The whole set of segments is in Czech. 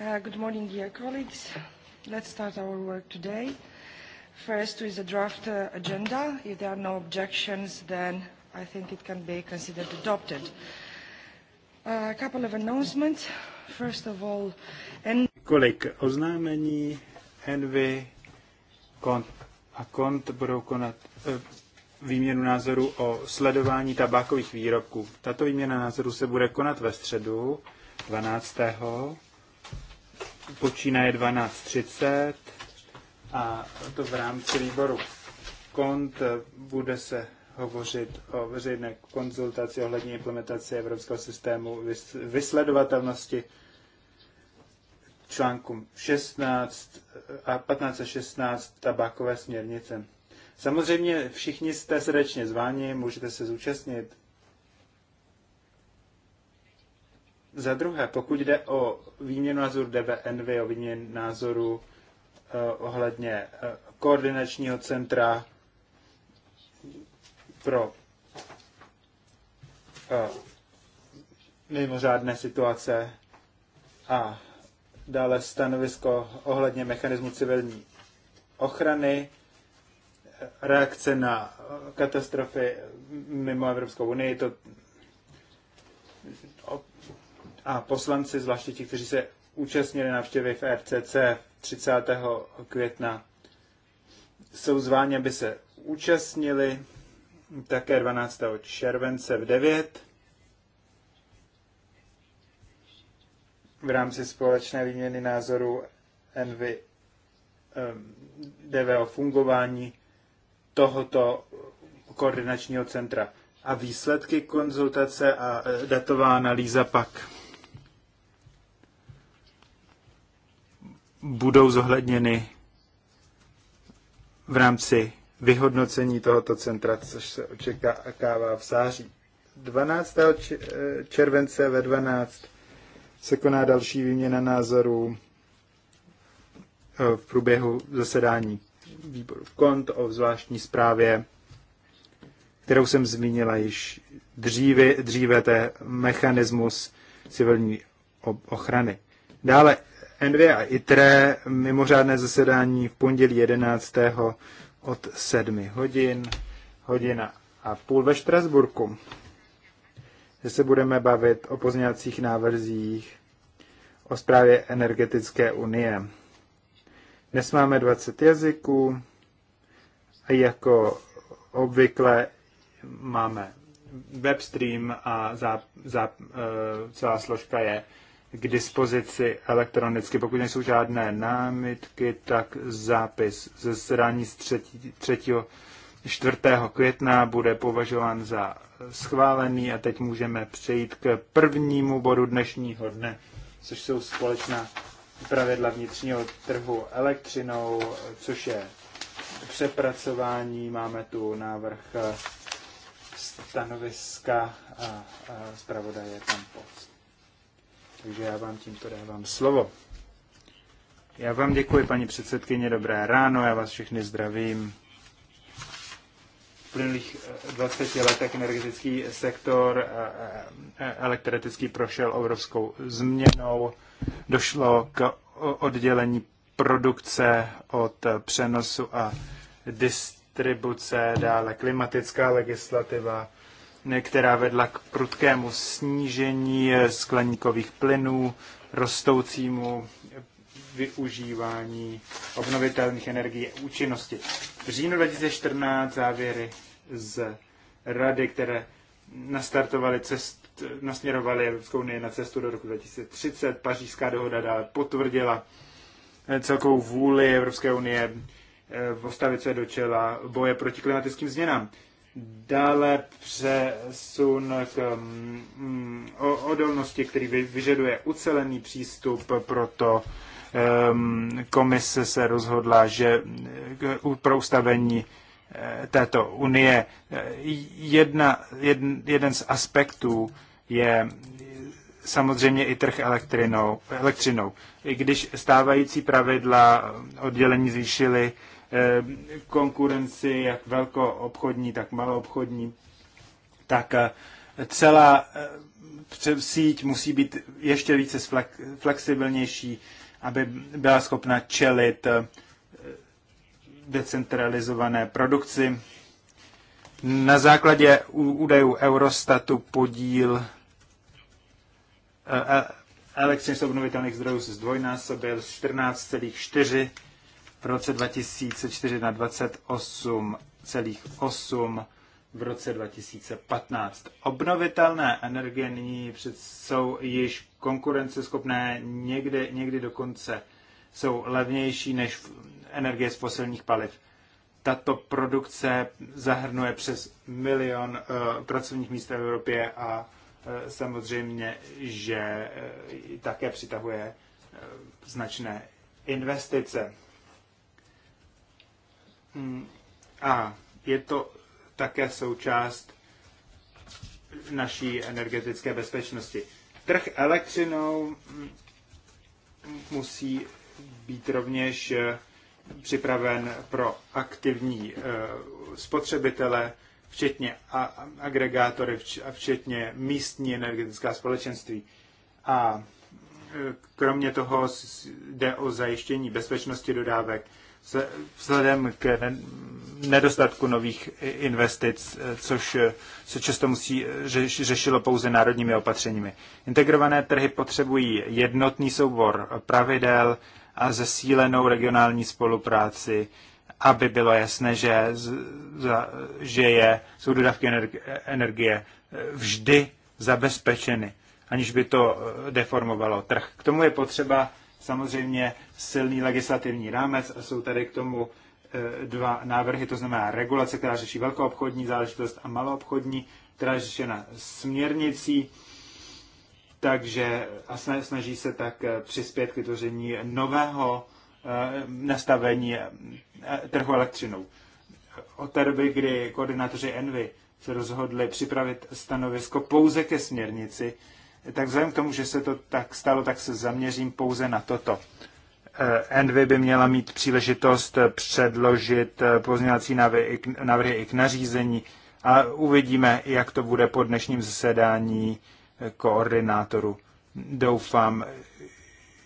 Uh, good morning, dear colleagues. Let's start our work today. First is the draft uh, agenda. If there are no objections, then I think it can be considered adopted. Uh, a couple of announcements. First of all, en- Kolik oznámení Envy kont a Kont budou konat eh, výměnu názoru o sledování tabákových výrobků. Tato výměna názoru se bude konat ve středu 12 počínaje 12.30 a to v rámci výboru KONT eh, bude se hovořit o veřejné konzultaci ohledně implementace evropského systému vysledovatelnosti článku 16 eh, a 15 a 16 tabákové směrnice. Samozřejmě všichni jste srdečně zváni, můžete se zúčastnit. Za druhé, pokud jde o výměnu názoru DBNV, o výměnu názoru uh, ohledně uh, koordinačního centra pro uh, mimořádné situace a dále stanovisko ohledně mechanismu civilní ochrany, reakce na katastrofy mimo Evropskou unii, to a poslanci, zvláště ti, kteří se účastnili návštěvy v FCC 30. května, jsou zváni, aby se účastnili také 12. července v 9 v rámci společné výměny názorů Envy ehm, o fungování tohoto koordinačního centra. A výsledky konzultace a e, datová analýza pak budou zohledněny v rámci vyhodnocení tohoto centra, což se očekává v září. 12. července ve 12 se koná další výměna názorů eh, v průběhu zasedání výboru kont o zvláštní zprávě, kterou jsem zmínila již dříve, dříve to je mechanismus civilní ochrany. Dále NV a ITRE mimořádné zasedání v pondělí 11. od 7 hodin, hodina a půl ve Štrasburku, kde se budeme bavit o pozněvacích návrzích o zprávě energetické unie. Dnes máme 20 jazyků a jako obvykle máme webstream a zá, zá, e, celá složka je k dispozici elektronicky. Pokud nejsou žádné námitky, tak zápis ze zasedání z 3. 4. května bude považován za schválený a teď můžeme přejít k prvnímu bodu dnešního dne, což jsou společná pravidla vnitřního trhu elektřinou, což je přepracování. Máme tu návrh stanoviska a zpravodaje tam post takže já vám tímto dávám slovo. Já vám děkuji, paní předsedkyně, dobré ráno, já vás všechny zdravím. V plynulých 20 eh, letech energetický sektor eh, eh, elektrický prošel obrovskou změnou. Došlo k oddělení produkce od přenosu a distribuce, dále klimatická legislativa, která vedla k prudkému snížení skleníkových plynů, rostoucímu využívání obnovitelných energií a účinnosti. V říjnu 2014 závěry z rady, které nastartovaly cest, nasměrovaly Evropskou unii na cestu do roku 2030. Pařížská dohoda dále potvrdila celkovou vůli Evropské unie eh, postavit se do čela boje proti klimatickým změnám. Dále přesun k mm, odolnosti, který vyžaduje ucelený přístup, proto komise se rozhodla, že eh, pro ustavení eh, této unie jedna, jed, jeden z aspektů je samozřejmě i trh elektrinou, elektřinou. I když stávající pravidla oddělení zvýšily Ehm, konkurenci, jak velkoobchodní, tak maloobchodní, tak eh, celá eh, síť musí být ještě více flexibilnější, aby byla schopna čelit eh, decentralizované produkci. Na základě údajů Eurostatu podíl elektřiny z obnovitelných zdrojů se zdvojnásobil z 14,4 v roce 2004 na 28,8 v roce 2015. Obnovitelné energie nyní jsou již konkurenceschopné, někdy, někdy dokonce jsou levnější než energie z fosilních paliv. Tato produkce zahrnuje přes milion uh, pracovních míst v Evropě a uh, samozřejmě, že uh, také přitahuje uh, značné investice. Mm, a je to také součást naší energetické bezpečnosti. Trh elektřinou mm, musí být rovněž eh, připraven pro aktivní eh, spotřebitele, včetně agregátory, včetně místní energetická společenství. A eh, kromě toho jde o zajištění bezpečnosti dodávek vzhledem k nedostatku nových investic, eh, což eh, se často musí řešilo pouze národními opatřeními. Integrované trhy potřebují jednotný soubor pravidel a zesílenou regionální spolupráci, aby bylo jasné, že, že je, jsou dodavky energie eh, vždy zabezpečeny, aniž by to deformovalo trh. K tomu je potřeba samozřejmě silný legislativní rámec a jsou tady k tomu e, dva návrhy, to znamená regulace, která řeší velkou obchodní záležitost a maloobchodní, která je řešena směrnicí, takže a snaží se tak e, přispět k vytvoření nového e, nastavení trhu elektřinou. Od té doby, kdy koordinátoři Envy se rozhodli připravit stanovisko pouze ke směrnici, tak vzhledem k tomu, že se to tak stalo, tak se zaměřím pouze na toto. Eh, NV by měla mít příležitost předložit eh, pozměňovací návrhy i k nařízení a uvidíme, jak to bude po dnešním zasedání eh, koordinátoru. Doufám,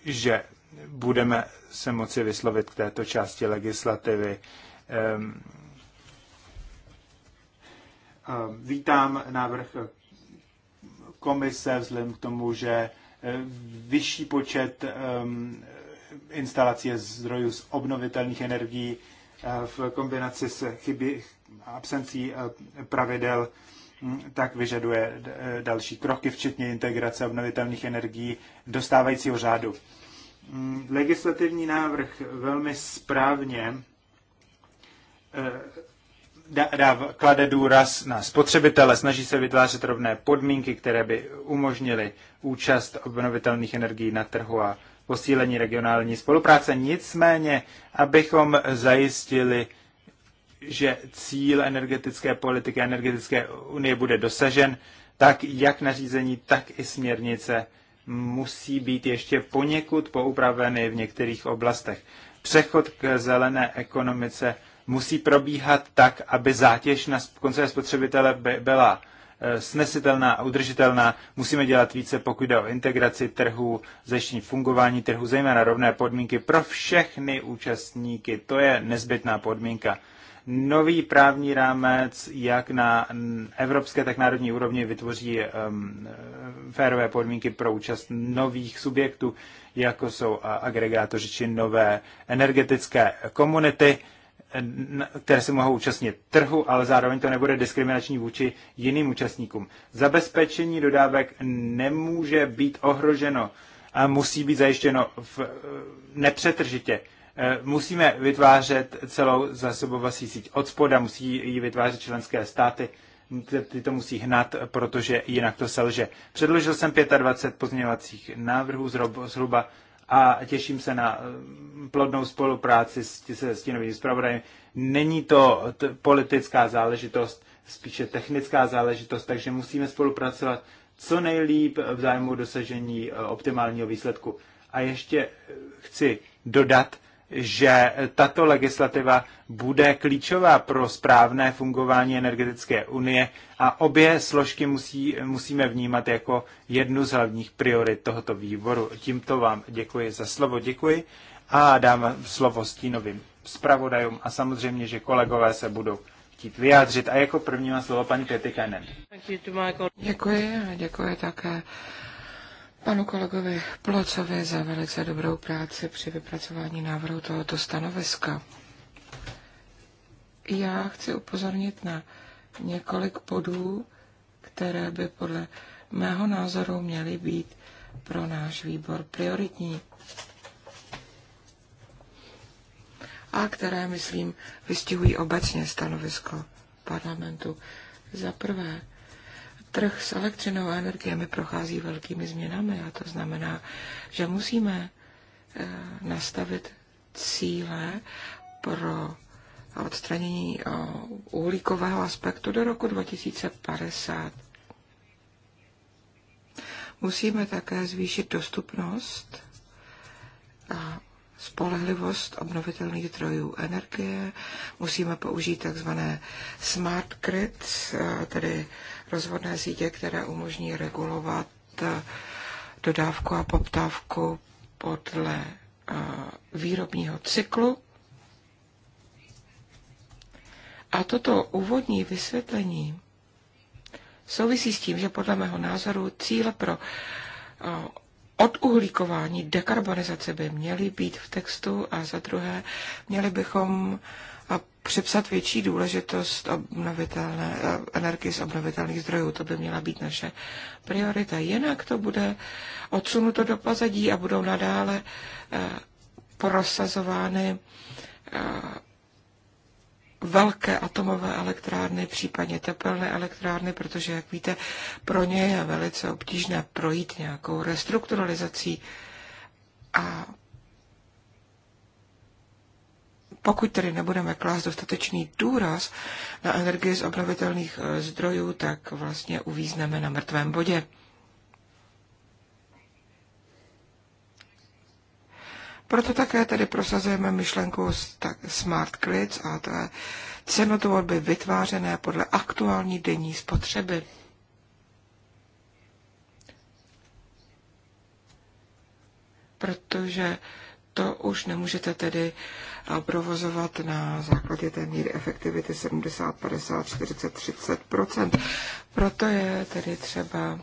že budeme se moci vyslovit k této části legislativy. Ehm, vítám návrh komise, vzhledem k tomu, že eh, vyšší počet ehm, instalací zdrojů z obnovitelných energií eh, v kombinaci s chybí, absencí eh, pravidel hm, tak vyžaduje další kroky, včetně integrace obnovitelných energií do stávajícího řádu. Hm, legislativní návrh velmi správně dáv, klade důraz na spotřebitele, snaží se vytvářet rovné podmínky, které by umožnily účast obnovitelných energií na trhu a posílení regionální spolupráce. Nicméně, abychom zajistili, že cíl energetické politiky a energetické unie bude dosažen, tak jak nařízení, tak i směrnice musí být ještě poněkud poupraveny v některých oblastech. Přechod k zelené ekonomice musí probíhat tak, aby zátěž na koncové spotřebitele byla eh, snesitelná a udržitelná. Musíme dělat více, pokud jde o integraci trhu, zajištění fungování trhu, zejména rovné podmínky pro všechny účastníky. To je nezbytná podmínka. Nový právní rámec, jak na evropské, tak národní úrovni, vytvoří um, férové podmínky pro účast nových subjektů, jako jsou agregátoři či nové energetické komunity. Uh, Eh, které se mohou účastnit trhu, ale zároveň to nebude diskriminační vůči jiným účastníkům. Zabezpečení dodávek nemůže být ohroženo a musí být zajištěno v, eh, nepřetržitě. Eh, musíme vytvářet celou zásobovací síť od spoda, musí ji vytvářet členské státy, ty to musí hnat, protože jinak to selže. Předložil jsem 25 pozměňovacích návrhů, zhruba a těším se na eh, plodnou spolupráci s, se stínovým zpravodajem. Není to politická záležitost, spíše technická záležitost, takže musíme spolupracovat co nejlíp v zájmu dosažení eh, optimálního výsledku. A ještě eh, chci dodat, že tato legislativa bude klíčová pro správné fungování energetické unie a obě složky musí, musíme vnímat jako jednu z hlavních priorit tohoto výboru. Tímto vám děkuji za slovo, děkuji a dám slovo stínovým zpravodajům a samozřejmě, že kolegové se budou chtít vyjádřit. A jako první má slovo paní Pětikanen. Děkuji a děkuji také panu kolegovi Plocovi za velice dobrou práci při vypracování návrhu tohoto stanoviska. Já chci upozornit na několik bodů, které by podle mého názoru měly být pro náš výbor prioritní a které, myslím, vystihují obecně stanovisko parlamentu. Za prvé, Trh s elektřinou a energiemi prochází velkými změnami a to znamená, že musíme eh, nastavit cíle pro odstranění eh, uhlíkového aspektu do roku 2050. Musíme také zvýšit dostupnost a spolehlivost obnovitelných zdrojů energie. Musíme použít takzvané smart grids, eh, tedy rozvodné sítě, které umožní regulovat eh, dodávku a poptávku podle eh, výrobního cyklu. A toto úvodní vysvětlení souvisí s tím, že podle mého názoru cíle pro eh, oduhlíkování, dekarbonizace by měly být v textu a za druhé měli bychom a přepsat větší důležitost obnovitelné, eh, energie z obnovitelných zdrojů. To by měla být naše priorita. Jinak to bude odsunuto do pozadí a budou nadále eh, prosazovány eh, velké atomové elektrárny, případně tepelné elektrárny, protože, jak víte, pro ně je velice obtížné projít nějakou restrukturalizací a pokud tedy nebudeme klást dostatečný důraz na energii z obnovitelných eh, zdrojů, tak vlastně uvízneme na mrtvém bodě. Proto také tedy prosazujeme myšlenku Smart Grids a to je cenotvorby vytvářené podle aktuální denní spotřeby. Protože to už nemůžete tedy eh, provozovat na základě té míry efektivity 70, 50, 40, 30 Proto je tedy třeba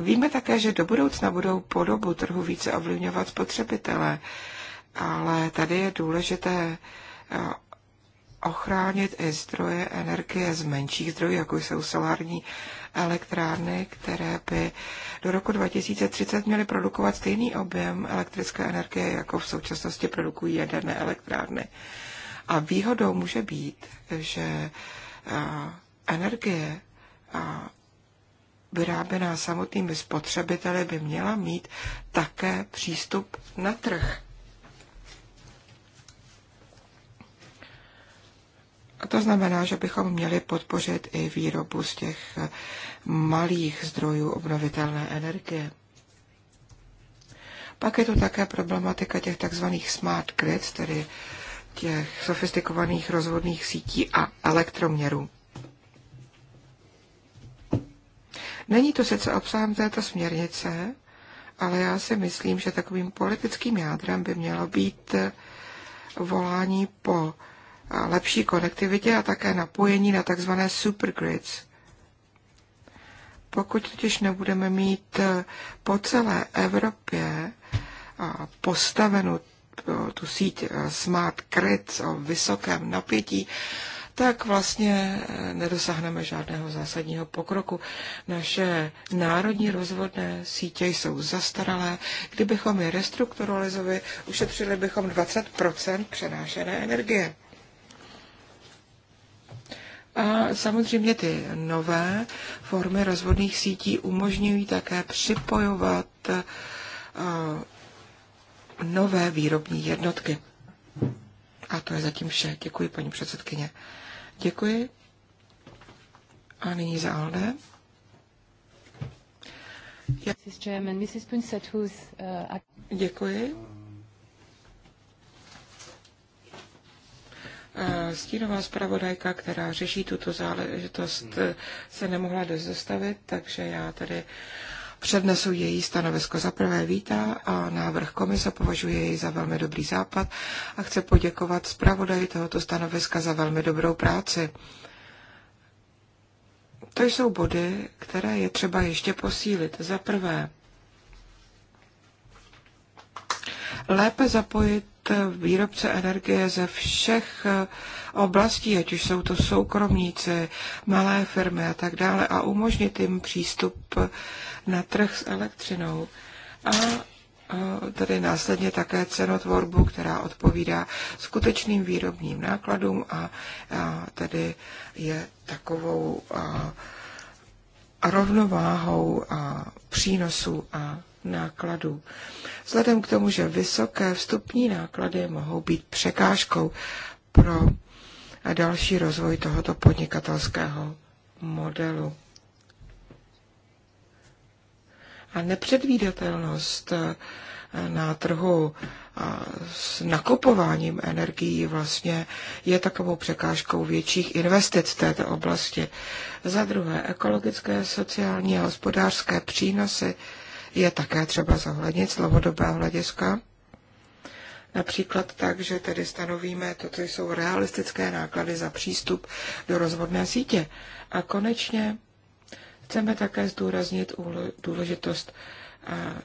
Víme také, že do budoucna budou podobu trhu více ovlivňovat spotřebitelé, ale tady je důležité eh, ochránit i zdroje energie z menších zdrojů, jako jsou solární elektrárny, které by do roku 2030 měly produkovat stejný objem elektrické energie, jako v současnosti produkují jaderné elektrárny. A výhodou může být, že energie vyráběná samotnými spotřebiteli by měla mít také přístup na trh. A to znamená, že bychom měli podpořit i výrobu z těch eh, malých zdrojů obnovitelné energie. Pak je tu také problematika těch takzvaných smart grids, tedy těch sofistikovaných rozvodných sítí a elektroměrů. Není to sice obsahem této směrnice, ale já si myslím, že takovým politickým jádrem by mělo být eh, volání po lepší konektivitě a také napojení na tzv. supergrids. Pokud totiž nebudeme mít eh, po celé Evropě eh, postavenu eh, tu síť Smart Grid o vysokém napětí, tak vlastně nedosáhneme žádného zásadního pokroku. Naše národní rozvodné sítě jsou zastaralé. Kdybychom je restrukturalizovali, ušetřili bychom 20 přenášené energie. A samozřejmě ty nové formy rozvodných sítí umožňují také připojovat eh, nové výrobní jednotky. A to je zatím vše. Děkuji, paní předsedkyně. Děkuji. A nyní za Alde. Eh, Děkuji. stínová zpravodajka, která řeší tuto záležitost, se nemohla dostavit, takže já tady přednesu její stanovisko. Za prvé vítá a návrh komise považuje jej za velmi dobrý západ a chce poděkovat zpravodaji tohoto stanoviska za velmi dobrou práci. To jsou body, které je třeba ještě posílit. Za prvé, lépe zapojit výrobce energie ze všech eh, oblastí, ať už jsou to soukromníci, malé firmy a tak dále, a umožnit jim přístup na trh s elektřinou. A eh, tedy následně také cenotvorbu, která odpovídá skutečným výrobním nákladům a, a tedy je takovou a, eh, rovnováhou a, přínosu a nákladů. Vzhledem k tomu, že vysoké vstupní náklady mohou být překážkou pro další rozvoj tohoto podnikatelského modelu. A nepředvídatelnost eh, na trhu s nakupováním energií vlastně je takovou překážkou větších investic v této oblasti. Za druhé, ekologické, sociální a hospodářské přínosy je také třeba zohlednit z dlouhodobého hlediska. Například tak, že tedy stanovíme to, co jsou realistické náklady za přístup do rozvodné sítě. A konečně chceme také zdůraznit důležitost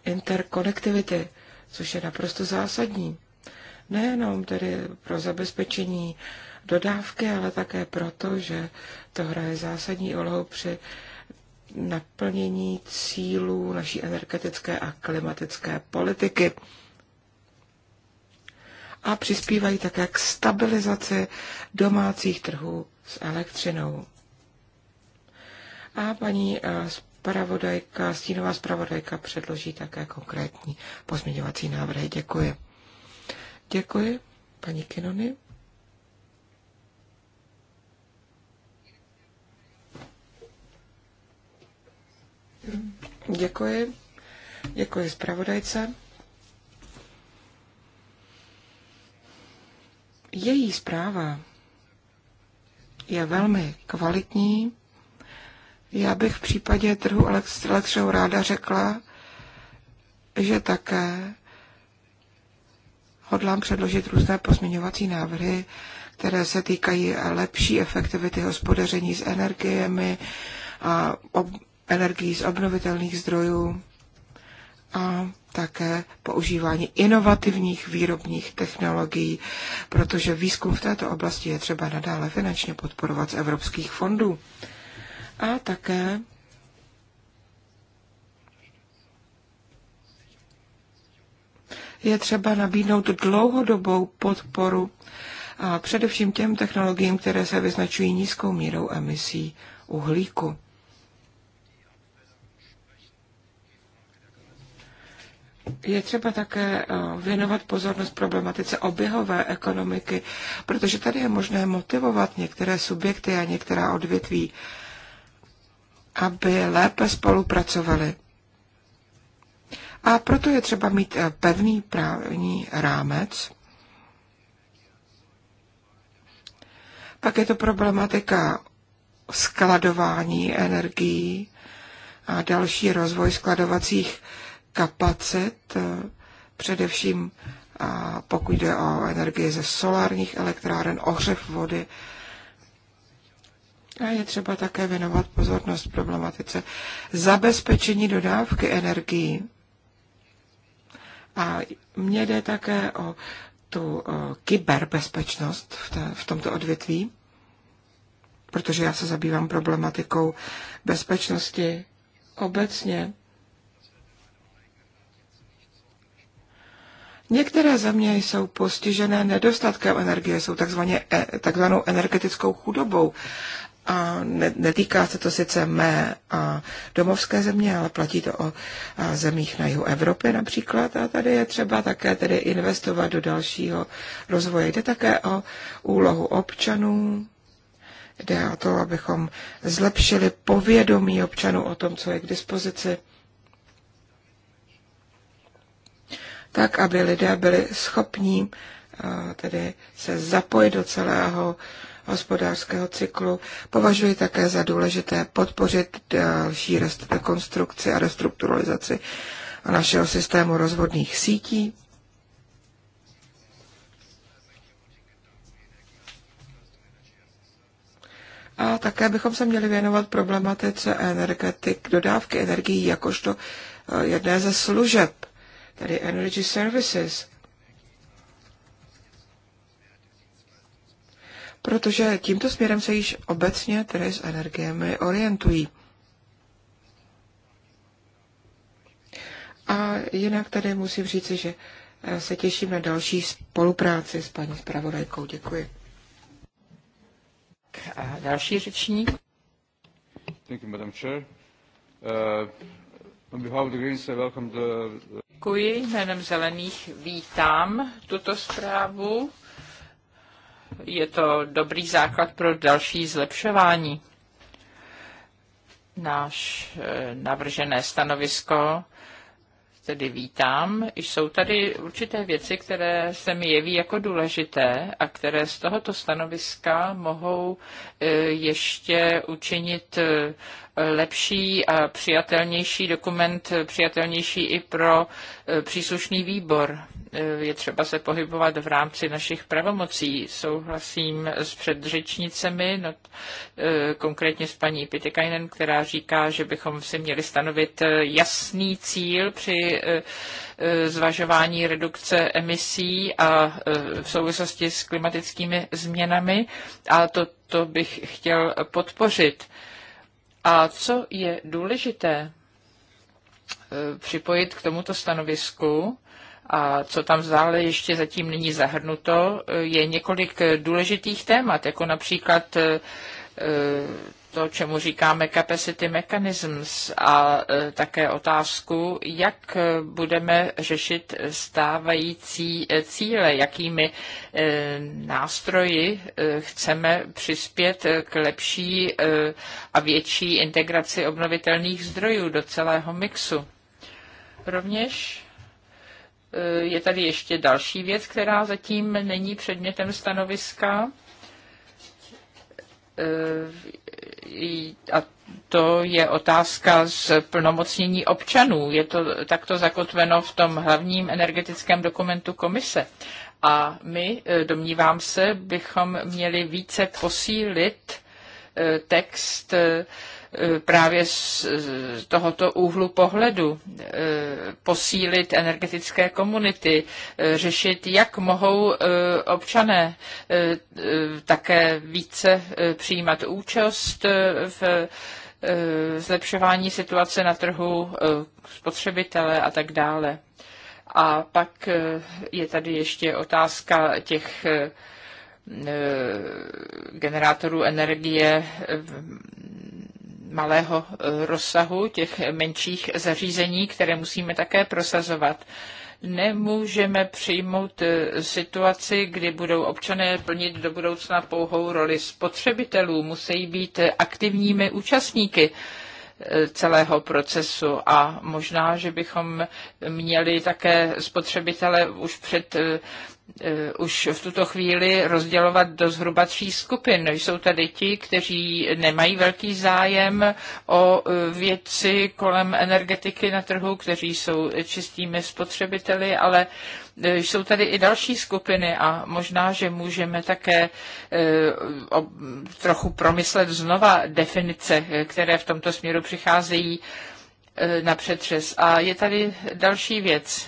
interkonektivity, což je naprosto zásadní. Nejenom tedy pro zabezpečení dodávky, ale také proto, že to hraje zásadní úlohu při naplnění cílů naší energetické a klimatické politiky a přispívají také k stabilizaci domácích trhů s elektřinou. A paní spravodajka, eh, stínová spravodajka předloží také konkrétní pozměňovací návrhy. Děkuji. Děkuji, paní Kinony. Děkuji. Děkuji zpravodajce. Její zpráva je velmi kvalitní. Já bych v případě trhu s elektřinou ráda řekla, že také hodlám předložit různé pozměňovací návrhy, které se týkají lepší efektivity hospodaření s energiemi, a ob, energií z obnovitelných zdrojů a také používání inovativních výrobních technologií, protože výzkum v této oblasti je třeba nadále finančně podporovat z evropských fondů. A také je třeba nabídnout dlouhodobou podporu a především těm technologiím, které se vyznačují nízkou mírou emisí uhlíku. je třeba také eh, věnovat pozornost problematice oběhové ekonomiky, protože tady je možné motivovat některé subjekty a některá odvětví, aby lépe spolupracovali. A proto je třeba mít eh, pevný právní rámec. Pak je to problematika skladování energií a další rozvoj skladovacích kapacit, eh, především pokud jde o energii ze solárních elektráren, ohřev vody. A je třeba také věnovat pozornost problematice zabezpečení dodávky energií. A mně jde také o tu eh, kyberbezpečnost v, v tomto odvětví, protože já se zabývám problematikou bezpečnosti obecně. Některé země jsou postižené nedostatkem energie, jsou takzvaně, e, takzvanou energetickou chudobou. A netýká se to sice mé a domovské země, ale platí to o zemích na jihu Evropy například. A tady je třeba také tedy investovat do dalšího rozvoje. Jde také o úlohu občanů, jde o to, abychom zlepšili povědomí občanů o tom, co je k dispozici tak aby lidé byli schopní eh, tedy se zapojit do celého hospodářského cyklu. Považuji také za důležité podpořit další rekonstrukci a restrukturalizaci našeho systému rozvodných sítí. A také bychom se měli věnovat problematice energetik, dodávky energií jakožto eh, jedné ze služeb Tady Energy Services, protože tímto směrem se již obecně trhy s energiemi orientují. A jinak tady musím říci, že eh, se těším na další spolupráci s paní zpravodajkou. Děkuji. A další řečník. Thank you, Madam Chair. Uh, on behalf of the Greens, I welcome the, the Děkuji. Jménem Zelených vítám tuto zprávu. Je to dobrý základ pro další zlepšování. Náš eh, navržené stanovisko tedy vítám. Jsou tady určité věci, které se mi jeví jako důležité a které z tohoto stanoviska mohou eh, ještě učinit eh, lepší a přijatelnější dokument, přijatelnější i pro e, příslušný výbor. E, je třeba se pohybovat v rámci našich pravomocí. Souhlasím s předřečnicemi, no, e, konkrétně s paní Pitekainen, která říká, že bychom si měli stanovit jasný cíl při zvažování redukce emisí a v souvislosti s klimatickými změnami a to, to bych chtěl podpořit. A co je důležité e, připojit k tomuto stanovisku, a co tam zále ještě zatím není zahrnuto, e, je několik důležitých témat, jako například e, to, čemu říkáme capacity mechanisms a e, také otázku, jak e, budeme řešit stávající e, cíle, jakými nástroji chceme přispět k lepší a větší integraci obnovitelných zdrojů do celého mixu. Rovněž je tady ještě další věc, která zatím není předmětem stanoviska Eh, a to je otázka z plnomocnění občanů. Je to takto zakotveno v tom hlavním energetickém dokumentu komise. A my, eh, domnívám se, bychom měli více posílit eh, text Eh, právě z tohoto úhlu pohledu eh, posílit energetické komunity, eh, řešit, jak mohou občané také více přijímat účast v zlepšování situace na trhu spotřebitele a tak dále. A pak je tady ještě otázka těch generátorů energie malého e, rozsahu, těch menších zařízení, které musíme také prosazovat. Nemůžeme přijmout e, situaci, kdy budou občané plnit do budoucna pouhou roli spotřebitelů, musí být aktivními účastníky e, celého procesu a možná, že bychom měli také spotřebitele už před Eh, už v tuto chvíli rozdělovat do zhruba tří skupin. Jsou tady ti, kteří nemají velký zájem o eh, věci kolem energetiky na trhu, kteří jsou čistými spotřebiteli, ale eh, jsou tady i další skupiny a možná, že můžeme také trochu promyslet znova definice, které v tomto směru přicházejí na přetřes. A je tady další věc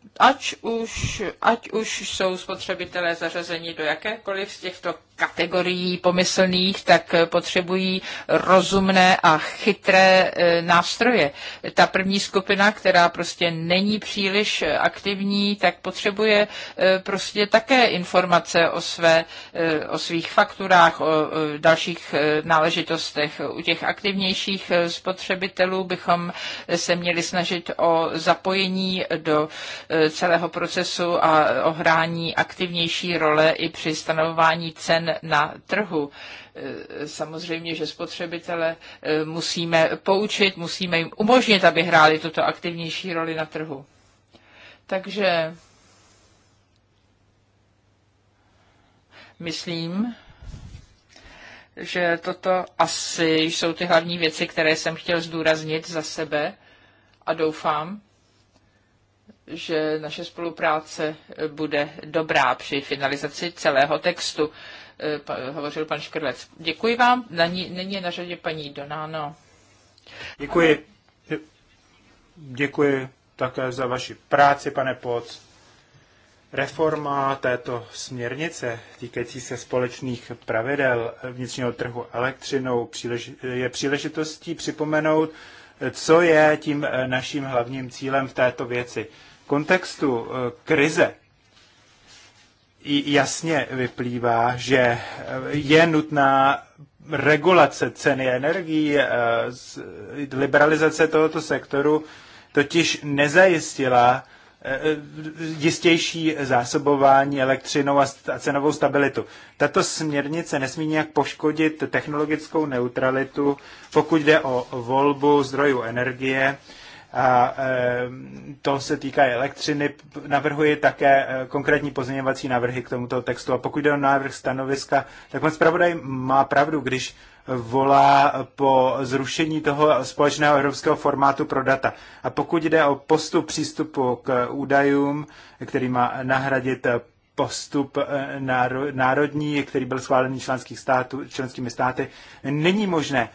ať už, ať už jsou spotřebitelé zařazeni do jakékoliv z těchto kategorií pomyslných, tak potřebují rozumné a chytré e, nástroje. Ta první skupina, která prostě není příliš aktivní, tak potřebuje e, prostě také informace o, své, e, o svých fakturách, o dalších náležitostech. U těch aktivnějších spotřebitelů bychom se měli snažit o zapojení do E, celého procesu a ohrání aktivnější role i při stanovování cen na trhu. E, samozřejmě, že spotřebitele e, musíme poučit, musíme jim umožnit, aby hráli tuto aktivnější roli na trhu. Takže myslím, že toto asi jsou ty hlavní věci, které jsem chtěl zdůraznit za sebe a doufám, že naše spolupráce bude dobrá při finalizaci celého textu, eh, hovořil pan Škrlec. Děkuji vám. Nyní je na řadě paní Donáno. Děkuji. Děkuji také za vaši práci, pane Poc. Reforma této směrnice týkající se společných pravidel vnitřního trhu elektřinou je příležitostí připomenout, co je tím eh, naším hlavním cílem v této věci kontextu eh, krize jasně vyplývá, že eh, je nutná regulace ceny energií, eh, liberalizace tohoto sektoru totiž nezajistila jistější zásobování elektřinou a cenovou stabilitu. Tato směrnice nesmí nějak poškodit technologickou neutralitu, pokud jde o volbu zdrojů energie a to se týká elektřiny. Navrhuji také eh, konkrétní pozměňovací návrhy k tomuto textu. A pokud jde o návrh stanoviska, tak pan zpravodaj má pravdu, když volá po zrušení toho společného evropského formátu pro data. A pokud jde o postup přístupu k údajům, který má nahradit postup eh, národní, který byl schválený členských států, členskými státy, není možné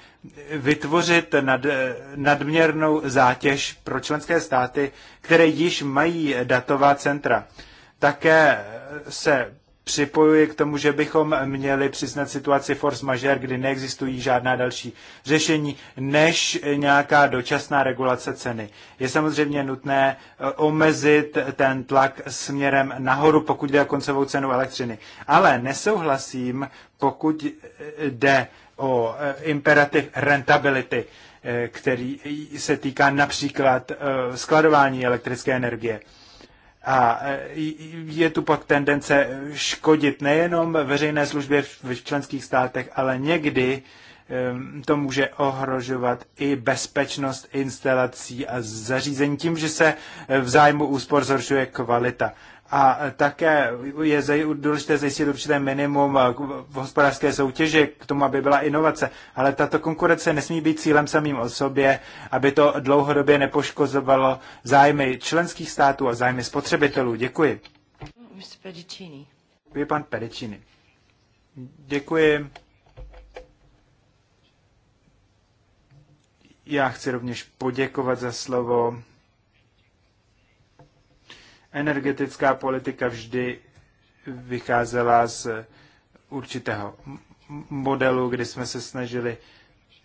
vytvořit nad, eh, nadměrnou zátěž pro členské státy, které již mají datová centra. Také se připojuji k tomu, že bychom měli přiznat situaci force majeure, kdy neexistují žádná další řešení než nějaká dočasná regulace ceny. Je samozřejmě nutné eh, omezit ten tlak směrem nahoru, pokud jde o koncovou cenu elektřiny. Ale nesouhlasím, pokud eh, jde o eh, imperativ rentability, který se týká například skladování elektrické energie a e, je tu pak tendence škodit nejenom veřejné službě v členských státech, ale někdy e, to může ohrožovat i bezpečnost instalací a zařízení tím, že se v zájmu úspor zhoršuje kvalita a také je důležité zajistit určité minimum eh, v hospodářské soutěži k tomu, aby byla inovace. Ale tato konkurence nesmí být cílem samým o sobě, aby to dlouhodobě nepoškozovalo zájmy členských států a zájmy spotřebitelů. Děkuji. Děkuji, pan Pedicini. Děkuji. Já chci rovněž poděkovat za slovo energetická politika vždy vycházela z určitého modelu, kdy jsme se snažili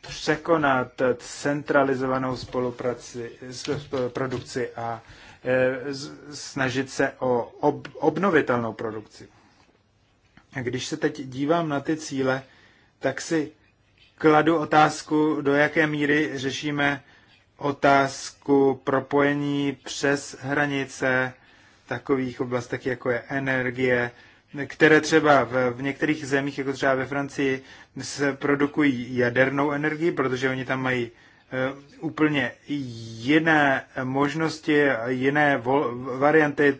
překonat centralizovanou spolupráci, produkci a e, snažit se o ob, obnovitelnou produkci. A když se teď dívám na ty cíle, tak si kladu otázku, do jaké míry řešíme otázku propojení přes hranice, takových oblastech, jako je energie, které třeba v, v některých zemích, jako třeba ve Francii, se produkují jadernou energii, protože oni tam mají eh, úplně jiné možnosti, jiné vol, varianty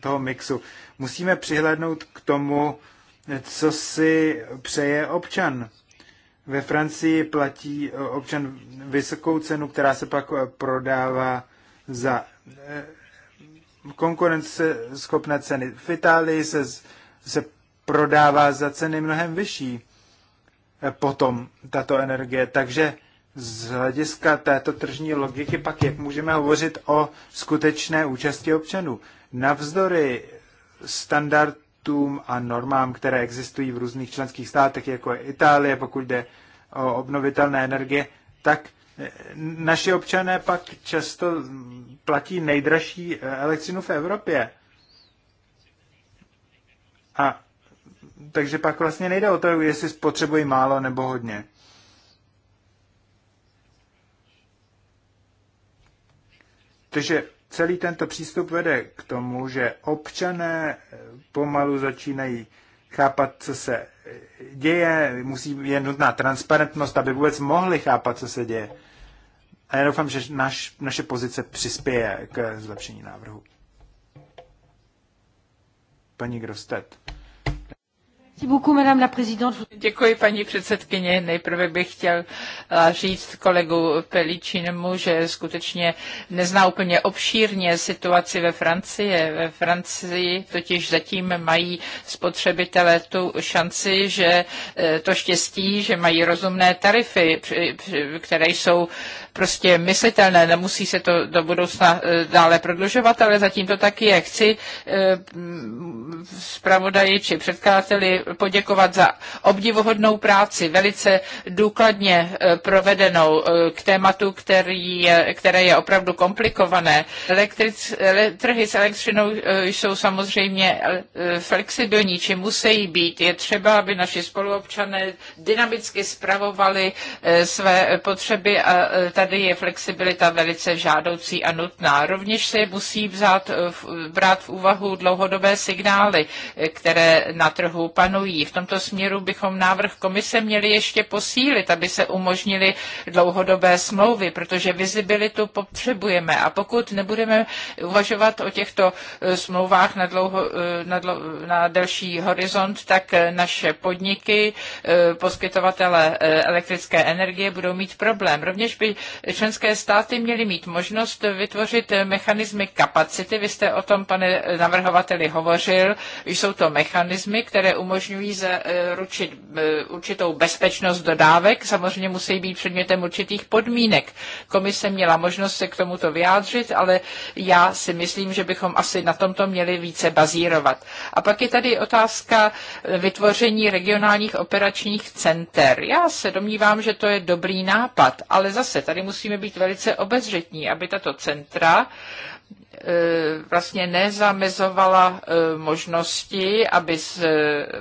toho mixu. Musíme přihlédnout k tomu, co si přeje občan. Ve Francii platí eh, občan vysokou cenu, která se pak eh, prodává za konkurenceschopné ceny. V Itálii se, se prodává za ceny mnohem vyšší eh, potom tato energie. Takže z hlediska této tržní logiky pak jak můžeme hovořit o skutečné účasti občanů. Navzdory standardům a normám, které existují v různých členských státech, jako je Itálie, pokud jde o obnovitelné energie, tak naši občané pak často platí nejdražší elektřinu v Evropě. A takže pak vlastně nejde o to, jestli spotřebují málo nebo hodně. Takže celý tento přístup vede k tomu, že občané pomalu začínají chápat, co se děje, musí, je nutná transparentnost, aby vůbec mohli chápat, co se děje. A já doufám, že naš, naše pozice přispěje k zlepšení návrhu. Paní Grostet. Děkuji, paní předsedkyně. Nejprve bych chtěl eh, říct kolegu Peličinemu, že skutečně nezná úplně obšírně situaci ve Francii. Ve Francii totiž zatím mají spotřebitelé tu šanci, že eh, to štěstí, že mají rozumné tarify, které jsou prostě myslitelné. Nemusí se to do budoucna eh, dále prodlužovat, ale zatím to taky je. Chci eh, mm, zpravodaji či předkáteli poděkovat za obdivuhodnou práci, velice důkladně eh, provedenou k tématu, který je, které je opravdu komplikované. Elektric, trhy s elektřinou jsou samozřejmě flexibilní, či musí být. Je třeba, aby naši spoluobčané dynamicky spravovali své potřeby a tady je flexibilita velice žádoucí a nutná. Rovněž se musí vzát, eh, brát v úvahu dlouhodobé signály, eh, které na trhu panují. V tomto směru bychom návrh komise měli ještě posílit, aby se umožnili dlouhodobé smlouvy, protože vizibilitu potřebujeme a pokud nebudeme uvažovat o těchto eh, smlouvách na, dlouho, na, dlouho, na delší horizont, tak naše podniky, poskytovatele elektrické energie budou mít problém. Rovněž by členské státy měly mít možnost vytvořit mechanismy kapacity. Vy jste o tom, pane navrhovateli, hovořil. Jsou to mechanismy, které umožňují zaručit eh, určitou bezpečnost dodávek. Samozřejmě musí být předmětem určitých podmínek. Komise měla možnost se k tomuto vyjádřit, ale já si myslím, že bychom asi na tomto měli více bazírovat. A pak je tady otázka vytvoření regionálních operačních center. Já se domnívám, že to je dobrý nápad, ale zase tady musíme být velice obezřetní, aby tato centra e, vlastně nezamezovala e, možnosti, aby e,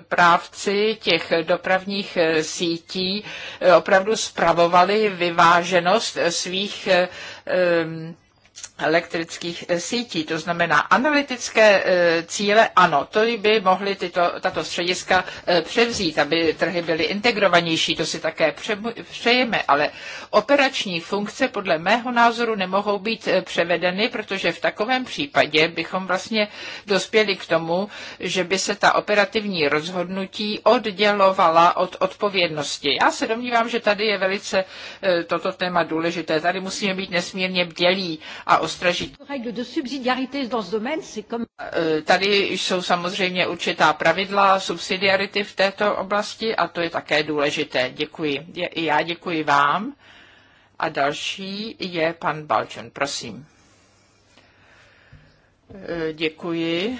právci těch dopravních sítí opravdu spravovali vyváženost svých elektrických eh, sítí. To znamená analytické eh, cíle, ano, to by mohly tyto, tato střediska eh, převzít, aby trhy byly integrovanější, to si také přejeme, ale operační funkce podle mého názoru nemohou být převedeny, protože v takovém případě bychom vlastně dospěli k tomu, že by se ta operativní rozhodnutí oddělovala od odpovědnosti. Já se domnívám, že tady je velice toto téma důležité. Tady musíme být nesmírně bdělí a ostražití. Eh, tady jsou samozřejmě určitá pravidla subsidiarity v této oblasti a to je také důležité. Děkuji. I já děkuji vám. A další je pan Balčen, prosím. Eh, děkuji.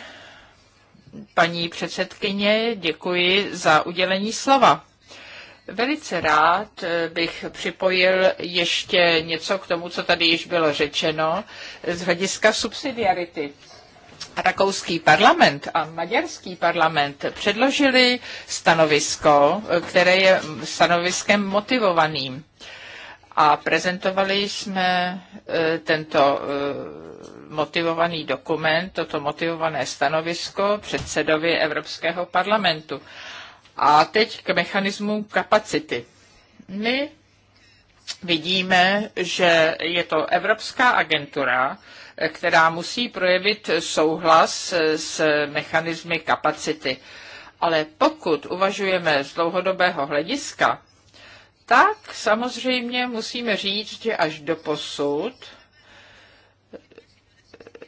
Paní předsedkyně, děkuji za udělení slova. Velice rád eh, bych připojil ještě něco k tomu, co tady již bylo řečeno z hlediska subsidiarity. Rakouský parlament a maďarský parlament předložili stanovisko, eh, které je stanoviskem motivovaným. A prezentovali jsme eh, tento motivovaný dokument, toto motivované stanovisko předsedovi Evropského parlamentu. A teď k mechanismu kapacity. My vidíme, že je to Evropská agentura, která musí projevit souhlas s mechanismy kapacity. Ale pokud uvažujeme z dlouhodobého hlediska, tak samozřejmě musíme říct, že až do posud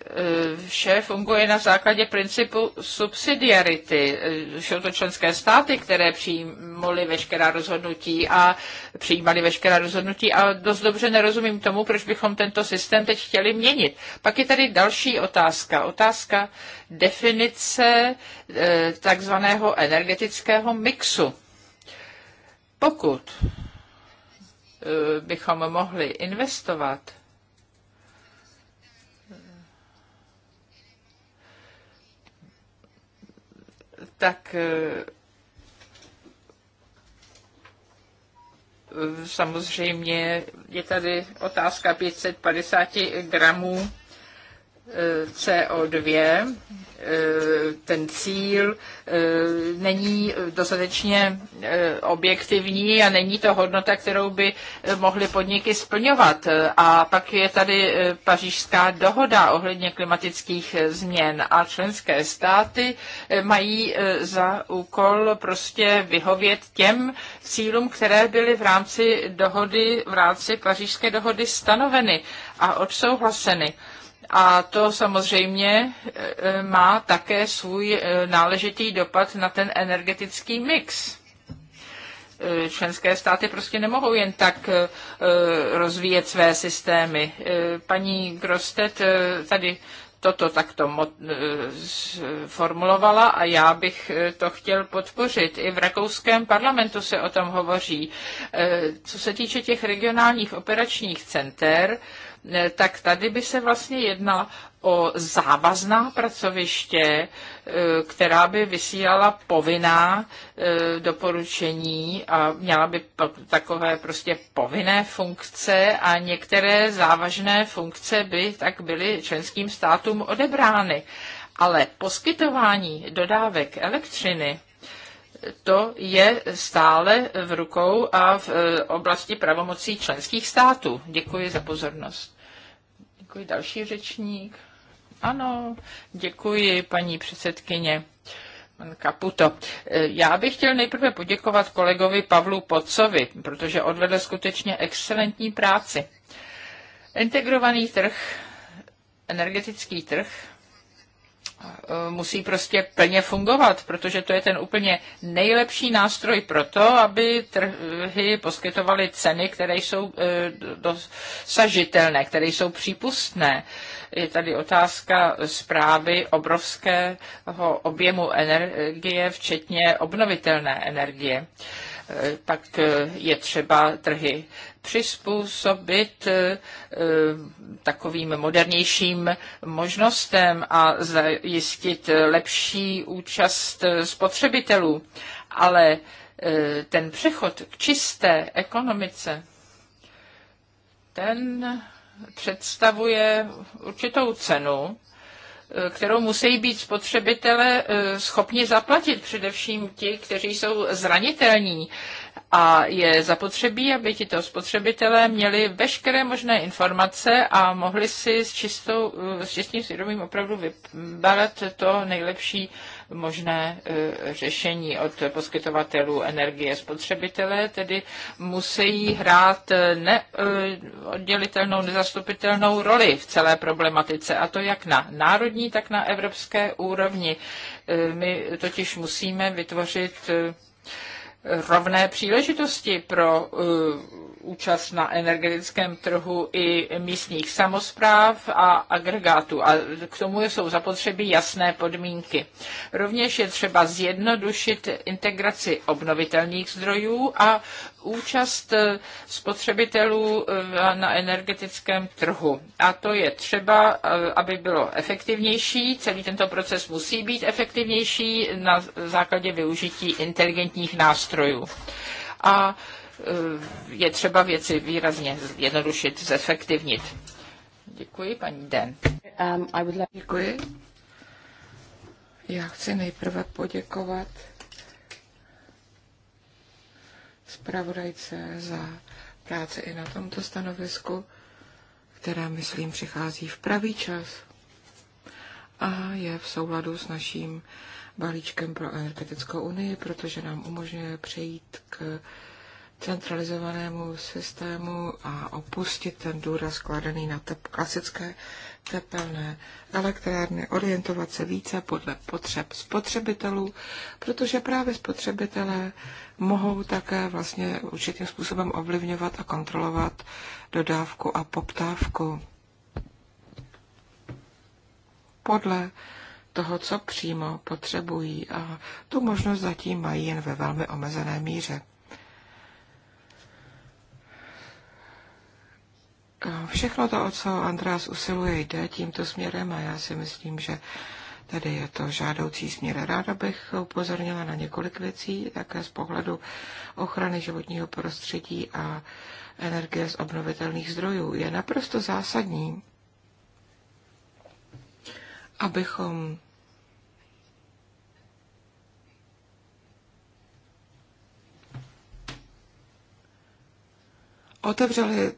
Eh, vše funguje na základě principu subsidiarity. Eh, jsou to členské státy, které přijímaly veškerá rozhodnutí a přijímali veškerá rozhodnutí a dost dobře nerozumím tomu, proč bychom tento systém teď chtěli měnit. Pak je tady další otázka. Otázka definice eh, takzvaného energetického mixu. Pokud bychom mohli investovat tak eh, samozřejmě je tady otázka 550 gramů CO2, eh, ten cíl eh, není dostatečně eh, objektivní a není to hodnota, kterou by mohly podniky splňovat. A pak je tady pařížská dohoda ohledně klimatických změn a členské státy mají za úkol prostě vyhovět těm cílům, které byly v rámci dohody, v rámci pařížské dohody stanoveny a odsouhlaseny. A to samozřejmě e, e, má také svůj e, náležitý dopad na ten energetický mix členské státy prostě nemohou jen tak rozvíjet své systémy. Paní Grostet tady toto takto formulovala a já bych to chtěl podpořit. I v rakouském parlamentu se o tom hovoří. Co se týče těch regionálních operačních center, tak tady by se vlastně jedna o závazná pracoviště, e, která by vysílala povinná e, doporučení a měla by takové prostě povinné funkce a některé závažné funkce by tak byly členským státům odebrány. Ale poskytování dodávek elektřiny to je stále v rukou a v e, oblasti pravomocí členských států. Děkuji za pozornost. Děkuji. Další řečník. Ano, děkuji, paní předsedkyně. Kaputo. Já bych chtěl nejprve poděkovat kolegovi Pavlu Pocovi, protože odvedl skutečně excelentní práci. Integrovaný trh, energetický trh, Eh, musí prostě plně fungovat, protože to je ten úplně nejlepší nástroj pro to, aby trhy poskytovaly ceny, které jsou eh, dosažitelné, které jsou přípustné. Je tady otázka zprávy obrovského objemu energie, včetně obnovitelné energie pak eh, je třeba trhy přizpůsobit eh, eh, takovým modernějším možnostem a zajistit lepší účast eh, spotřebitelů. Ale ten přechod k čisté ekonomice, ten představuje určitou cenu, kterou musí být spotřebitele schopni zaplatit, především ti, kteří jsou zranitelní a je zapotřebí, aby tito spotřebitelé měli veškeré možné informace a mohli si s, čistou, s čistým svědomím opravdu vybarat to nejlepší možné eh, řešení od poskytovatelů energie. Spotřebitelé tedy musí hrát eh, neoddělitelnou, eh, nezastupitelnou roli v celé problematice, a to jak na národní, tak na evropské úrovni. My totiž musíme vytvořit rovné příležitosti pro eh, účast na energetickém trhu i místních samozpráv a agregátů. A k tomu jsou zapotřebí jasné podmínky. Rovněž je třeba zjednodušit integraci obnovitelných zdrojů a účast spotřebitelů eh, na energetickém trhu. A to je třeba, eh, aby bylo efektivnější. Celý tento proces musí být efektivnější na základě využití inteligentních nástrojů. A Eh, je třeba věci výrazně zjednodušit, zefektivnit. Děkuji, paní Den. Um, Děkuji. Já chci nejprve poděkovat zpravodajce za práci i na tomto stanovisku, která, myslím, přichází v pravý čas a je v souladu s naším balíčkem pro energetickou unii, protože nám umožňuje přejít k centralizovanému systému a opustit ten důraz kladený na tep, klasické tepelné elektrárny, orientovat se více podle potřeb spotřebitelů, protože právě spotřebitelé mohou také vlastně určitým způsobem ovlivňovat a kontrolovat dodávku a poptávku podle toho, co přímo potřebují a tu možnost zatím mají jen ve velmi omezené míře. Všechno to, o co András usiluje, jde tímto směrem a já si myslím, že tady je to žádoucí směr. Ráda bych upozornila na několik věcí, také z pohledu ochrany životního prostředí a energie z obnovitelných zdrojů. Je naprosto zásadní, abychom otevřeli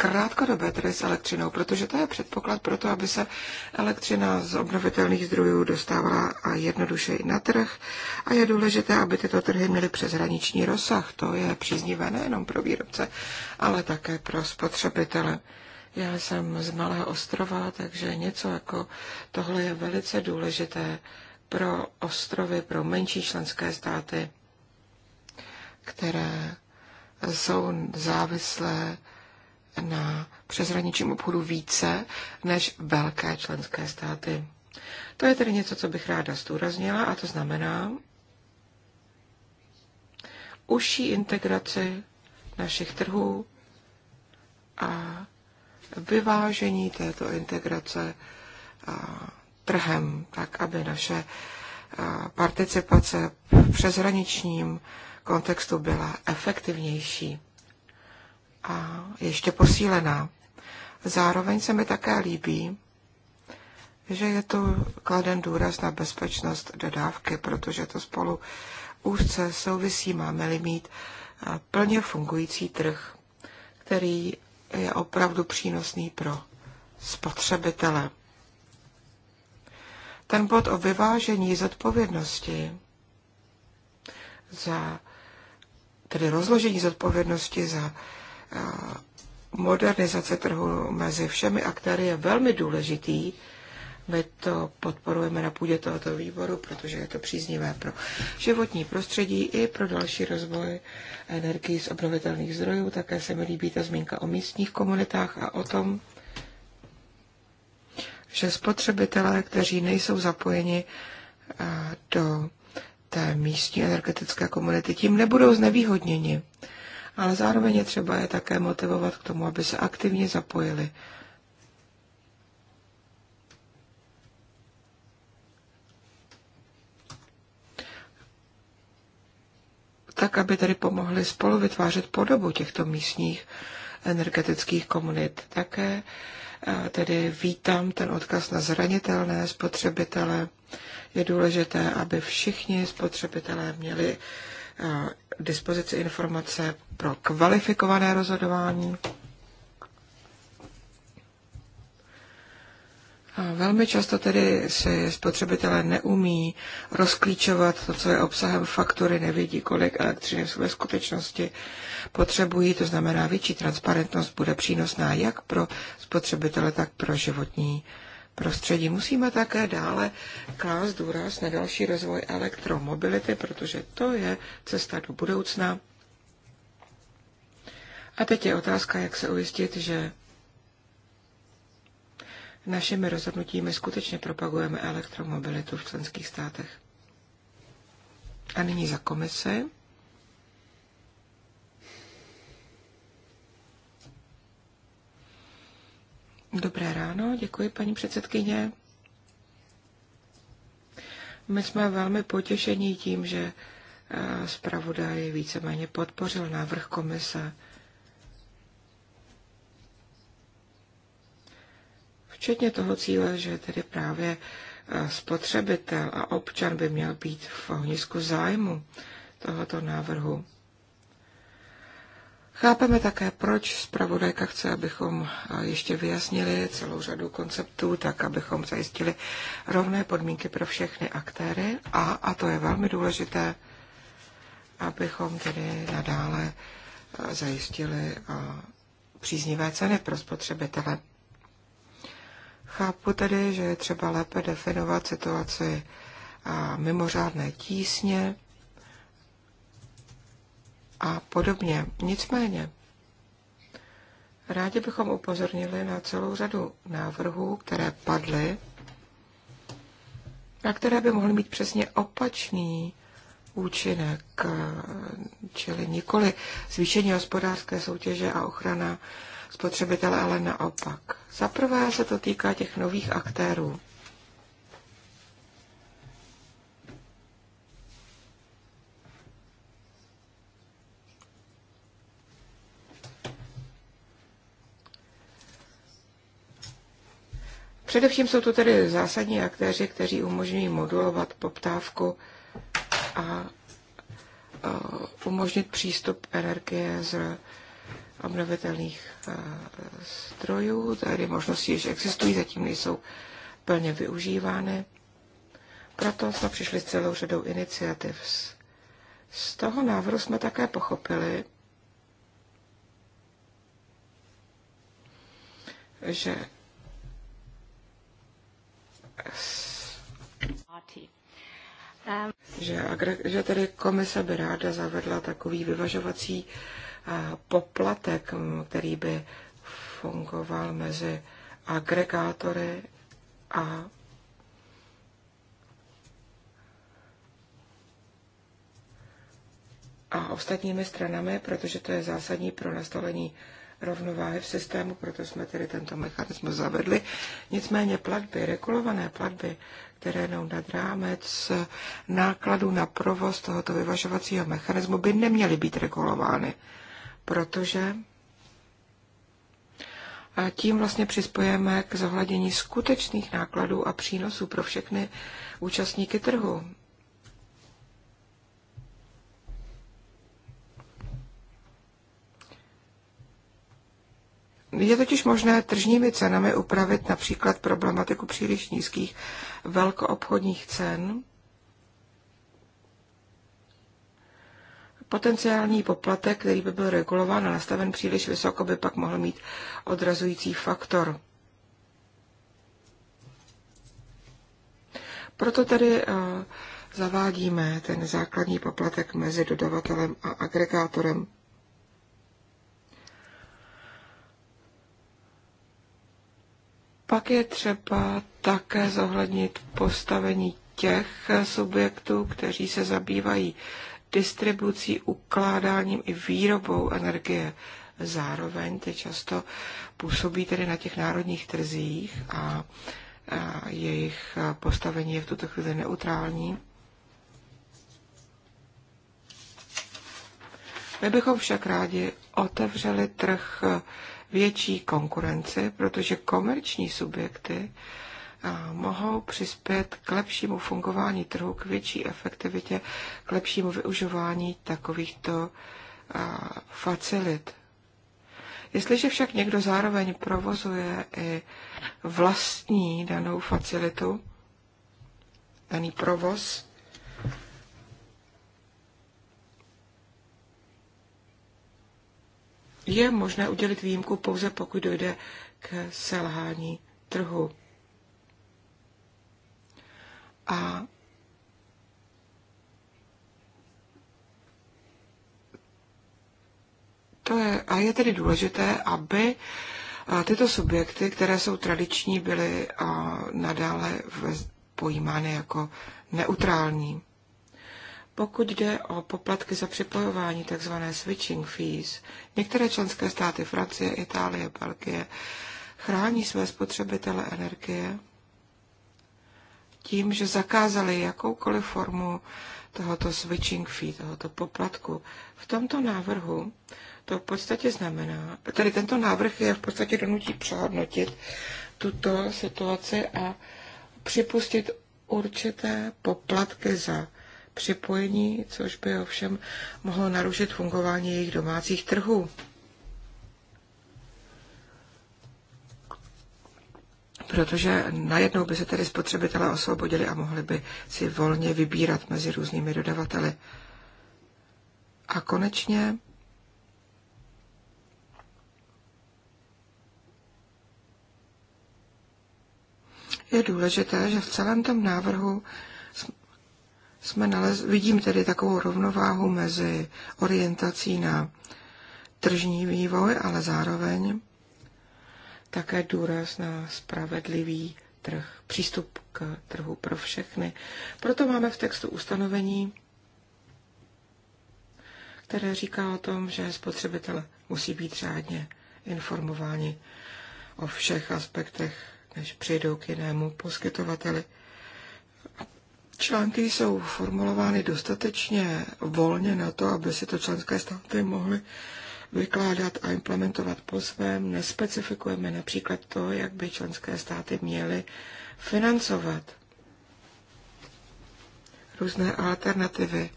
krátkodobé trhy s elektřinou, protože to je předpoklad pro to, aby se elektřina z obnovitelných zdrojů dostávala a jednoduše i na trh. A je důležité, aby tyto trhy měly přeshraniční rozsah. To je příznivé nejenom pro výrobce, ale také pro spotřebitele. Já jsem z malého ostrova, takže něco jako tohle je velice důležité pro ostrovy, pro menší členské státy, které jsou závislé na přeshraničním obchodu více než velké členské státy. To je tedy něco, co bych ráda zdůraznila a to znamená užší integraci našich trhů a vyvážení této integrace trhem, tak aby naše participace v přeshraničním kontextu byla efektivnější a ještě posílená. Zároveň se mi také líbí, že je tu kladen důraz na bezpečnost dodávky, protože to spolu úzce souvisí, máme-li mít plně fungující trh, který je opravdu přínosný pro spotřebitele. Ten bod o vyvážení zodpovědnosti za tedy rozložení zodpovědnosti za modernizace trhu mezi všemi aktéry je velmi důležitý. My to podporujeme na půdě tohoto výboru, protože je to příznivé pro životní prostředí i pro další rozvoj energii z obnovitelných zdrojů. Také se mi líbí ta zmínka o místních komunitách a o tom, že spotřebitelé, kteří nejsou zapojeni eh, do té místní energetické komunity, tím nebudou znevýhodněni ale zároveň je třeba je také motivovat k tomu, aby se aktivně zapojili. tak, aby tedy pomohli spolu vytvářet podobu těchto místních energetických komunit. Také eh, tedy vítám ten odkaz na zranitelné spotřebitele. Je důležité, aby všichni spotřebitelé měli Eh, dispozici informace pro kvalifikované rozhodování. A velmi často tedy si spotřebitelé neumí rozklíčovat to, co je obsahem faktury, nevědí, kolik elektřiny ve skutečnosti potřebují, to znamená větší transparentnost bude přínosná jak pro spotřebitele, tak pro životní uh, prostředí. Musíme také dále klást důraz na další rozvoj elektromobility, protože to je cesta do budoucna. A teď je otázka, jak se ujistit, že našimi rozhodnutími skutečně propagujeme elektromobilitu v členských státech. A nyní za komise. Dobré ráno, děkuji paní předsedkyně. My jsme velmi potěšení tím, že eh, zpravodaj víceméně podpořil návrh komise. Včetně toho cíle, že tedy právě eh, spotřebitel a občan by měl být v ohnisku zájmu tohoto návrhu. Chápeme také, proč zpravodajka chce, abychom eh, ještě vyjasnili celou řadu konceptů, tak abychom zajistili rovné podmínky pro všechny aktéry a, a to je velmi důležité, abychom tedy nadále eh, zajistili eh, příznivé ceny pro spotřebitele. Chápu tedy, že je třeba lépe definovat situaci mimořádné tísně, a podobně. Nicméně, rádi bychom upozornili na celou řadu návrhů, které padly a které by mohly mít přesně opačný účinek, čili nikoli zvýšení hospodářské soutěže a ochrana spotřebitele, ale naopak. Za prvé se to týká těch nových aktérů. Především jsou to tedy zásadní aktéři, kteří umožňují modulovat poptávku a umožnit přístup energie z obnovitelných zdrojů. Tady možnosti již existují, zatím nejsou plně využívány. Proto jsme přišli s celou řadou iniciativ. Z toho návrhu jsme také pochopili, že že, že tedy komise by ráda zavedla takový vyvažovací poplatek, který by fungoval mezi agregátory a a ostatními stranami, protože to je zásadní pro nastavení rovnováhy v systému, proto jsme tedy tento mechanismus zavedli. Nicméně platby, regulované platby, které jdou nad rámec nákladů na provoz tohoto vyvažovacího mechanismu, by neměly být regulovány, protože a tím vlastně přispějeme k zohlednění skutečných nákladů a přínosů pro všechny účastníky trhu. Je totiž možné tržními cenami upravit například problematiku příliš nízkých velkoobchodních cen, Potenciální poplatek, který by byl regulován a nastaven příliš vysoko, by pak mohl mít odrazující faktor. Proto tedy eh, zavádíme ten základní poplatek mezi dodavatelem a agregátorem. Pak je třeba také zohlednit postavení těch subjektů, kteří se zabývají distribucí, ukládáním i výrobou energie. Zároveň ty často působí tedy na těch národních trzích a, a jejich postavení je v tuto chvíli neutrální. My bychom však rádi otevřeli trh větší konkurenci, protože komerční subjekty eh, mohou přispět k lepšímu fungování trhu, k větší efektivitě, k lepšímu využívání takovýchto eh, facilit. Jestliže však někdo zároveň provozuje i vlastní danou facilitu, daný provoz, je možné udělit výjimku pouze pokud dojde k selhání trhu. A to je, a je tedy důležité, aby tyto subjekty, které jsou tradiční, byly nadále pojímány jako neutrální. Pokud jde o poplatky za připojování, takzvané switching fees, některé členské státy Francie, Itálie, Belgie chrání své spotřebitele energie tím, že zakázali jakoukoliv formu tohoto switching fee, tohoto poplatku. V tomto návrhu to v podstatě znamená, tedy tento návrh je v podstatě donutí přehodnotit tuto situaci a připustit určité poplatky za připojení, což by ovšem mohlo narušit fungování jejich domácích trhů. protože najednou by se tedy spotřebitelé osvobodili a mohli by si volně vybírat mezi různými dodavateli. A konečně je důležité, že v celém tom návrhu jsme nalez, vidím tedy takovou rovnováhu mezi orientací na tržní vývoj, ale zároveň také důraz na spravedlivý trh, přístup k trhu pro všechny. Proto máme v textu ustanovení, které říká o tom, že spotřebitel musí být řádně informováni o všech aspektech, než přijdou k jinému poskytovateli. Články jsou formulovány dostatečně volně na to, aby si to členské státy mohly vykládat a implementovat po svém. Nespecifikujeme například to, jak by členské státy měly financovat různé alternativy.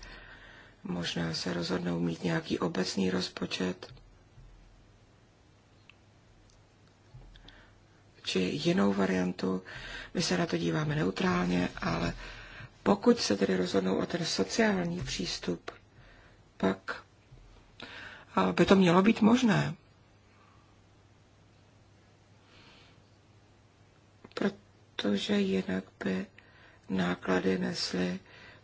Možná se rozhodnou mít nějaký obecný rozpočet či jinou variantu. My se na to díváme neutrálně, ale pokud se tedy rozhodnou o ten sociální přístup, pak by to mělo být možné. Protože jinak by náklady nesly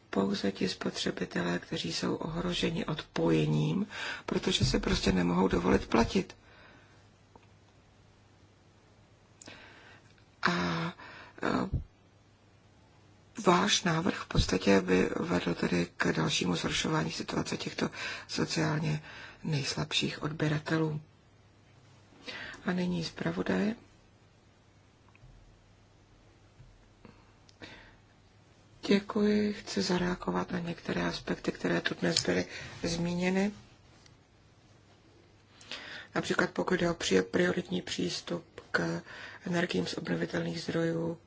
pouze ti spotřebitelé, kteří jsou ohroženi odpojením, protože se prostě nemohou dovolit platit. A váš návrh v podstatě by vedl tedy k dalšímu zhoršování situace těchto sociálně nejslabších odběratelů. A nyní zpravodaj. Děkuji, chci zareagovat na některé aspekty, které tu dnes byly zmíněny. Například pokud jde o prioritní přístup k energiím z obnovitelných zdrojů,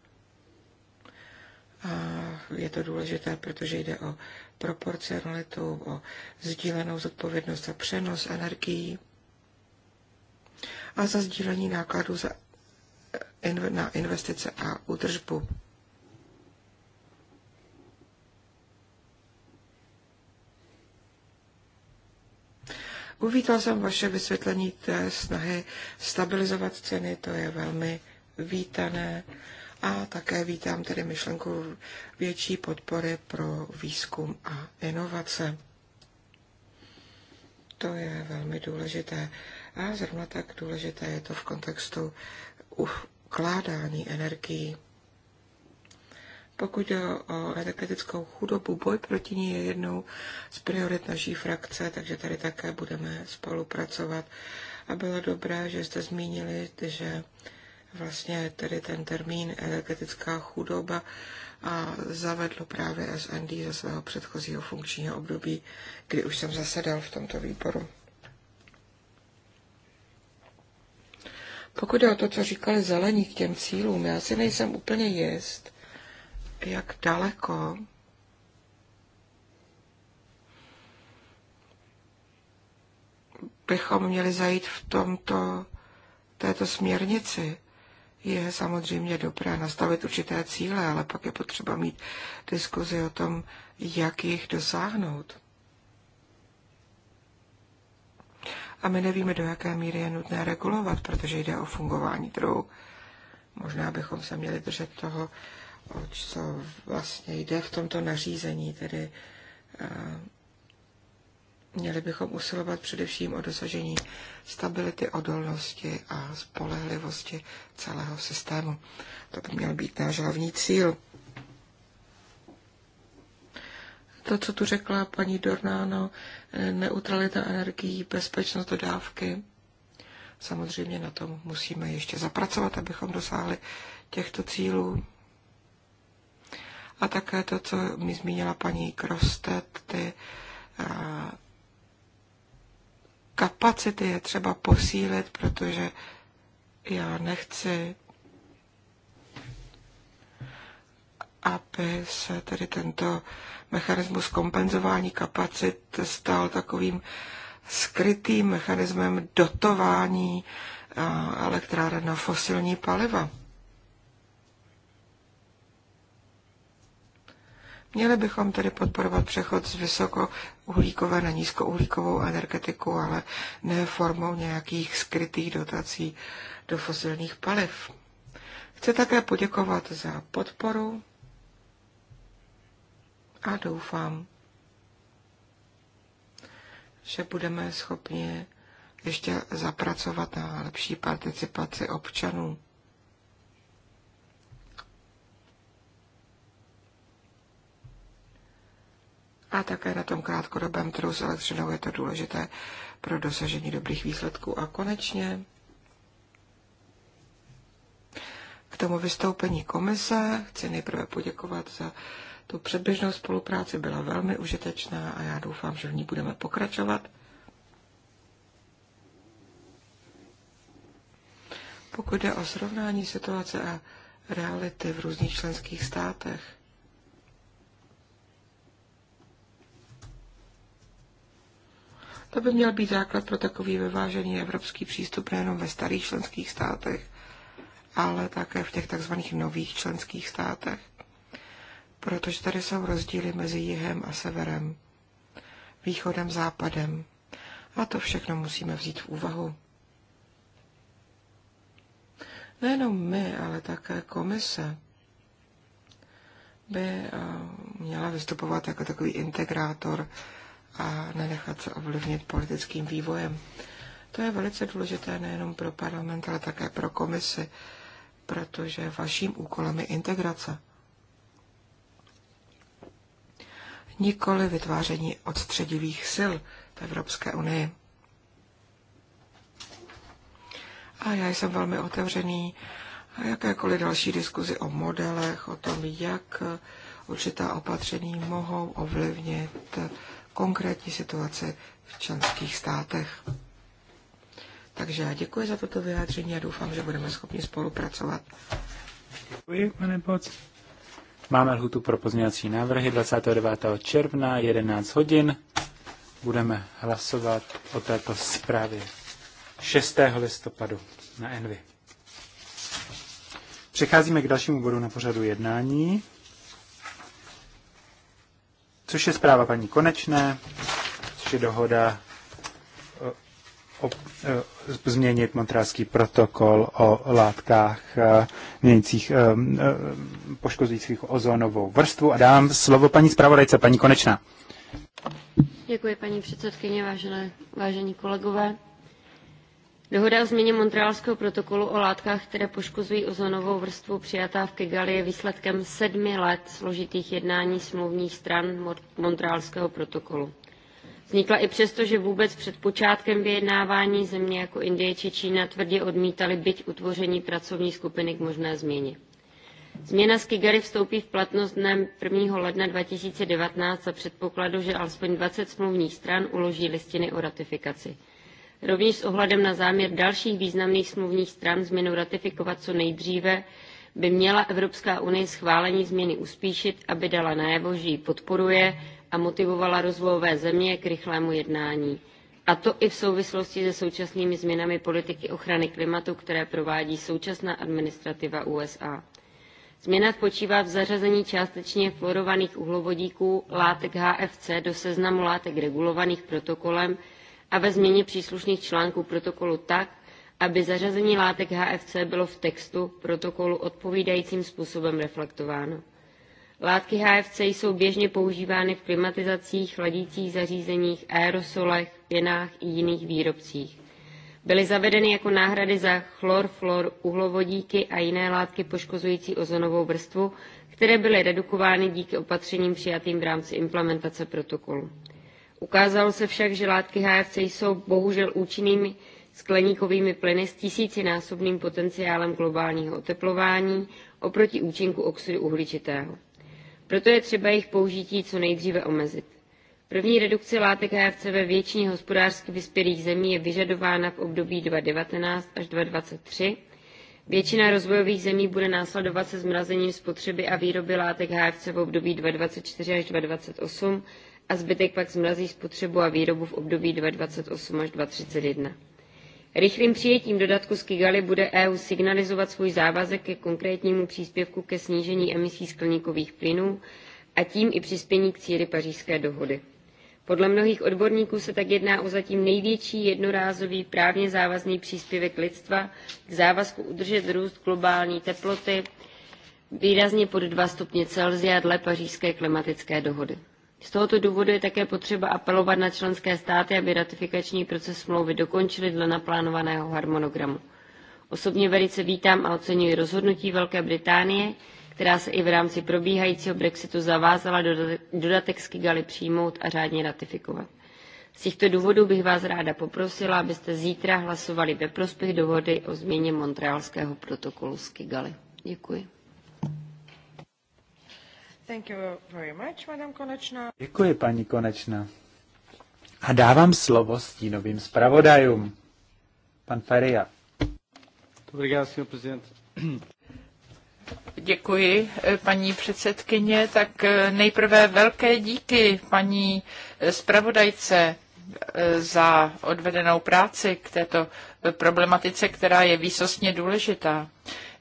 je to důležité, protože jde o proporcionalitu, o sdílenou zodpovědnost za přenos energií a za sdílení nákladů za, na investice a údržbu. Uvítal jsem vaše vysvětlení té snahy stabilizovat ceny, to je velmi vítané a také vítám tedy myšlenku větší podpory pro výzkum a inovace. To je velmi důležité. A zrovna tak důležité je to v kontextu ukládání energií. Pokud jde o energetickou chudobu, boj proti ní je jednou z priorit naší frakce, takže tady také budeme spolupracovat. A bylo dobré, že jste zmínili, že vlastně tedy ten termín energetická chudoba a zavedlo právě SND ze svého předchozího funkčního období, kdy už jsem zasedal v tomto výboru. Pokud je o to, co říkali zelení k těm cílům, já si nejsem úplně jist, jak daleko bychom měli zajít v tomto této směrnici je samozřejmě dobré nastavit určité cíle, ale pak je potřeba mít diskuzi o tom, jak jich dosáhnout. A my nevíme, do jaké míry je nutné regulovat, protože jde o fungování trhu. Možná bychom se měli držet toho, o co vlastně jde v tomto nařízení, tedy eh, Měli bychom usilovat především o dosažení stability, odolnosti a spolehlivosti celého systému. To by měl být náš hlavní cíl. To, co tu řekla paní Dornáno, eh, neutralita energií, bezpečnost dodávky, samozřejmě na tom musíme ještě zapracovat, abychom dosáhli těchto cílů. A také to, co mi zmínila paní Krostet, ty eh, kapacity je třeba posílit, protože já nechci, aby se tedy tento mechanismus kompenzování kapacit stal takovým skrytým mechanismem dotování eh, elektráren na fosilní paliva. Měli bychom tedy podporovat přechod z vysoko uhlíkové na nízkouhlíkovou energetiku, ale ne formou nějakých skrytých dotací do fosilních paliv. Chci také poděkovat za podporu a doufám, že budeme schopni ještě zapracovat na lepší participaci občanů. a také na tom krátkodobém trhu s elektřinou je to důležité pro dosažení dobrých výsledků. A konečně k tomu vystoupení komise chci nejprve poděkovat za tu předběžnou spolupráci, byla velmi užitečná a já doufám, že v ní budeme pokračovat. Pokud jde o srovnání situace a reality v různých členských státech, To by měl být základ pro takový vyvážený evropský přístup nejenom ve starých členských státech, ale také v těch takzvaných nových členských státech. Protože tady jsou rozdíly mezi jihem a severem, východem, západem. A to všechno musíme vzít v úvahu. Nejenom my, ale také komise by eh, měla vystupovat jako takový integrátor a nenechat se ovlivnit politickým vývojem. To je velice důležité nejenom pro parlament, ale také pro komisi, protože vaším úkolem je integrace. Nikoli vytváření odstředivých sil v Evropské unii. A já jsem velmi otevřený a jakékoliv další diskuzi o modelech, o tom, jak určitá opatření mohou ovlivnit konkrétní situaci v členských státech. Takže já děkuji za toto vyjádření a doufám, že budeme schopni spolupracovat. Děkuji, pane Poc. Máme lhutu pro pozměňovací návrhy 29. června 11 hodin. Budeme hlasovat o této zprávě 6. listopadu na Envy. Přecházíme k dalšímu bodu na pořadu jednání což je zpráva paní Konečné, což je dohoda o, eh, o, eh, změnit montrealský protokol o látkách eh, měnících poškozujících ozonovou vrstvu. A dám slovo paní zpravodajce, paní Konečná. Děkuji, paní předsedkyně, vážené, vážení kolegové. Dohoda o změně Montrealského protokolu o látkách, které poškozují ozonovou vrstvu přijatá v Kigali, je výsledkem sedmi let složitých jednání smluvních stran Montrealského protokolu. Vznikla i přesto, že vůbec před počátkem vyjednávání země jako Indie či Čína tvrdě odmítali byť utvoření pracovní skupiny k možné změně. Změna z Kigali vstoupí v platnost dnem 1. ledna 2019 za předpokladu, že alespoň 20 smluvních stran uloží listiny o ratifikaci rovněž s ohledem na záměr dalších významných smluvních stran změnu ratifikovat co nejdříve, by měla Evropská unie schválení změny uspíšit, aby dala najevo, že ji podporuje a motivovala rozvojové země k rychlému jednání. A to i v souvislosti se současnými změnami politiky ochrany klimatu, které provádí současná administrativa USA. Změna spočívá v zařazení částečně fluorovaných uhlovodíků látek HFC do seznamu látek regulovaných protokolem a ve změně příslušných článků protokolu tak, aby zařazení látek HFC bylo v textu protokolu odpovídajícím způsobem reflektováno. Látky HFC jsou běžně používány v klimatizacích, chladících zařízeních, aerosolech, pěnách i jiných výrobcích. Byly zavedeny jako náhrady za chlor, flor, uhlovodíky a jiné látky poškozující ozonovou vrstvu, které byly redukovány díky opatřením přijatým v rámci implementace protokolu. Ukázalo se však, že látky HFC jsou bohužel účinnými skleníkovými plyny s tisícinásobným potenciálem globálního oteplování oproti účinku oxidu uhličitého. Proto je třeba jejich použití co nejdříve omezit. První redukce látek HFC ve většině hospodářsky vyspělých zemí je vyžadována v období 2019 až 2023. Většina rozvojových zemí bude následovat se zmrazením spotřeby a výroby látek HFC v období 2024 až 2028 a zbytek pak zmrazí spotřebu a výrobu v období 2028 až 2031. Rychlým přijetím dodatku z Kigali bude EU signalizovat svůj závazek ke konkrétnímu příspěvku ke snížení emisí skleníkových plynů a tím i přispění k cíli pařížské dohody. Podle mnohých odborníků se tak jedná o zatím největší jednorázový právně závazný příspěvek lidstva k závazku udržet růst globální teploty výrazně pod 2 stupně Celsia dle pařížské klimatické dohody. Z tohoto důvodu je také potřeba apelovat na členské státy, aby ratifikační proces smlouvy dokončili dle naplánovaného harmonogramu. Osobně velice vítám a oceňuji rozhodnutí Velké Británie, která se i v rámci probíhajícího Brexitu zavázala dodatek z Kigali přijmout a řádně ratifikovat. Z těchto důvodů bych vás ráda poprosila, abyste zítra hlasovali ve prospěch dohody o změně Montrealského protokolu z Kigali. Děkuji. Thank you very much, Madam Konečná. Děkuji, paní Konečná. A dávám slovo stínovým zpravodajům. Pan Feria. Děkuji, paní předsedkyně. Tak eh, nejprve velké díky paní eh, zpravodajce eh, za odvedenou práci k této problematice, která je výsostně důležitá.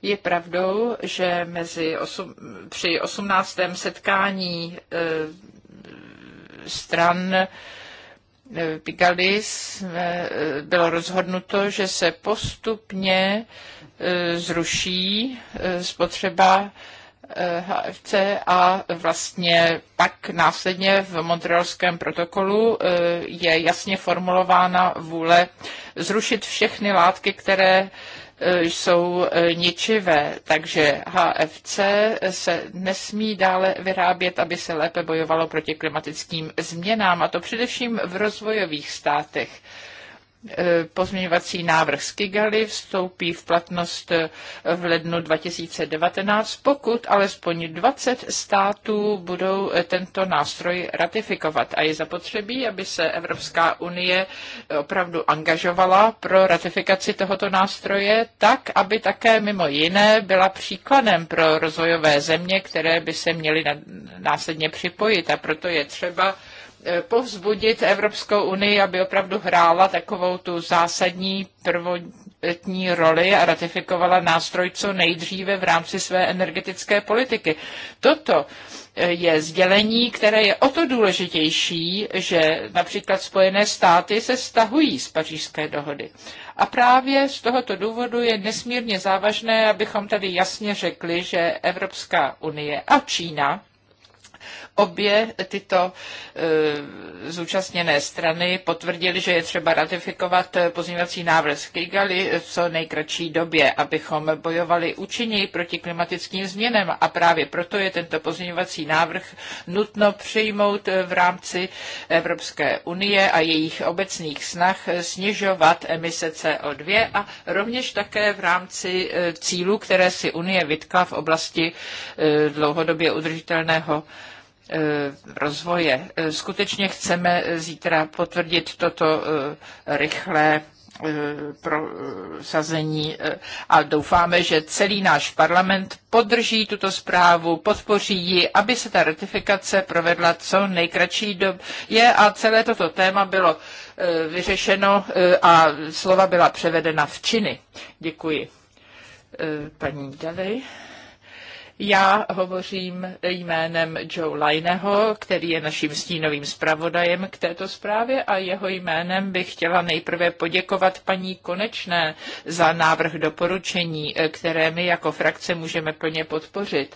Je pravdou, že mezi osm, při 18. setkání eh, stran eh, Pigalis eh, bylo rozhodnuto, že se postupně zruší spotřeba HFC a vlastně pak následně v Montrealském protokolu je jasně formulována vůle zrušit všechny látky, které Eh, jsou eh, ničivé, takže HFC se nesmí dále vyrábět, aby se lépe bojovalo proti klimatickým změnám, a to především v rozvojových státech. E, pozměňovací návrh z Kigali vstoupí v platnost e, v lednu 2019, pokud alespoň 20 států budou e, tento nástroj ratifikovat. A je zapotřebí, aby se Evropská unie opravdu angažovala pro ratifikaci tohoto nástroje, tak, aby také mimo jiné byla příkladem pro rozvojové země, které by se měly následně připojit. A proto je třeba Eh, povzbudit Evropskou unii, aby opravdu hrála takovou tu zásadní prvotní roli a ratifikovala nástroj co nejdříve v rámci své energetické politiky. Toto eh, je sdělení, které je o to důležitější, že například Spojené státy se stahují z pařížské dohody. A právě z tohoto důvodu je nesmírně závažné, abychom tady jasně řekli, že Evropská unie a Čína Obě tyto e, zúčastněné strany potvrdily, že je třeba ratifikovat e, pozměňovací návrh z Kigali v co nejkratší době, abychom bojovali účinněji proti klimatickým změnám a právě proto je tento pozměňovací návrh nutno přijmout e, v rámci Evropské unie a jejich obecných snah snižovat emise CO2 a rovněž také v rámci cílů, které si Unie vytkla v oblasti dlouhodobě udržitelného Eh, rozvoje. Eh, skutečně chceme zítra potvrdit toto eh, rychlé prosazení a doufáme, že celý náš parlament podrží tuto zprávu, podpoří ji, aby se ta ratifikace provedla co nejkratší době a celé toto téma bylo vyřešeno a slova byla převedena v činy. Děkuji. Paní Dalej. Já hovořím jménem Joe Lineho, který je naším stínovým zpravodajem k této zprávě a jeho jménem bych chtěla nejprve poděkovat paní Konečné za návrh doporučení, které my jako frakce můžeme plně podpořit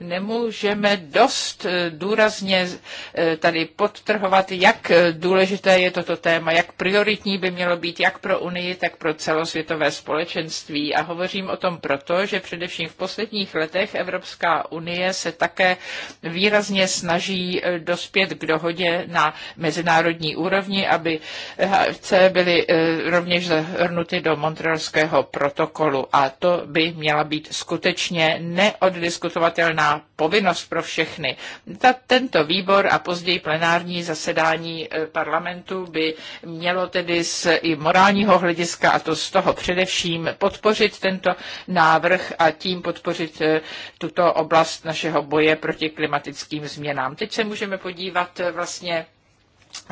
nemůžeme dost eh, důrazně eh, tady podtrhovat, jak eh, důležité je toto téma, jak prioritní by mělo být jak pro Unii, tak pro celosvětové společenství. A hovořím o tom proto, že především v posledních letech Evropská unie se také výrazně snaží dospět k dohodě na mezinárodní úrovni, aby HFC byly rovněž zahrnuty do Montrealského protokolu. A to by měla být skutečně neoddiskutovatelná povinnost pro všechny. Ta, tento výbor a později plenární zasedání eh, parlamentu by mělo tedy z i morálního hlediska, a to z toho především, podpořit tento návrh a tím podpořit eh, tuto oblast našeho boje proti klimatickým změnám. Teď se můžeme podívat eh, vlastně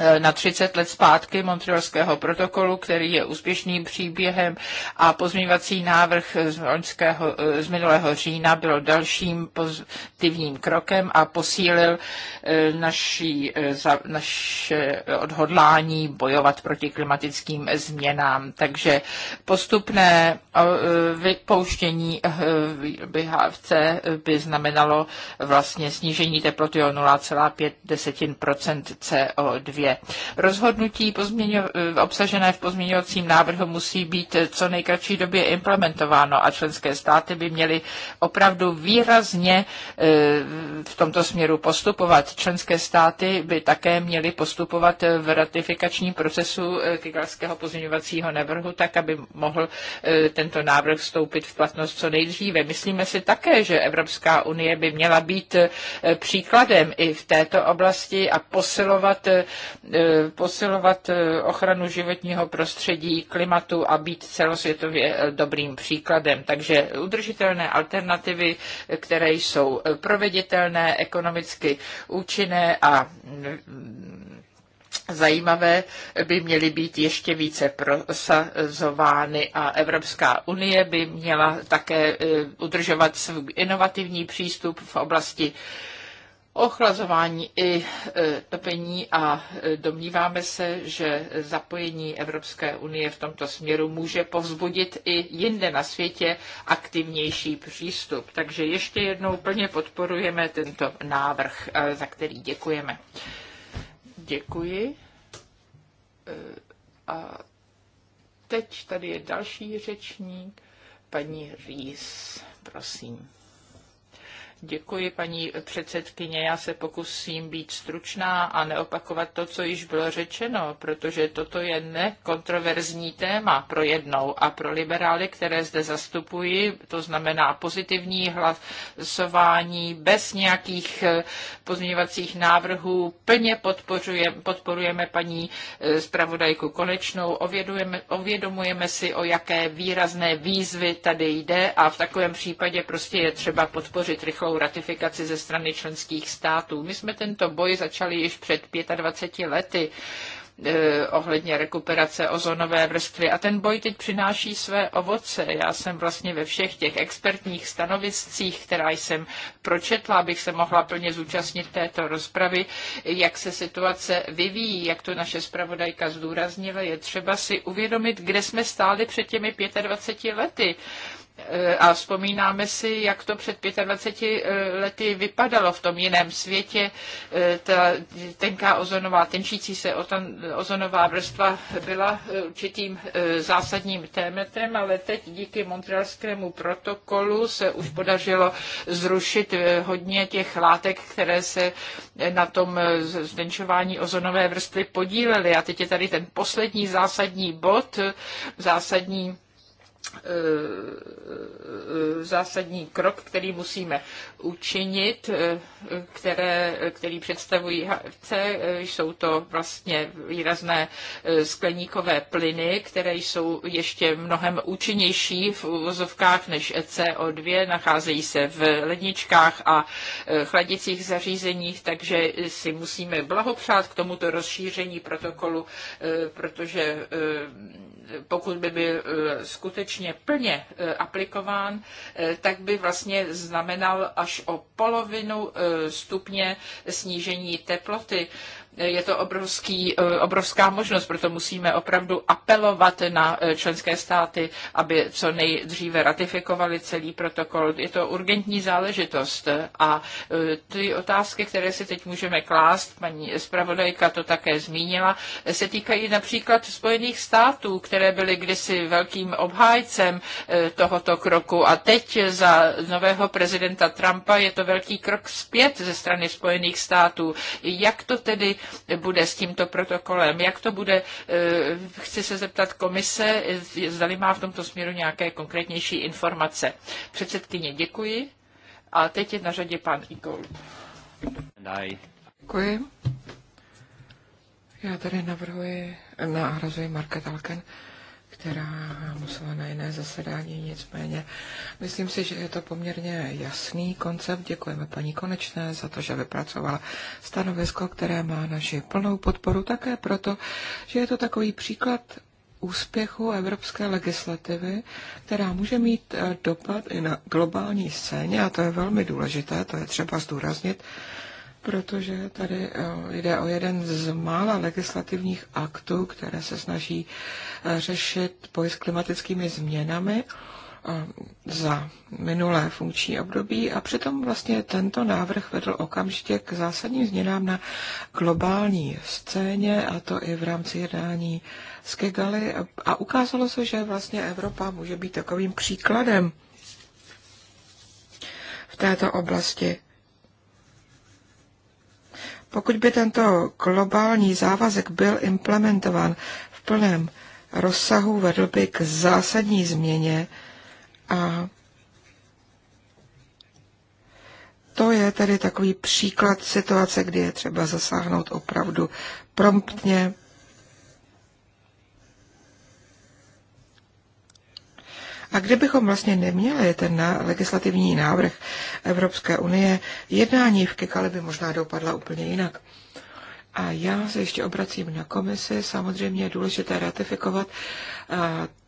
Eh, na 30 let zpátky Montrealského protokolu, který je úspěšným příběhem a pozměňovací návrh z, loňského, eh, z minulého října byl dalším pozitivním krokem a posílil eh, naši za, naše odhodlání bojovat proti klimatickým změnám. Takže postupné vypouštění BHFC by znamenalo vlastně snížení teploty o 0,5 CO2 2. Rozhodnutí eh, obsažené v pozměňovacím návrhu musí být co nejkratší době implementováno a členské státy by měly opravdu výrazně eh, v tomto směru postupovat. Členské státy by také měly postupovat v ratifikačním procesu eh, kigalského pozměňovacího návrhu tak, aby mohl tento návrh vstoupit v platnost co nejdříve. Myslíme si také, že Evropská unie by měla být příkladem i v této oblasti a posilovat E, posilovat e, ochranu životního prostředí, klimatu a být celosvětově e, dobrým příkladem. Takže udržitelné alternativy, které jsou proveditelné, ekonomicky účinné a mm, zajímavé by měly být ještě více prosazovány a Evropská unie by měla také udržovat svůj inovativní přístup v oblasti ochlazování i e, topení a e, domníváme se, že zapojení Evropské unie v tomto směru může povzbudit i jinde na světě aktivnější přístup. Takže ještě jednou plně podporujeme tento návrh, e, za který děkujeme. Děkuji. A teď tady je další řečník, paní Rýs, prosím. Děkuji, paní předsedkyně. Já se pokusím být stručná a neopakovat to, co již bylo řečeno, protože toto je nekontroverzní téma pro jednou a pro liberály, které zde zastupuji, to znamená pozitivní hlasování bez nějakých eh, pozměňovacích návrhů. Plně podporujeme, podporujeme paní eh, zpravodajku Konečnou, ovědujeme, ovědomujeme si, o jaké výrazné výzvy tady jde a v takovém případě prostě je třeba podpořit rychlou nějakou ratifikaci ze strany členských států. My jsme tento boj začali již před 25 lety eh, ohledně rekuperace ozonové vrstvy. A ten boj teď přináší své ovoce. Já jsem vlastně ve všech těch expertních stanoviscích, která jsem pročetla, abych se mohla plně zúčastnit této rozpravy, jak se situace vyvíjí, jak to naše zpravodajka zdůraznila, je třeba si uvědomit, kde jsme stáli před těmi 25 lety. Eh, a vzpomínáme si, jak to před 25 eh, lety vypadalo v tom jiném světě. Eh, ta tenká ozonová, tenčící se ozonová vrstva byla určitým zásadním tématem, ale teď díky Montrealskému protokolu se už podařilo zrušit hodně těch látek, které se na tom zdenčování ozonové vrstvy podílely. A teď je tady ten poslední zásadní bod, zásadní Eh, zásadní krok, který musíme učinit, eh, které, který představují HFC. Eh, jsou to vlastně výrazné skleníkové plyny, které jsou ještě mnohem účinnější v uvozovkách než CO2. Nacházejí se v ledničkách a chladicích zařízeních, takže si musíme blahopřát k tomuto rozšíření protokolu, protože pokud by byl skutečně skutečně plně e, aplikován, e, tak by vlastně znamenal až o polovinu e, stupně snížení teploty je to obrovský, eh, obrovská možnost, proto musíme opravdu apelovat na eh, členské státy, aby co nejdříve ratifikovali celý protokol. Je to urgentní záležitost a eh, ty otázky, které si teď můžeme klást, paní zpravodajka to také zmínila, se týkají například Spojených států, které byly kdysi velkým obhájcem tohoto kroku a teď za nového prezidenta Trumpa je to velký krok zpět ze strany Spojených států. Jak to tedy bude s tímto protokolem. Jak to bude, eh, chci se zeptat komise, zdali má v tomto směru nějaké konkrétnější informace. Předsedkyně, děkuji. A teď je na řadě pan Igol. Děkuji. Já tady navrhuji, nahrazuji Marka Uh, která musela na jiné zasedání, nicméně myslím si, že je to poměrně jasný koncept. Děkujeme paní Konečné za to, že vypracovala stanovisko, které má naši plnou podporu, také proto, že je to takový příklad úspěchu evropské legislativy, která může mít eh, dopad i na globální scéně, a to je velmi důležité, to je třeba zdůraznit, protože tady eh, jde o jeden z mála legislativních aktů, které se snaží eh, řešit boj s klimatickými změnami eh, za minulé funkční období a přitom vlastně tento návrh vedl okamžitě k zásadním změnám na globální scéně a to i v rámci jednání z Kigali a ukázalo se, že vlastně Evropa může být takovým příkladem v této oblasti pokud by tento globální závazek byl implementován v plném rozsahu, vedl by k zásadní změně a to je tedy takový příklad situace, kdy je třeba zasáhnout opravdu promptně A kdybychom vlastně neměli ten legislativní návrh Evropské unie, jednání v Kikali by možná dopadla úplně jinak. A já se ještě obracím na komisi. Samozřejmě je důležité ratifikovat eh,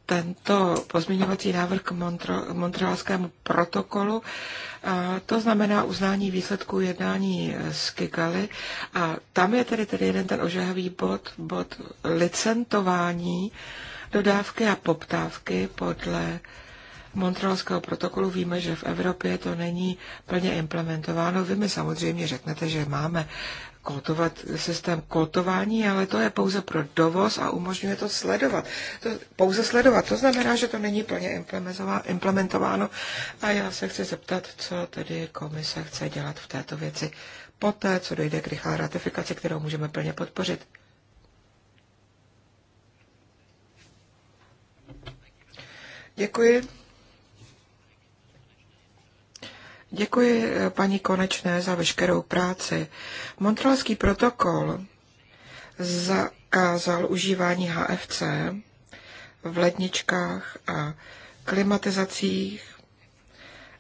tento pozměňovací návrh k montrealskému protokolu. A eh, to znamená uznání výsledků jednání eh, z Kigali. A tam je tedy, tedy jeden ten ožehavý bod, bod licentování dodávky a poptávky podle Montrealského protokolu víme, že v Evropě to není plně implementováno. Vy mi samozřejmě řeknete, že máme kotovat, systém kotování, ale to je pouze pro dovoz a umožňuje to sledovat. To, pouze sledovat. To znamená, že to není plně implementováno. A já se chci zeptat, co tedy komise chce dělat v této věci poté, co dojde k rychlé ratifikaci, kterou můžeme plně podpořit. Děkuji. Děkuji eh, paní Konečné za veškerou práci. Montrealský protokol zakázal užívání HFC v ledničkách a klimatizacích.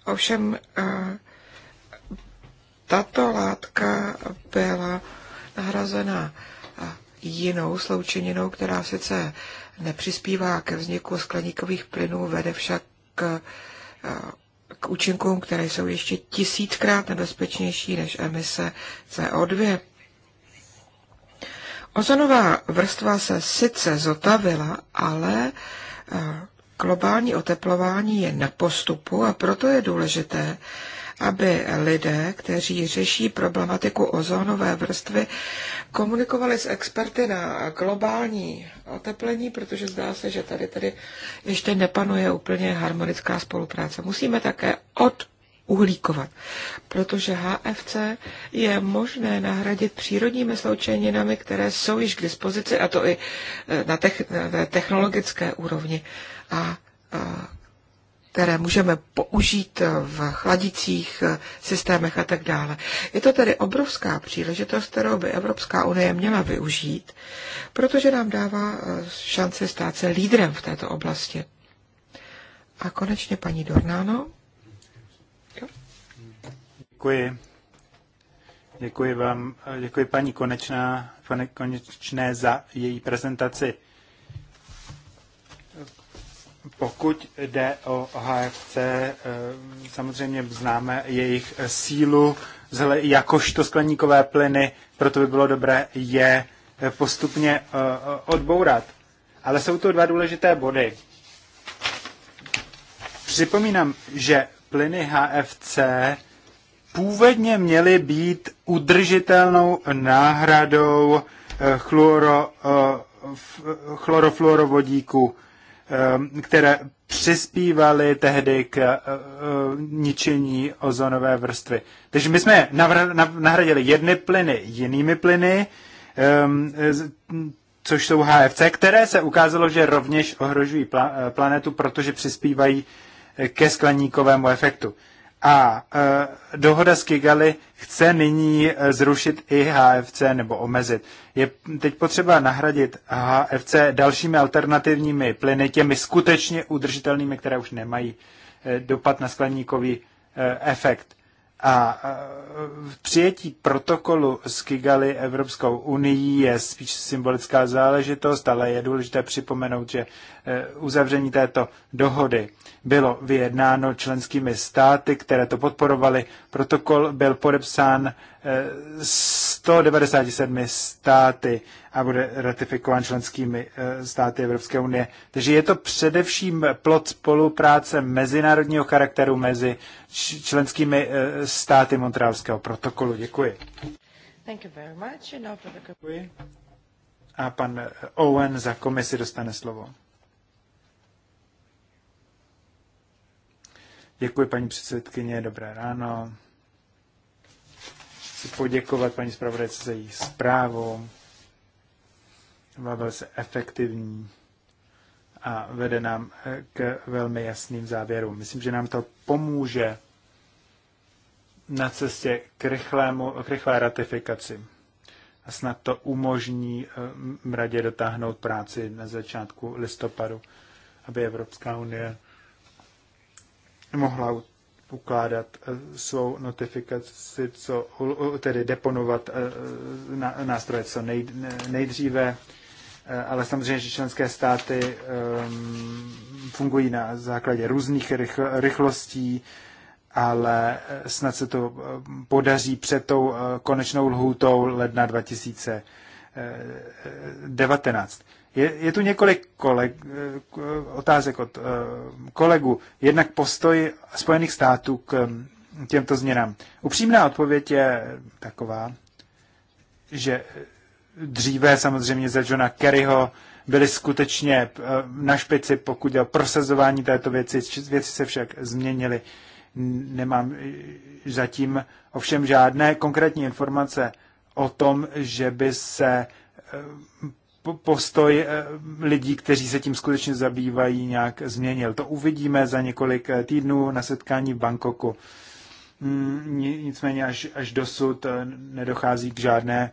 Ovšem eh, tato látka byla nahrazena eh, jinou sloučeninou, která sice nepřispívá ke vzniku skleníkových plynů, vede však k, k účinkům, které jsou ještě tisíckrát nebezpečnější než emise CO2. Ozonová vrstva se sice zotavila, ale eh, globální oteplování je na postupu a proto je důležité, aby lidé, kteří řeší problematiku ozónové vrstvy, komunikovali s experty na globální oteplení, protože zdá se, že tady tady ještě nepanuje úplně harmonická spolupráce. Musíme také od uhlíkovat, protože HFC je možné nahradit přírodními sloučeninami, které jsou již k dispozici, a to i eh, na, technologické úrovni. A které můžeme použít v chladicích systémech a tak dále. Je to tedy obrovská příležitost, kterou by Evropská unie měla využít, protože nám dává eh, šance stát se lídrem v této oblasti. A konečně paní Dornáno. Děkuji. Děkuji vám, eh, děkuji paní Konečná, pane Konečné za její prezentaci. Pokud jde o HFC, eh, samozřejmě známe jejich sílu jakožto skleníkové plyny, proto by bylo dobré je eh, postupně eh, odbourat. Ale jsou to dva důležité body. Připomínám, že plyny HFC původně měly být udržitelnou náhradou chloro, chlorofluorovodíku Um, které přispívaly tehdy k uh, uh, ničení ozonové vrstvy. Takže my jsme nahradili jedny plyny jinými plyny, um, což jsou HFC, které se ukázalo, že rovněž ohrožují uh, planetu, protože přispívají ke skleníkovému efektu. A e, dohoda s Kigali chce nyní e, zrušit i HFC nebo omezit. Je teď potřeba nahradit HFC dalšími alternativními plyny, těmi skutečně udržitelnými, které už nemají e, dopad na skleníkový e, efekt. A v e, přijetí protokolu z Kigali Evropskou unii je spíš symbolická záležitost, ale je důležité připomenout, že Eh, uzavření této dohody bylo vyjednáno členskými státy, které to podporovaly. Protokol byl podepsán 197 eh, státy a bude ratifikován členskými eh, státy Evropské unie. Takže je to především plod spolupráce mezinárodního charakteru mezi členskými státy Montrealského protokolu. Děkuji. Thank you very much. Děkuji. A pan Owen za komisi dostane slovo. Děkuji, paní předsedkyně, dobré ráno. Chci poděkovat paní zpravodajce za její zprávu. Byla velice efektivní a vede nám eh, k velmi jasným závěrům. Myslím, že nám to pomůže na cestě k, rychlému, k rychlé ratifikaci. A snad to umožní eh, radě dotáhnout práci na začátku listopadu, aby Evropská unie mohla ukládat eh, svou notifikaci, co, tedy deponovat eh, nástroje co nejdříve, eh, ale samozřejmě, že členské státy ehm, fungují na základě různých rychlostí, ale snad se to podaří před tou konečnou lhůtou ledna 2019. Je, je tu několik koleg, eh, otázek od eh, kolegu. Jednak postoj Spojených států k eh, těmto změnám. Upřímná odpověď je taková, že dříve samozřejmě za Johna Kerryho byli skutečně na špici, pokud je o prosazování této věci. Věci se však změnily. Nemám zatím ovšem žádné konkrétní informace o tom, že by se postoj eh, lidí, kteří se tím skutečně zabývají, nějak změnil. To uvidíme za několik eh, týdnů na setkání v Bangkoku. Mm, nicméně až, až dosud eh, nedochází k žádné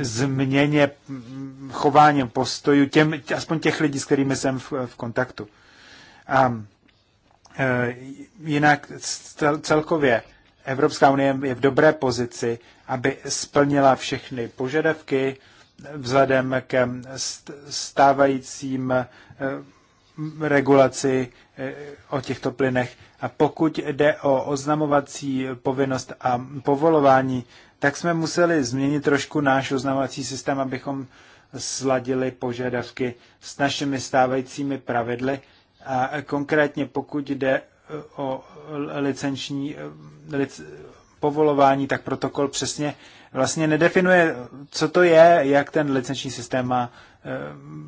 změně mm, chování postoju, těm, aspoň těch lidí, s kterými jsem v, v kontaktu. A jinak celkově Evropská unie je v dobré pozici, aby splnila všechny požadavky, vzhledem k stávajícím eh, regulaci eh, o těchto plynech. A pokud jde o oznamovací povinnost a povolování, tak jsme museli změnit trošku náš oznamovací systém, abychom sladili požadavky s našimi stávajícími pravidly. A konkrétně pokud jde eh, o licenční lic, povolování, tak protokol přesně vlastně nedefinuje, co to je, jak ten licenční systém má eh,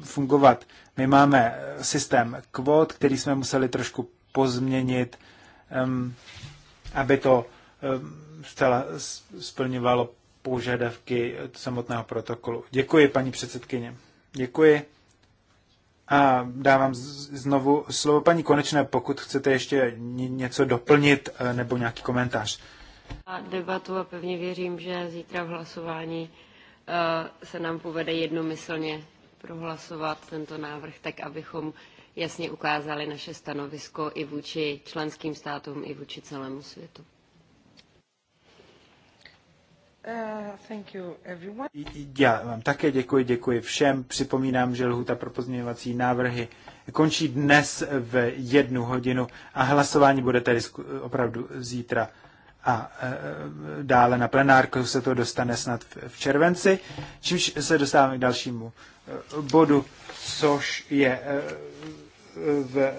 fungovat. My máme eh, systém kvot, který jsme museli trošku pozměnit, aby to zcela splňovalo požadavky samotného protokolu. Děkuji, paní předsedkyně. Děkuji. A dávám znovu slovo paní Konečné, pokud chcete ještě něco doplnit eh, nebo nějaký komentář. A debatu a pevně věřím, že zítra v hlasování eh, se nám povede jednomyslně prohlasovat tento návrh, tak abychom jasně ukázali naše stanovisko i vůči členským státům, i vůči celému světu. Eh, já vám také děkuji, děkuji všem. Připomínám, že lhuta pro pozměňovací návrhy končí dnes v jednu hodinu a hlasování bude tedy opravdu zítra a e, dále na plenárku se to dostane snad v červenci, čímž se dostáváme k dalšímu e, bodu, což je e, v,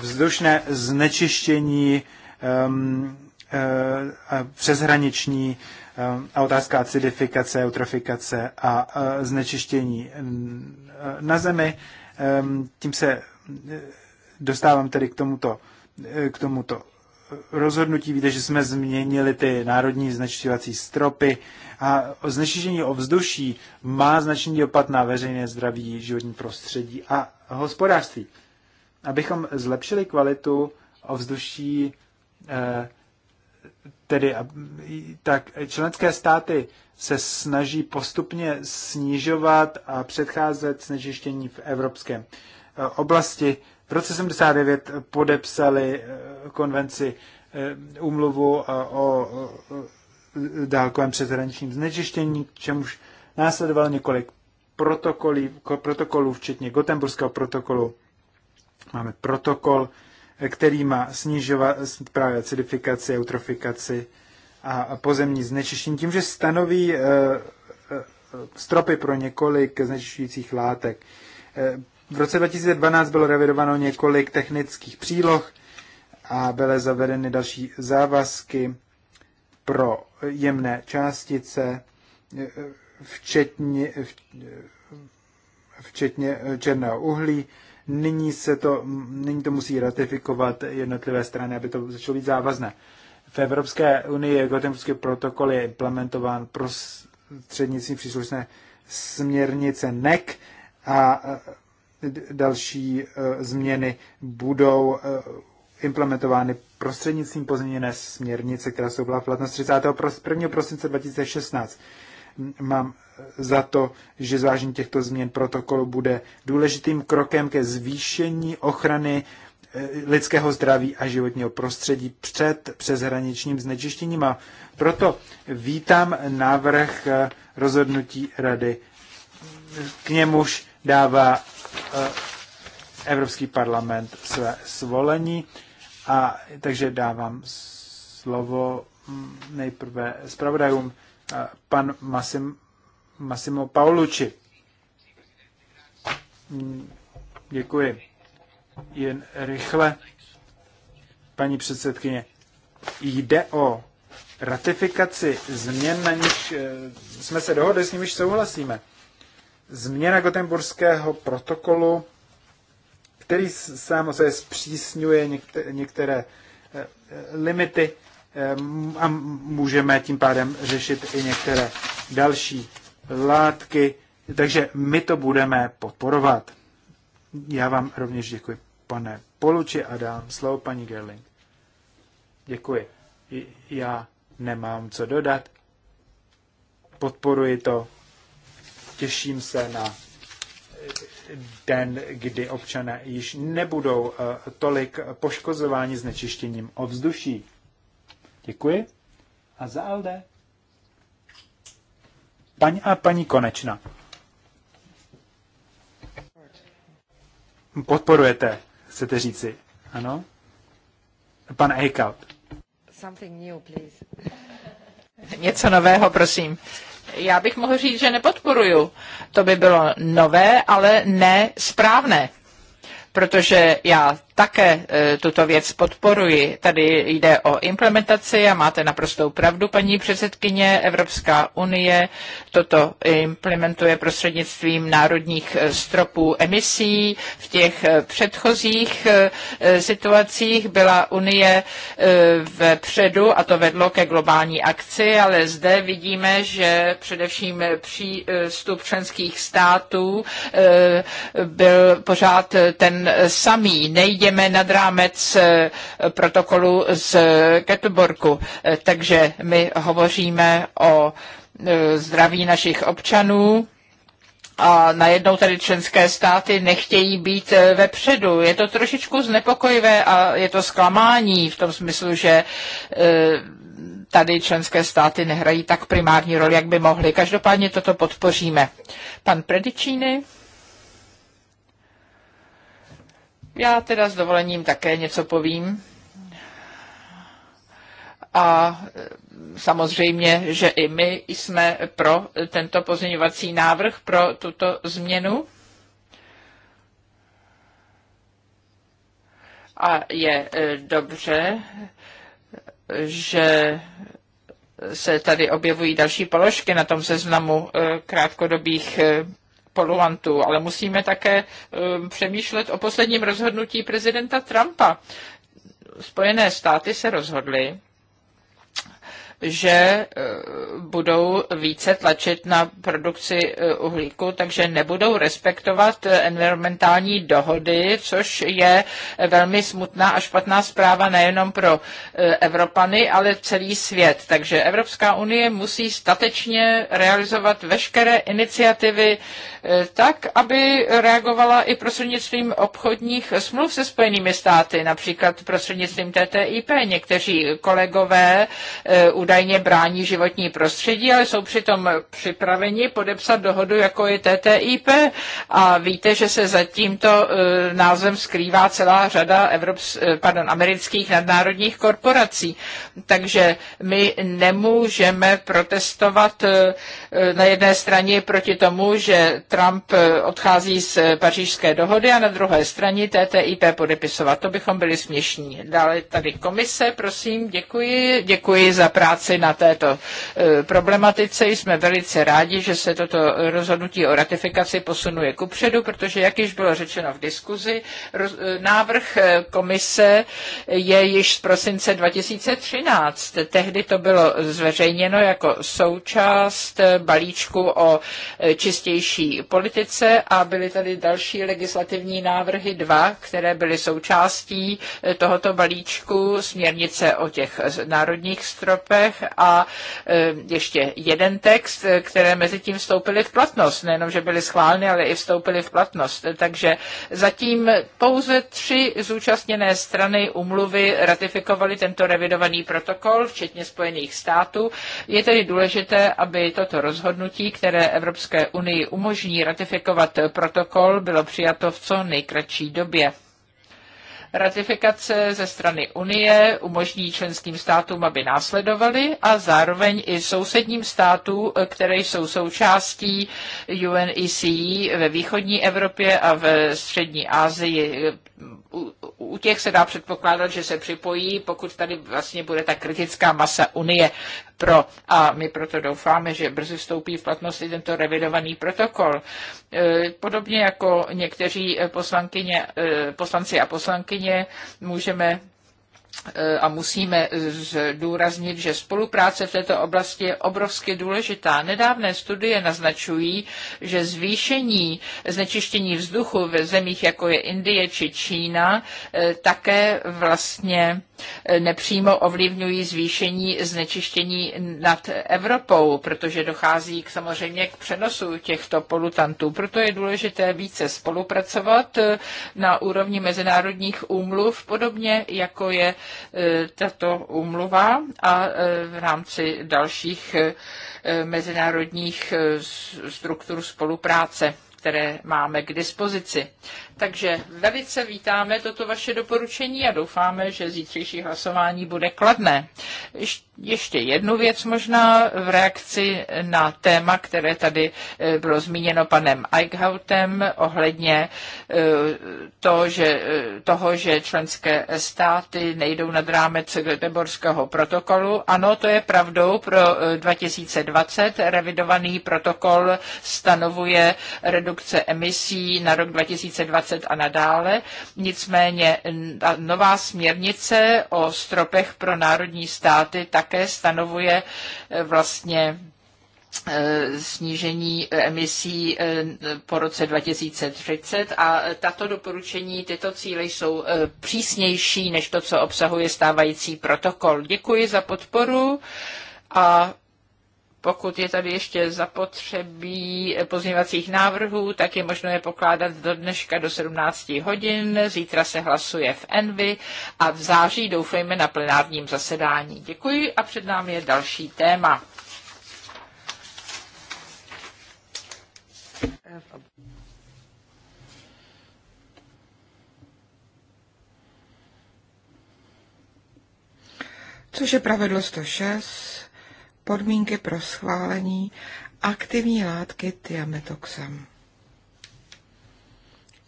vzdušné znečištění přeshraniční a otázka acidifikace, eutrofikace a znečištění na zemi. Tím se dostávám tedy k tomuto, k tomuto rozhodnutí. Víte, že jsme změnili ty národní znečišťovací stropy a znečištění ovzduší má značný dopad na veřejné zdraví, životní prostředí a hospodářství. Abychom zlepšili kvalitu ovzduší, eh, tedy tak členské státy se snaží postupně snižovat a předcházet znečištění v evropské oblasti v roce 79 podepsali eh, konvenci eh, úmluvu eh, o dálkovém přeshraničním znečištění, k čemuž následovalo několik protokolů, včetně Gotemburského protokolu. Máme protokol, který má snižovat právě acidifikaci, eutrofikaci a pozemní znečištění tím, že stanoví stropy pro několik znečišťujících látek. V roce 2012 bylo revidováno několik technických příloh a byly zavedeny další závazky pro jemné částice, včetně, včetně černého uhlí. Nyní, se to, nyní to musí ratifikovat jednotlivé strany, aby to začalo být závazné. V Evropské unii Gotemský protokol je implementován prostřednictvím příslušné směrnice NEC a další eh, změny budou eh, implementovány prostřednictvím pozměněné směrnice, která jsou byla v platnost 31. prosince 2016. Mám eh, za to, že zvážení těchto změn protokolu bude důležitým krokem ke zvýšení ochrany lidského zdraví a životního prostředí před přeshraničním znečištěním. A proto vítám návrh rozhodnutí Rady. K němuž dává eh, Evropský parlament své svolení. A takže dávám slovo mm, nejprve zpravodajům eh, pan Masim, Massimo Paolucci. Mm, děkuji. Jen rychle, paní předsedkyně. Jde o ratifikaci změn, na níž eh, jsme se dohodli, s nimiž souhlasíme změna Gotemburského protokolu, který samozřejmě zpřísňuje některé eh, eh, limity eh, a můžeme tím pádem řešit i některé další látky, takže my to budeme podporovat. Já vám rovněž děkuji, pane Poluči, a dám slovo paní Gerling. Děkuji. Já nemám co dodat. Podporuji to těším se na den, kdy občané již nebudou eh, tolik poškozováni znečištěním ovzduší. Děkuji. A za LD. Paň a paní Konečna. Podporujete, chcete říci. Ano? Pan Eichhout. Something new, please. Něco nového, prosím. Já bych mohl říct, že nepodporuju. To by bylo nové, ale ne správné protože já také e, tuto věc podporuji. Tady jde o implementaci a máte naprostou pravdu, paní předsedkyně. Evropská unie toto implementuje prostřednictvím národních e, stropů emisí. V těch e, předchozích situacích byla unie ve předu a to vedlo ke globální akci, ale zde vidíme, že především přístup členských států byl pořád ten samý. Nejde jdeme nad rámec eh, protokolu z Ketuborku. Eh, takže my hovoříme o eh, zdraví našich občanů, a najednou tady členské státy nechtějí být vepředu. Je to trošičku znepokojivé a je to zklamání v tom smyslu, že tady členské státy nehrají tak primární roli, jak by mohly. Každopádně toto podpoříme. Pan Predičíny. Já teda s dovolením také něco povím. A e, samozřejmě, že i my jsme pro tento pozměňovací návrh, pro tuto změnu. A je e, dobře, že se tady objevují další položky na tom seznamu e, krátkodobých poluantů, ale musíme také um, přemýšlet o posledním rozhodnutí prezidenta Trumpa. Spojené státy se rozhodly, že e, budou více tlačit na produkci e, uhlíku, takže nebudou respektovat e, environmentální dohody, což je velmi smutná a špatná zpráva nejenom pro Evropany, ale celý svět. Takže Evropská unie musí statečně realizovat veškeré iniciativy tak, aby reagovala i prostřednictvím obchodních smluv se Spojenými státy, například prostřednictvím TTIP. Někteří kolegové u údajně brání životní prostředí, ale jsou přitom připraveni podepsat dohodu, jako je TTIP. A víte, že se za tímto e, názvem skrývá celá řada Evrops, e, pardon, amerických nadnárodních korporací. Takže my nemůžeme protestovat e, na jedné straně proti tomu, že Trump odchází z pařížské dohody a na druhé straně TTIP podepisovat. To bychom byli směšní. Dále tady komise, prosím, děkuji, děkuji za práci práci na této e, problematice. Jsme velice rádi, že se toto rozhodnutí o ratifikaci posunuje kupředu, protože, jak již bylo řečeno v diskuzi, e, návrh e, komise je již z prosince 2013. Tehdy to bylo zveřejněno jako součást balíčku o čistější politice a byly tady další legislativní návrhy, dva, které byly součástí tohoto balíčku, směrnice o těch národních stropech, textech a e, ještě jeden text, e, které mezi tím vstoupily v platnost. Nejenom, že byly schváleny, ale i vstoupily v platnost. Takže zatím pouze tři zúčastněné strany umluvy ratifikovaly tento revidovaný protokol, včetně Spojených států. Je tedy důležité, aby toto rozhodnutí, které Evropské unii umožní ratifikovat protokol, bylo přijato v co nejkratší době. Ratifikace ze strany Unie umožní členským státům, aby následovali a zároveň i sousedním státům, které jsou součástí UNECE e ve východní Evropě a ve střední Asii u, u těch se dá předpokládat, že se připojí, pokud tady vlastně bude ta kritická masa Unie pro. A my proto doufáme, že brzy vstoupí v platnost tento revidovaný protokol. E, podobně jako někteří e, poslanci a poslankyně můžeme Eh, a musíme eh, zdůraznit, že spolupráce v této oblasti je obrovsky důležitá. Nedávné studie naznačují, že zvýšení znečištění vzduchu ve zemích, jako je Indie či Čína, eh, také vlastně nepřímo ovlivňují zvýšení znečištění nad Evropou, protože dochází k, samozřejmě k přenosu těchto polutantů. Proto je důležité více spolupracovat eh, na úrovni mezinárodních úmluv, podobně jako je eh, tato úmluva a eh, v rámci dalších mezinárodních struktur spolupráce které máme k dispozici. Takže velice vítáme toto vaše doporučení a doufáme, že zítřejší hlasování bude kladné. Ještě jednu věc možná v reakci na téma, které tady eh, bylo zmíněno panem Eichhautem ohledně eh, to, že, eh, toho, že členské státy nejdou nad rámec Göteborského protokolu. Ano, to je pravdou pro 2020. Revidovaný protokol stanovuje redukce emisí na rok 2020 2020 a nadále. Nicméně ta nová směrnice o stropech pro národní státy také stanovuje e, vlastně e, snížení e, emisí po roce 2030 a tato doporučení, tyto cíle jsou přísnější než to, co obsahuje stávající protokol. Děkuji za podporu a pokud je tady ještě zapotřebí pozměňovacích návrhů, tak je možno je pokládat do dneška do 17 hodin. Zítra se hlasuje v Envy a v září doufejme na plenárním zasedání. Děkuji a před námi je další téma. což je pravidlo 106 podmínky pro schválení aktivní látky tiametoxam.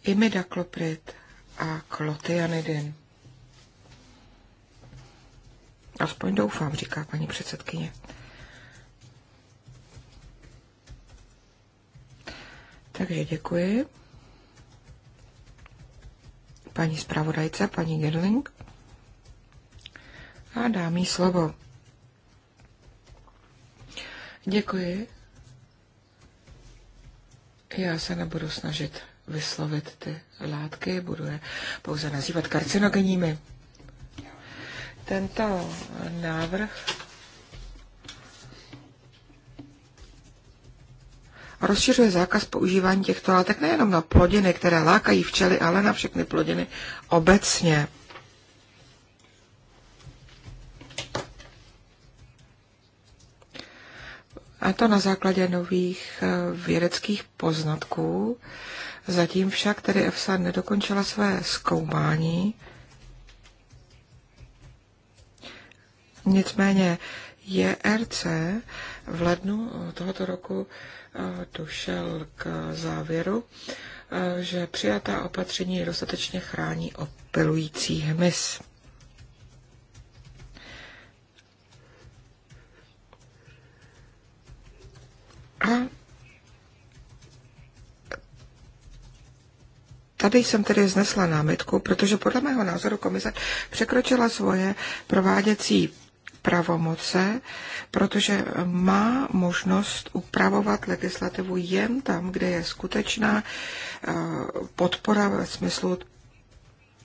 Imidakloprid a klotianidin. Aspoň doufám, říká paní předsedkyně. Takže děkuji. Paní zpravodajce, paní Gerling. A dám jí slovo. Děkuji. Já se nebudu snažit vyslovit ty látky, budu je pouze nazývat karcinogenními. Tento návrh rozšiřuje zákaz používání těchto látek nejenom na plodiny, které lákají včely, ale na všechny plodiny obecně. a to na základě nových eh, vědeckých poznatků. Zatím však tedy EFSA nedokončila své zkoumání. Nicméně JRC v lednu tohoto roku eh, došel k závěru, eh, že přijatá opatření dostatečně chrání opilující hmyz. Tady jsem tedy znesla námitku, protože podle mého názoru komise překročila svoje prováděcí pravomoce, protože má možnost upravovat legislativu jen tam, kde je skutečná eh, podpora ve smyslu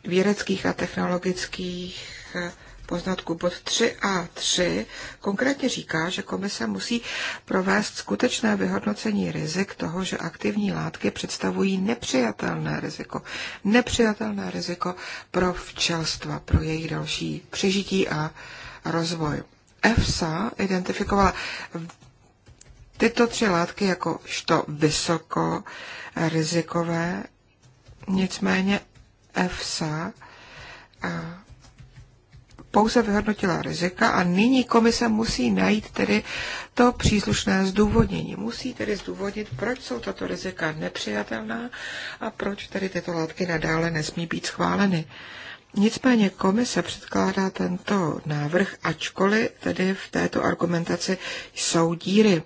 vědeckých a technologických eh, poznatku pod 3a 3 konkrétně říká, že komise musí provést skutečné vyhodnocení rizik toho, že aktivní látky představují nepřijatelné riziko. Nepřijatelné riziko pro včelstva, pro jejich další přežití a rozvoj. EFSA identifikovala tyto tři látky jako što vysoko rizikové, nicméně EFSA a pouze vyhodnotila rizika a nyní komise musí najít tedy to příslušné zdůvodnění. Musí tedy zdůvodnit, proč jsou tato rizika nepřijatelná a proč tedy tyto látky nadále nesmí být schváleny. Nicméně komise předkládá tento návrh, ačkoliv tedy v této argumentaci jsou díry.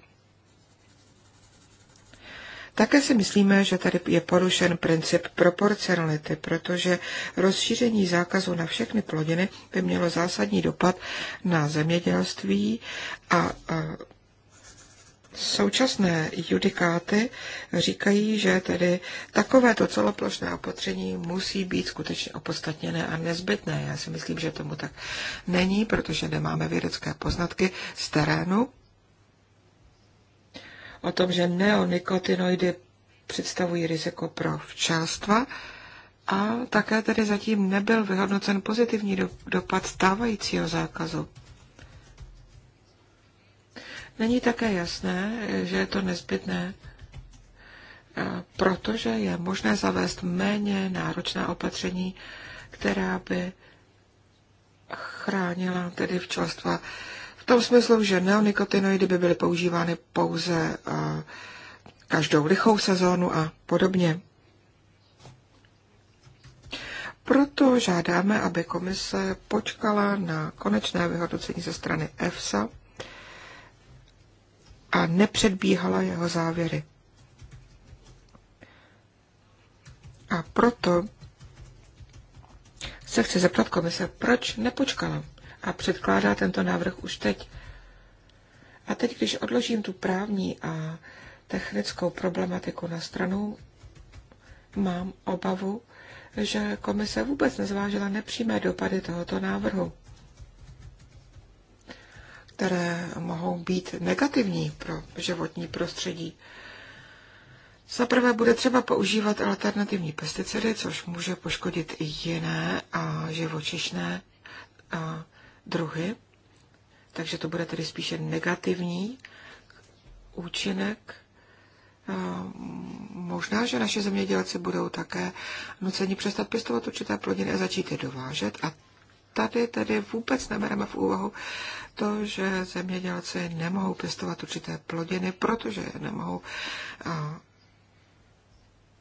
Také si myslíme, že tady je porušen princip proporcionality, protože rozšíření zákazu na všechny plodiny by mělo zásadní dopad na zemědělství a Současné judikáty říkají, že tedy takovéto celoplošné opatření musí být skutečně opodstatněné a nezbytné. Já si myslím, že tomu tak není, protože nemáme vědecké poznatky z terénu, o tom, že neonikotinoidy představují riziko pro včelstva a také tedy zatím nebyl vyhodnocen pozitivní do, dopad stávajícího zákazu. Není také jasné, že je to nezbytné, e, protože je možné zavést méně náročná opatření, která by chránila tedy včelstva tom smyslu, že neonikotinoidy by byly používány pouze eh, každou lichou sezónu a podobně. Proto žádáme, aby komise počkala na konečné vyhodnocení ze strany EFSA a nepředbíhala jeho závěry. A proto se chci zeptat komise, proč nepočkala a předkládá tento návrh už teď. A teď, když odložím tu právní a technickou problematiku na stranu, mám obavu, že komise vůbec nezvážila nepřímé dopady tohoto návrhu, které mohou být negativní pro životní prostředí. Za prvé bude třeba používat alternativní pesticidy, což může poškodit i jiné a živočišné a druhy, takže to bude tedy spíše negativní účinek. Mm, možná, že naše zemědělci budou také nuceni přestat pěstovat určité plodiny a začít je dovážet a tady tedy vůbec nebereme v úvahu to, že zemědělci nemohou pěstovat určité plodiny, protože je nemohou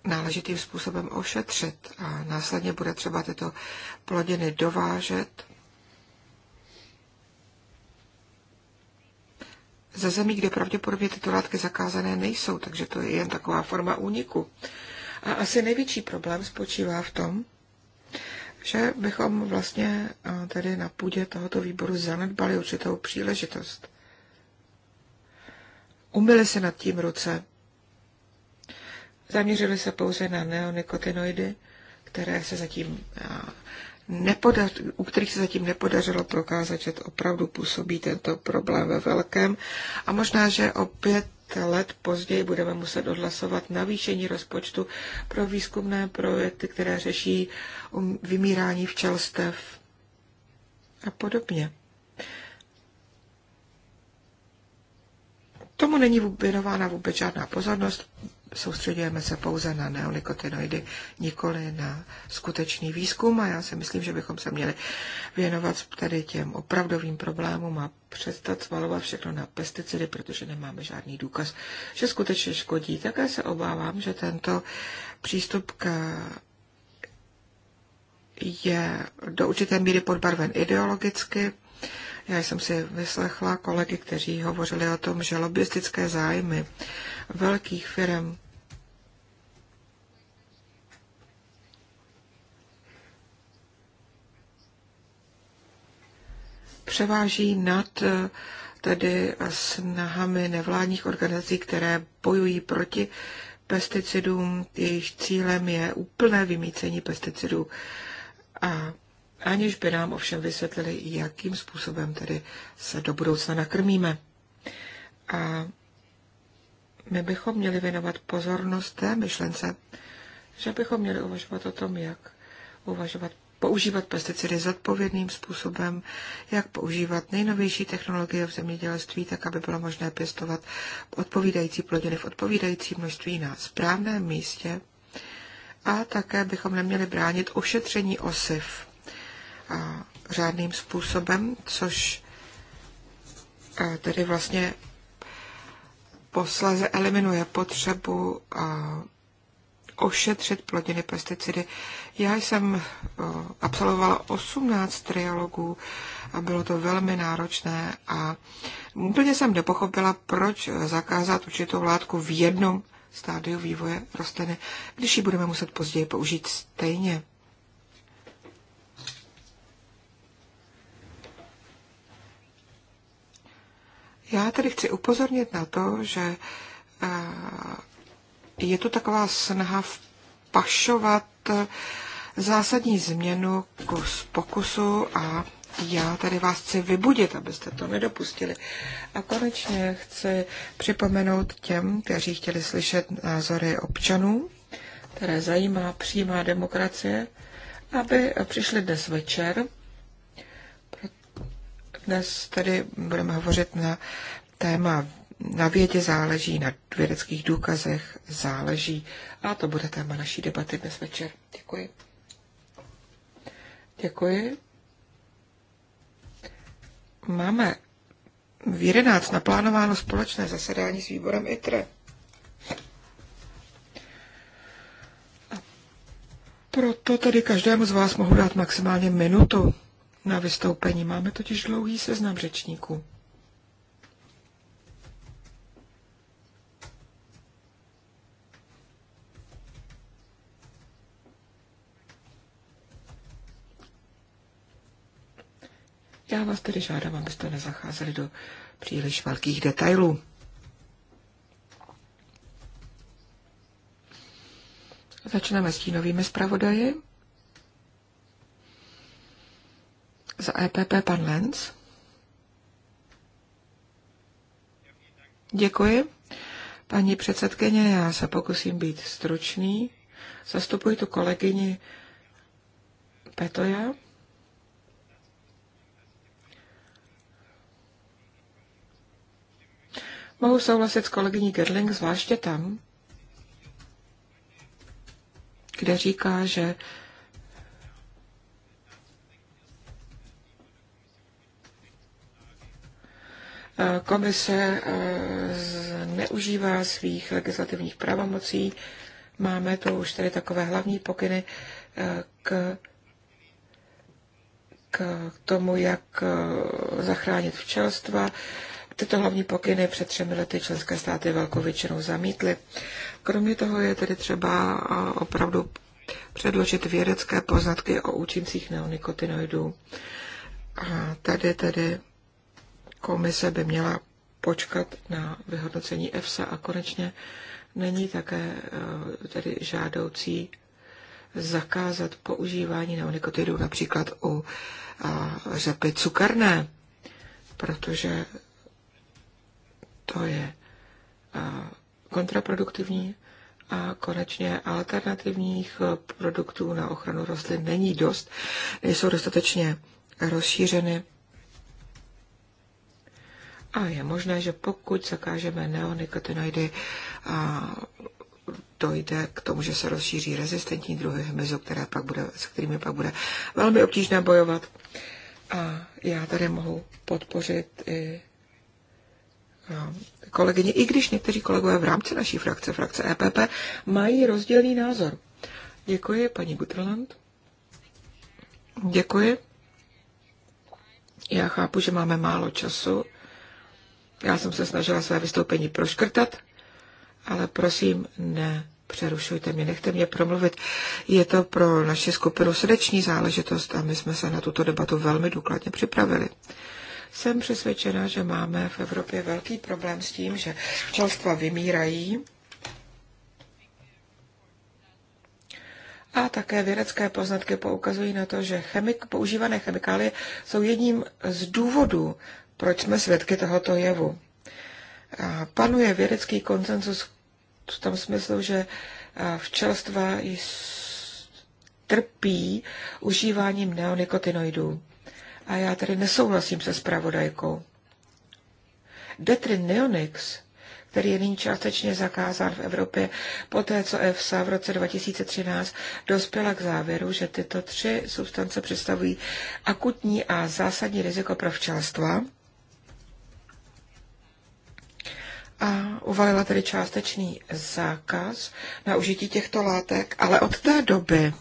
náležitým způsobem ošetřit a následně bude třeba tyto plodiny dovážet ze zemí, kde pravděpodobně tyto látky zakázané nejsou, takže to je jen taková forma úniku. A asi největší problém spočívá v tom, že bychom vlastně eh, tady na půdě tohoto výboru zanedbali určitou příležitost. Umyli se nad tím ruce, zaměřili se pouze na neonikotinoidy, které se zatím eh, nepodař, u kterých se zatím nepodařilo prokázat, že to opravdu působí tento problém ve velkém. A možná, že opět let později budeme muset odhlasovat navýšení rozpočtu pro výzkumné projekty, které řeší um, vymírání včelstev a podobně. Tomu není věnována vůbec žádná pozornost soustředujeme se pouze na neonikotinoidy, nikoli na skutečný výzkum a já si myslím, že bychom se měli věnovat tady těm opravdovým problémům a přestat svalovat všechno na pesticidy, protože nemáme žádný důkaz, že skutečně škodí. Také se obávám, že tento přístup k je do určité míry podbarven ideologicky, já jsem si vyslechla kolegy, kteří hovořili o tom, že lobbystické zájmy velkých firm převáží nad eh, tedy snahami nevládních organizací, které bojují proti pesticidům. Jejich cílem je úplné vymícení pesticidů. A aniž by nám ovšem vysvětlili, jakým způsobem tedy se do budoucna nakrmíme. A my bychom měli věnovat pozornost té myšlence, že bychom měli uvažovat o tom, jak uvažovat, používat pesticidy zodpovědným způsobem, jak používat nejnovější technologie v zemědělství, tak aby bylo možné pěstovat odpovídající plodiny v odpovídající množství na správném místě. A také bychom neměli bránit ošetření osiv řádným způsobem, což eh, tedy vlastně poslaze eliminuje potřebu eh, ošetřit plodiny pesticidy. Já jsem eh, absolvovala 18 trialogů a bylo to velmi náročné a úplně jsem nepochopila, proč zakázat určitou látku v jednom stádiu vývoje rostliny, když ji budeme muset později použít stejně. Já tady chci upozornit na to, že eh, je tu taková snaha vpašovat eh, zásadní změnu k pokusu a já tady vás chci vybudit, abyste to nedopustili. A konečně chci připomenout těm, kteří chtěli slyšet názory občanů, které zajímá přímá demokracie, aby přišli dnes večer dnes tedy budeme hovořit na téma na vědě záleží, na vědeckých důkazech záleží. A to bude téma naší debaty dnes večer. Děkuji. Děkuji. Máme v 11 naplánováno společné zasedání s výborem ITRE. proto tedy každému z vás mohu dát maximálně minutu na vystoupení. Máme totiž dlouhý seznam řečníků. Já vás tedy žádám, abyste nezacházeli do příliš velkých detailů. Začneme s tínovými zpravodaji. Za EPP pan Lenz. Děkuji. Paní předsedkyně, já se pokusím být stručný. Zastupuji tu kolegyni Petoja. Mohu souhlasit s kolegyní Gerling, zvláště tam, kde říká, že Eh, komise eh, neužívá svých legislativních pravomocí. Máme tu už tedy takové hlavní pokyny eh, k, k tomu, jak zachránit včelstva. Tyto hlavní pokyny před třemi lety členské státy velkou většinou zamítly. Kromě toho je tedy třeba opravdu předložit vědecké poznatky o účincích neonikotinoidů. A tady tedy komise by měla počkat na vyhodnocení EFSA a konečně není také eh, tedy žádoucí zakázat používání neonikotidů například u eh, řepy cukerné, protože to je eh, kontraproduktivní a konečně alternativních produktů na ochranu rostlin není dost, nejsou dostatečně rozšířeny a je možné, že pokud zakážeme neonikotinoidy, a dojde k tomu, že se rozšíří rezistentní druhy hmyzu, které pak bude, s kterými pak bude velmi obtížné bojovat. A já tady mohu podpořit i kolegyně, i když někteří kolegové v rámci naší frakce, frakce EPP, mají rozdílný názor. Děkuji, paní Gutrland. Děkuji. Já chápu, že máme málo času. Já jsem se snažila své vystoupení proškrtat, ale prosím, ne přerušujte mě, nechte mě promluvit. Je to pro naši skupinu srdeční záležitost a my jsme se na tuto debatu velmi důkladně připravili. Jsem přesvědčena, že máme v Evropě velký problém s tím, že včelstva vymírají a také vědecké poznatky poukazují na to, že chemik, používané chemikálie jsou jedním z důvodů proč jsme svědky tohoto jevu. panuje vědecký konsenzus v tom smyslu, že včelstva trpí užíváním neonikotinoidů. A já tady nesouhlasím se zpravodajkou. Detrin neonix, který je nyní částečně zakázán v Evropě, poté co EFSA v roce 2013 dospěla k závěru, že tyto tři substance představují akutní a zásadní riziko pro včelstva, a uvalila tedy částečný zákaz na užití těchto látek, ale od té doby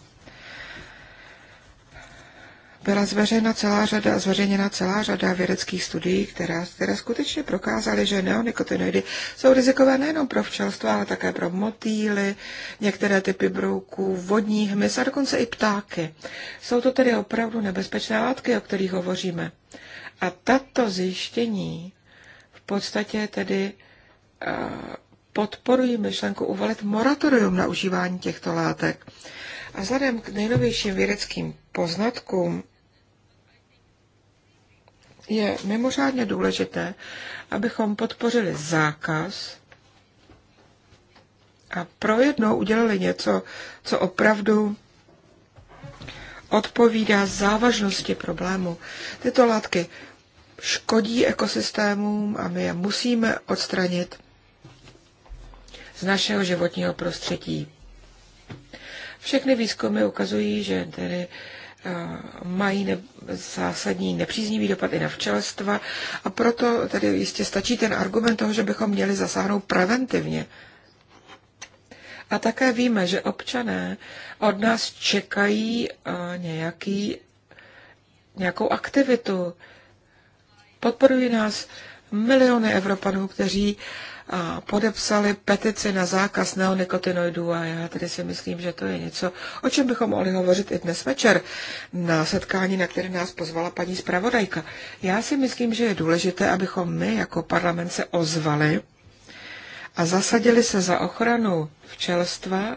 byla zveřejna celá řada, zveřejněna celá řada vědeckých studií, která, které skutečně prokázaly, že neonikotinoidy jsou rizikové nejenom pro včelstva, ale také pro motýly, některé typy brouků, vodní hmyz a dokonce i ptáky. Jsou to tedy opravdu nebezpečné látky, o kterých hovoříme. A tato zjištění v podstatě tedy podporují myšlenku uvalit moratorium na užívání těchto látek. A vzhledem k nejnovějším vědeckým poznatkům je mimořádně důležité, abychom podpořili zákaz a projednou udělali něco, co opravdu odpovídá závažnosti problému. Tyto látky škodí ekosystémům a my je musíme odstranit z našeho životního prostředí. Všechny výzkumy ukazují, že tedy eh, mají ne, zásadní nepříznivý dopad i na včelstva a proto tedy jistě stačí ten argument toho, že bychom měli zasáhnout preventivně. A také víme, že občané od nás čekají eh, nějaký, nějakou aktivitu. Podporují nás miliony Evropanů, kteří podepsali petici na zákaz neonikotinoidů a já tedy si myslím, že to je něco, o čem bychom mohli hovořit i dnes večer na setkání, na které nás pozvala paní zpravodajka. Já si myslím, že je důležité, abychom my jako parlament se ozvali a zasadili se za ochranu včelstva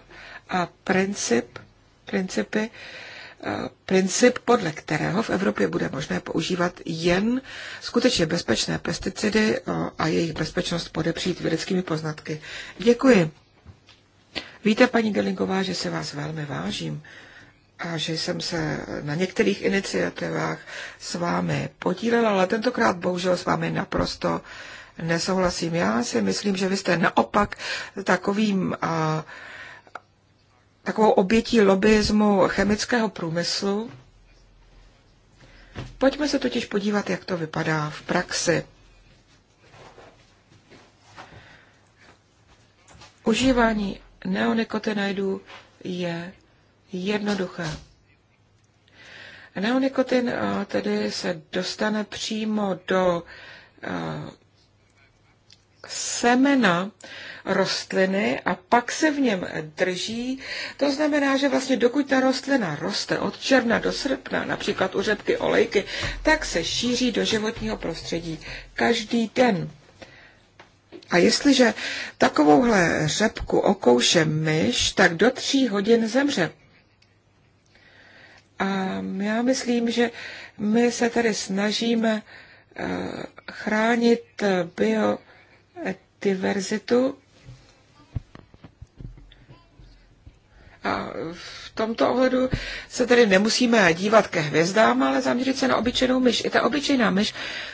a princip, principy, Eh, princip, podle kterého v Evropě bude možné používat jen skutečně bezpečné pesticidy eh, a jejich bezpečnost podepřít vědeckými poznatky. Děkuji. Víte, paní Gelingová, že se vás velmi vážím a že jsem se na některých iniciativách s vámi podílela, ale tentokrát bohužel s vámi naprosto nesouhlasím. Já si myslím, že vy jste naopak takovým uh, takovou obětí lobbyismu chemického průmyslu. Pojďme se totiž podívat, jak to vypadá v praxi. Užívání neonikotinoidů je jednoduché. Neonikotin eh, tedy se dostane přímo do eh, semena rostliny a pak se v něm drží. To znamená, že vlastně dokud ta rostlina roste od června do srpna, například u řepky olejky, tak se šíří do životního prostředí každý den. A jestliže takovouhle řepku okouše myš, tak do tří hodin zemře. A já myslím, že my se tady snažíme eh, chránit bio diverzitu. A v tomto ohledu se tedy nemusíme dívat ke hvězdám, ale zaměřit se na obyčejnou myš. I ta obyčejná myš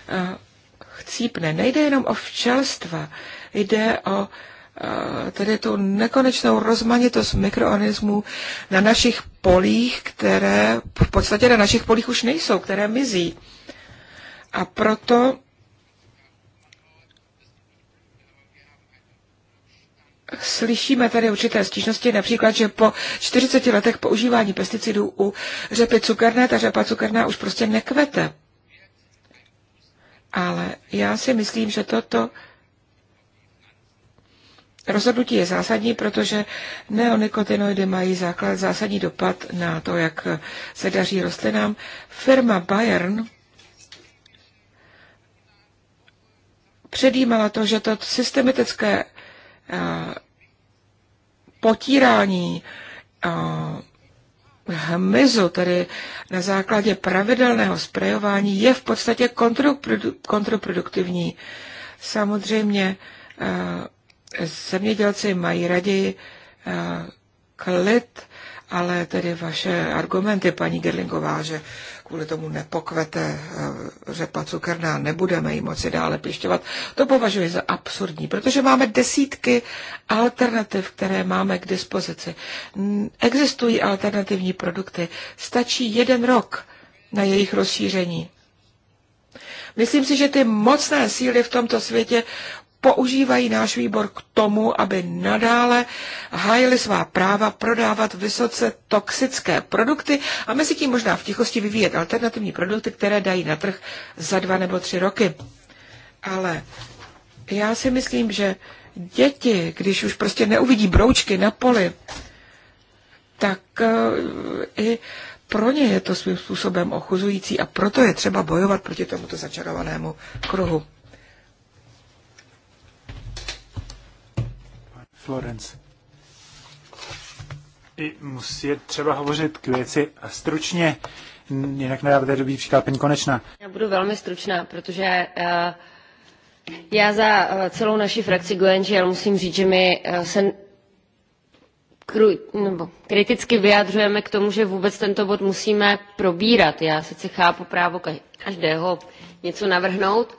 eh, chcípne. Nejde jenom o včelstva, jde o eh, tedy tu nekonečnou rozmanitost mikroorganismů na našich polích, které v podstatě na našich polích už nejsou, které mizí. A proto Slyšíme tady určité stížnosti, například, že po 40 letech používání pesticidů u řepy cukerné, ta řepa cukerná už prostě nekvete. Ale já si myslím, že toto rozhodnutí je zásadní, protože neonikotinoidy mají základ, zásadní dopad na to, jak se daří rostlinám. Firma Bayern předjímala to, že to systematické Eh, potírání eh, hmyzu, tedy na základě pravidelného sprejování, je v podstatě kontraproduktivní. Samozřejmě eh, zemědělci mají raději klid, ale tedy vaše argumenty, paní Gerlingová, že kvůli tomu nepokvete eh, řepa cukerná, nebudeme ji moci dále pěšťovat, to považuji za absurdní, protože máme desítky alternativ, které máme k dispozici. Existují alternativní produkty, stačí jeden rok na jejich rozšíření. Myslím si, že ty mocné síly v tomto světě používají náš výbor k tomu, aby nadále hájili svá práva prodávat vysoce toxické produkty a mezi tím možná v tichosti vyvíjet alternativní produkty, které dají na trh za dva nebo tři roky. Ale já si myslím, že děti, když už prostě neuvidí broučky na poli, tak eh, i pro ně je to svým způsobem ochuzující a proto je třeba bojovat proti tomuto začarovanému kruhu. Florence. třeba hovořit k věci a stručně, jinak nedáváte dobrý příklad, paní Konečná. Já budu velmi stručná, protože uh, já za uh, celou naši frakci GNGL musím říct, že my uh, se kru, nebo kriticky vyjadřujeme k tomu, že vůbec tento bod musíme probírat. Já sice chápu právo každého něco navrhnout,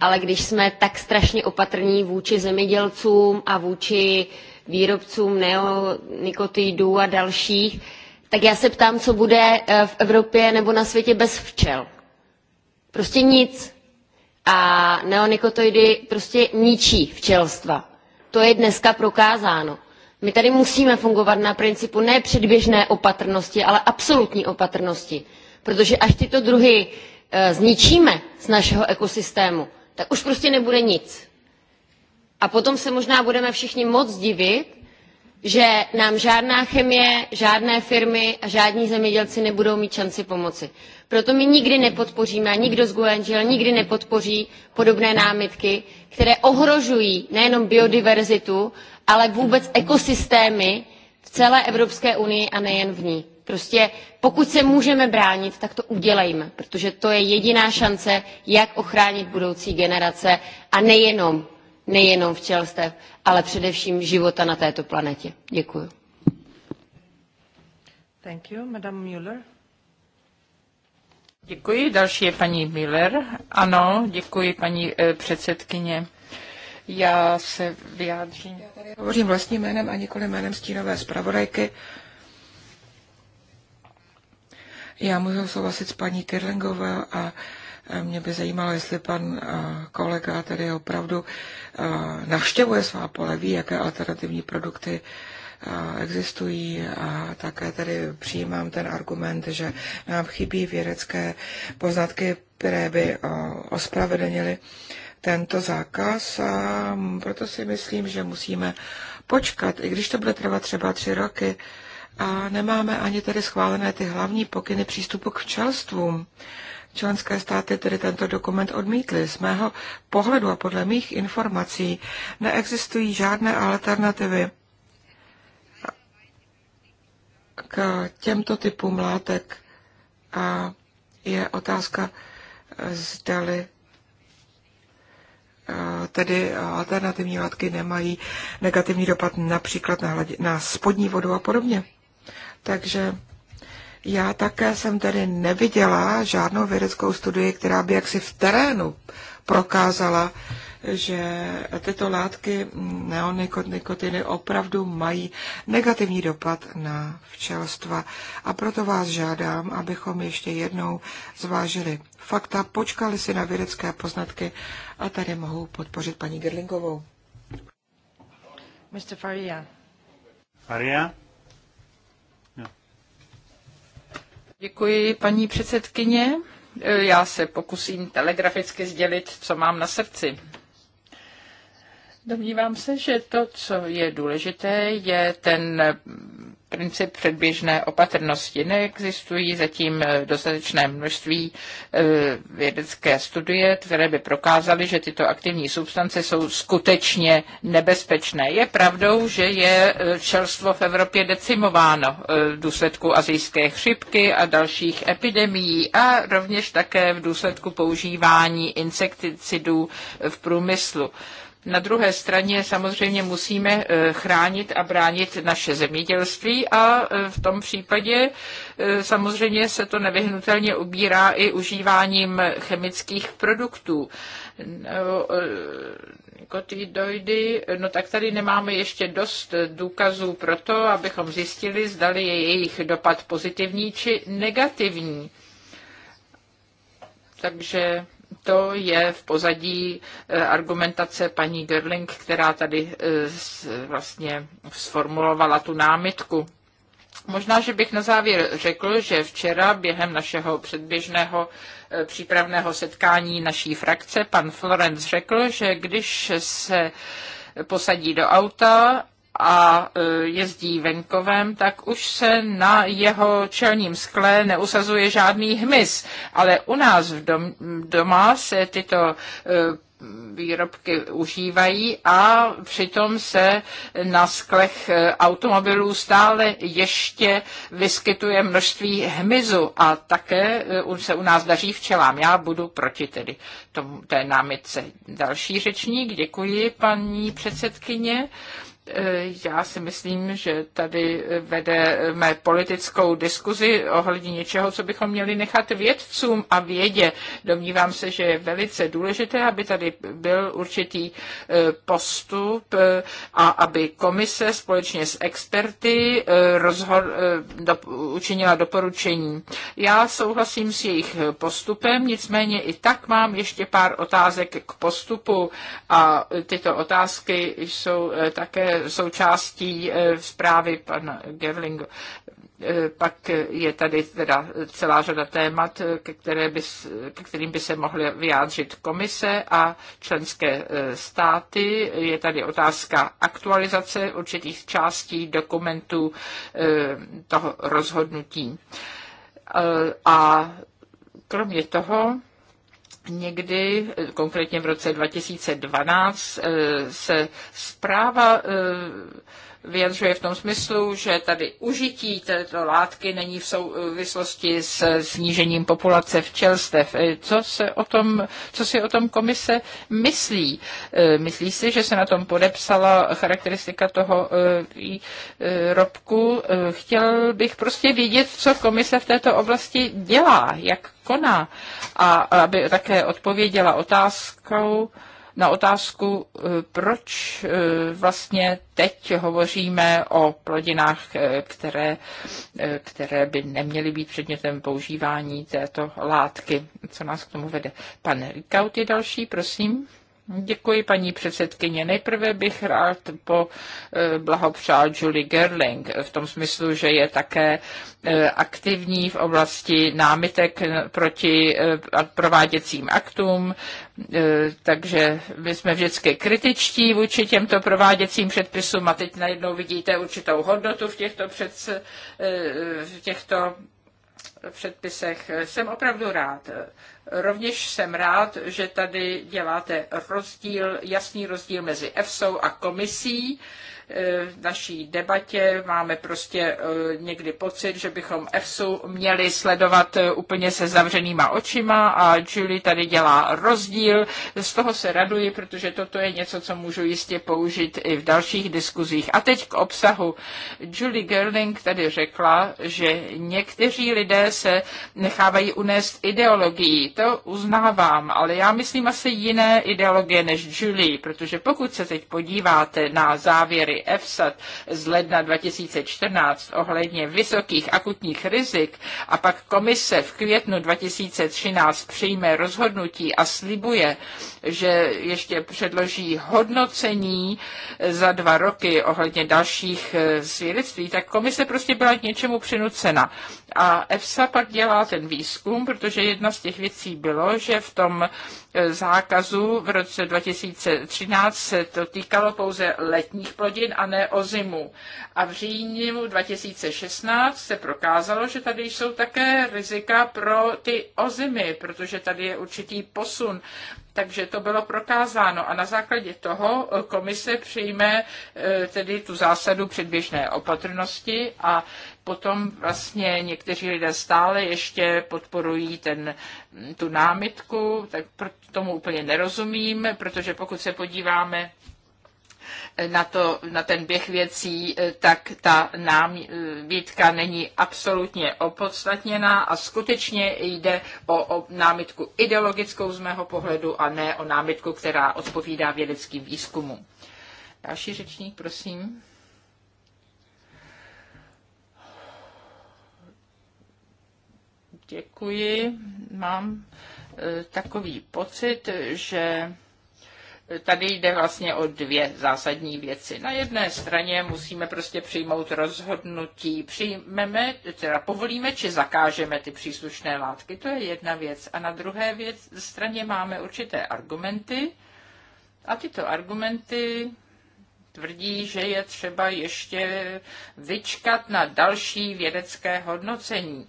ale když jsme tak strašně opatrní vůči zemědělcům a vůči výrobcům neonikotidů a dalších, tak já se ptám, co bude eh, v Evropě nebo na světě bez včel. Prostě nic. A neonikotoidy prostě ničí včelstva. To je dneska prokázáno. My tady musíme fungovat na principu ne předběžné opatrnosti, ale absolutní opatrnosti. Protože až tyto druhy eh, zničíme z našeho ekosystému, tak už prostě nebude nic. A potom se možná budeme všichni moc divit, že nám žádná chemie, žádné firmy a žádní zemědělci nebudou mít šanci pomoci. Proto my nikdy nepodpoříme, a nikdo z Guangel nikdy nepodpoří podobné námitky, které ohrožují nejenom biodiverzitu, ale vůbec ekosystémy v celé Evropské unii a nejen v ní. Prostě pokud se můžeme bránit, tak to udělejme, protože to je jediná šance, jak ochránit budoucí generace a nejenom, nejenom včelstev, ale především života na této planetě. Děkuji. Thank you, Madame Müller. Děkuji. Další je paní Miller. Ano, děkuji, paní eh, předsedkyně. Já se vyjádřím. Já tady hovořím vlastním jménem a nikoli jménem stínové zpravodajky. Uh, já můžu souhlasit s paní Kirlingové a e, mě by zajímalo, jestli pan e, kolega tedy opravdu e, navštěvuje svá pole, ví, jaké alternativní produkty existují a také tedy přijímám ten argument, že nám chybí vědecké poznatky, které by ospravedlnily tento zákaz a proto si myslím, že musíme počkat, i když to bude trvat třeba tři roky, a nemáme ani tedy schválené ty hlavní pokyny přístupu k včelstvům. Členské státy tedy tento dokument odmítly. Z mého pohledu a podle mých informací neexistují žádné alternativy k těmto typům látek a je otázka, zdali eh, tedy alternativní látky nemají negativní dopad například na, hladě, na spodní vodu a podobně. Takže já také jsem tedy neviděla žádnou vědeckou studii, která by jaksi v terénu prokázala, že tyto látky neonikotiny opravdu mají negativní dopad na včelstva. A proto vás žádám, abychom ještě jednou zvážili fakta, počkali si na vědecké poznatky a tady mohu podpořit paní Gerlingovou. Mr. Faria. Faria? Děkuji, paní předsedkyně. Já se pokusím telegraficky sdělit, co mám na srdci. Domnívám se, že to, co je důležité, je ten princip předběžné opatrnosti. Neexistují zatím eh, dostatečné množství eh, vědecké studie, které by prokázaly, že tyto aktivní substance jsou skutečně nebezpečné. Je pravdou, že je eh, čelstvo v Evropě decimováno v důsledku azijské chřipky a dalších epidemií a rovněž také v důsledku používání insekticidů v průmyslu. Na druhé straně samozřejmě musíme eh, chránit a bránit naše zemědělství a eh, v tom případě eh, samozřejmě se to nevyhnutelně ubírá i užíváním chemických produktů no, dojdy, no tak tady nemáme ještě dost důkazů pro to, abychom zjistili, zdali je jejich dopad pozitivní či negativní. Takže to je v pozadí eh, argumentace paní Gerling, která tady eh, vlastně sformulovala tu námitku. Možná, že bych na závěr řekl, že včera během našeho předběžného eh, přípravného setkání naší frakce pan Florence řekl, že když se posadí do auta a e, jezdí venkovem, tak už se na jeho čelním skle neusazuje žádný hmyz. Ale u nás v dom, doma se tyto e, výrobky užívají a přitom se na sklech e, automobilů stále ještě vyskytuje množství hmyzu a také se u nás daří včelám. Já budu proti tedy tomu, té námitce. Další řečník, děkuji paní předsedkyně. E, já si myslím, že tady vedeme politickou diskuzi ohledně něčeho, co bychom měli nechat vědcům a vědě. Domnívám se, že je velice důležité, aby tady byl určitý e, postup e, a aby komise společně s experty rozhod, do, učinila doporučení. Já souhlasím s jejich postupem, nicméně i tak mám ještě pár otázek k postupu a tyto otázky jsou také součástí eh, zprávy pana Gerlingu. Eh, pak je tady teda celá řada témat, eh, ke, které by, ke kterým by se mohly vyjádřit komise a členské státy. Je tady otázka aktualizace určitých částí dokumentů toho rozhodnutí. A kromě toho někdy, konkrétně v roce 2012, eh, se zpráva eh, vyjadřuje v tom smyslu, že tady užití této látky není v souvislosti s snížením populace včelstev. E, co, se o tom, co si o tom komise myslí? E, myslí si, že se na tom podepsala charakteristika toho e, výrobku? Chtěl bych prostě vědět, co komise v této oblasti dělá, jak koná a aby také odpověděla otázkou, na otázku, eh, proč eh, vlastně teď hovoříme o plodinách, eh, které, které by neměly být předmětem používání této látky, co nás k tomu vede. Pan Rikaut je další, prosím. Děkuji, paní předsedkyně. Nejprve bych rád po eh, blahopřál Julie Gerling v tom smyslu, že je také eh, aktivní v oblasti námitek proti eh, prováděcím aktům, takže my jsme vždycky kritičtí vůči těmto prováděcím předpisům a teď najednou vidíte určitou hodnotu v těchto, před, v těchto předpisech. Jsem opravdu rád. Rovněž jsem rád, že tady děláte rozdíl, jasný rozdíl mezi EFSO a komisí. E, v naší debatě. Máme prostě e, někdy pocit, že bychom EFSU měli sledovat e, úplně se zavřenýma očima a Julie tady dělá rozdíl. Z toho se raduji, protože toto je něco, co můžu jistě použít i v dalších diskuzích. A teď k obsahu. Julie Gerling tady řekla, že někteří lidé se nechávají unést ideologií. To uznávám, ale já myslím asi jiné ideologie než Julie, protože pokud se teď podíváte na závěry EFSAT z ledna 2014 ohledně vysokých akutních rizik a pak komise v květnu 2013 přijme rozhodnutí a slibuje, že ještě předloží hodnocení za dva roky ohledně dalších eh, svědectví, tak komise prostě byla k něčemu přinucena. A EFSA pak dělá ten výzkum, protože jedna z těch věcí bylo, že v tom e, zákazu v roce 2013 se to týkalo pouze letních plodin a ne o zimu. A v říjnu 2016 se prokázalo, že tady jsou také rizika pro ty ozimy, protože tady je určitý posun takže to bylo prokázáno a na základě toho komise přijme e, tedy tu zásadu předběžné opatrnosti a potom vlastně někteří lidé stále ještě podporují ten, tu námitku, tak tomu úplně nerozumím, protože pokud se podíváme na, to, na ten běh věcí, eh, tak ta námitka eh, není absolutně opodstatněná a skutečně jde o, o námitku ideologickou z mého pohledu a ne o námitku, která odpovídá vědeckým výzkumu. Další řečník, prosím. Děkuji. Mám e, takový pocit, že tady jde vlastně o dvě zásadní věci. Na jedné straně musíme prostě přijmout rozhodnutí, přijmeme, teda povolíme či zakážeme ty příslušné látky, to je jedna věc. A na druhé věc, straně máme určité argumenty a tyto argumenty tvrdí, že je třeba ještě vyčkat na další vědecké hodnocení.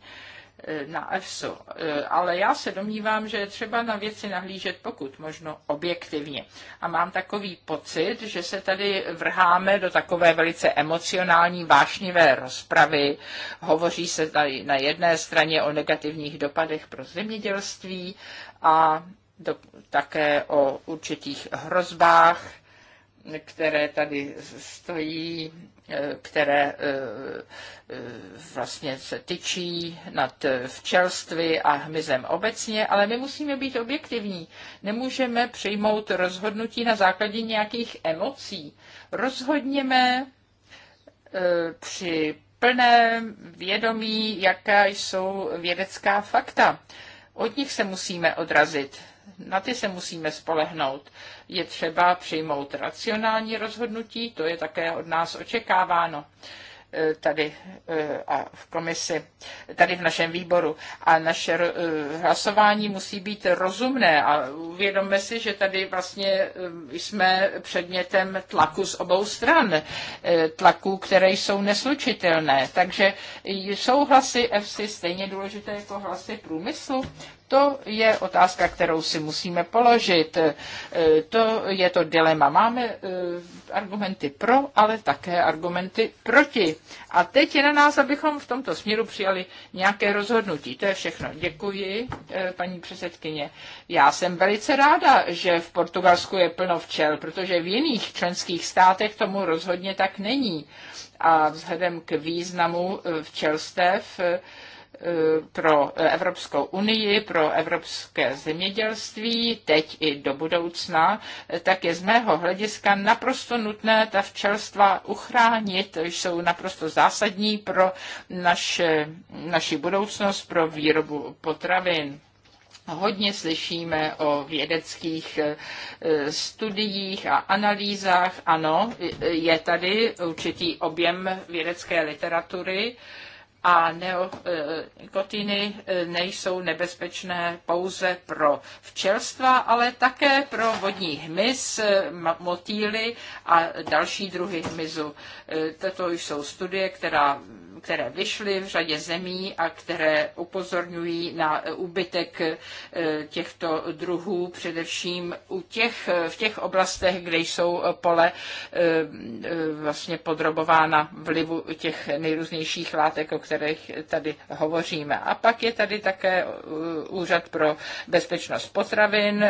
Eh, na EFSO. Eh, ale já se domnívám, že je třeba na věci nahlížet pokud možno objektivně. A mám takový pocit, že se tady vrháme do takové velice emocionální, vášnivé rozpravy. Hovoří se tady na jedné straně o negativních dopadech pro zemědělství a do, také o určitých hrozbách, které tady stojí Eh, které eh, eh, vlastně se tyčí nad včelství a hmyzem obecně, ale my musíme být objektivní. Nemůžeme přijmout rozhodnutí na základě nějakých emocí. Rozhodněme při plném vědomí, jaká jsou vědecká fakta. Od nich se musíme odrazit na ty se musíme spolehnout. Je třeba přijmout racionální rozhodnutí, to je také od nás očekáváno eh, tady eh, a v komisi, tady v našem výboru. A naše eh, hlasování musí být rozumné a uvědomme si, že tady vlastně jsme předmětem tlaku z obou stran, tlaků, které jsou neslučitelné. Takže jsou hlasy FC stejně důležité jako hlasy průmyslu? To je otázka, kterou si musíme položit. E, to je to dilema. Máme e, argumenty pro, ale také argumenty proti. A teď je na nás, abychom v tomto směru přijali nějaké rozhodnutí. To je všechno. Děkuji, e, paní předsedkyně. Já jsem velice ráda, že v Portugalsku je plno včel, protože v jiných členských státech tomu rozhodně tak není. A vzhledem k významu včelstev, E, pro Evropskou unii, pro evropské zemědělství, teď i do budoucna, tak je z mého hlediska naprosto nutné ta včelstva uchránit. Jsou naprosto zásadní pro naše, naši budoucnost, pro výrobu potravin. Hodně slyšíme o vědeckých e, studiích a analýzách. Ano, je tady určitý objem vědecké literatury, a neokotiny eh, nejsou nebezpečné pouze pro včelstva, ale také pro vodní hmyz, eh, motýly a další druhy hmyzu. Eh, toto jsou studie, která které vyšly v řadě zemí a které upozorňují na úbytek eh, těchto druhů, především u těch, v těch oblastech, kde jsou pole eh, vlastně podrobována vlivu těch nejrůznějších látek, o kterých tady hovoříme. A pak je tady také eh, Úřad pro bezpečnost potravin,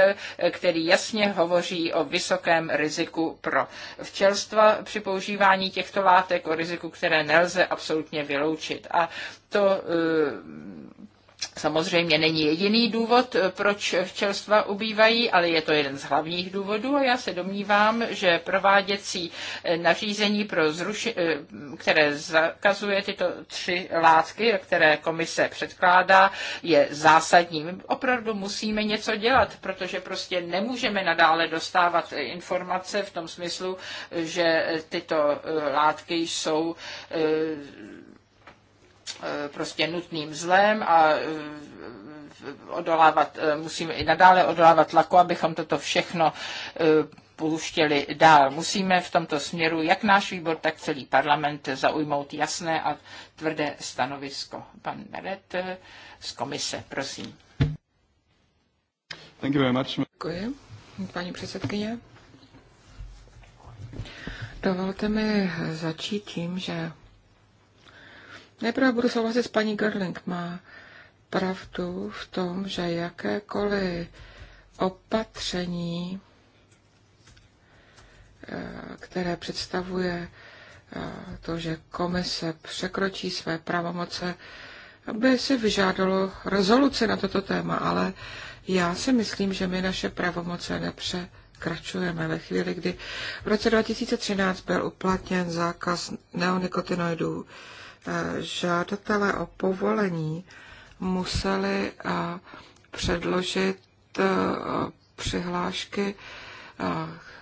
který jasně hovoří o vysokém riziku pro včelstva při používání těchto látek, o riziku, které nelze absolutně úplně vyloučit. A to eh, Samozřejmě není jediný důvod, eh, proč včelstva ubývají, ale je to jeden z hlavních důvodů a já se domnívám, že prováděcí eh, nařízení, pro zruši, které zakazuje tyto tři látky, které komise předkládá, je zásadní. My opravdu musíme něco dělat, protože prostě nemůžeme nadále dostávat informace v tom smyslu, že tyto látky jsou Eh, prostě nutným zlem a eh, odolávat, eh, musíme i nadále odolávat tlaku, abychom toto všechno pouštěli dál. Musíme v tomto směru, jak náš výbor, tak celý parlament, zaujmout jasné a tvrdé stanovisko. Pan Meret z komise, prosím. Thank you very much. Děkuji, paní předsedkyně. Dovolte mi začít tím, že Nejprve budu souhlasit s paní Gerling. Má pravdu v tom, že jakékoliv opatření, eh, které představuje eh, to, že komise překročí své pravomoce, by si vyžádalo rezoluci na toto téma, ale já si myslím, že my naše pravomoce nepřekračujeme ve chvíli, kdy v roce 2013 byl uplatněn zákaz neonikotinoidů Eh, žádatelé o povolení museli eh, předložit eh, přihlášky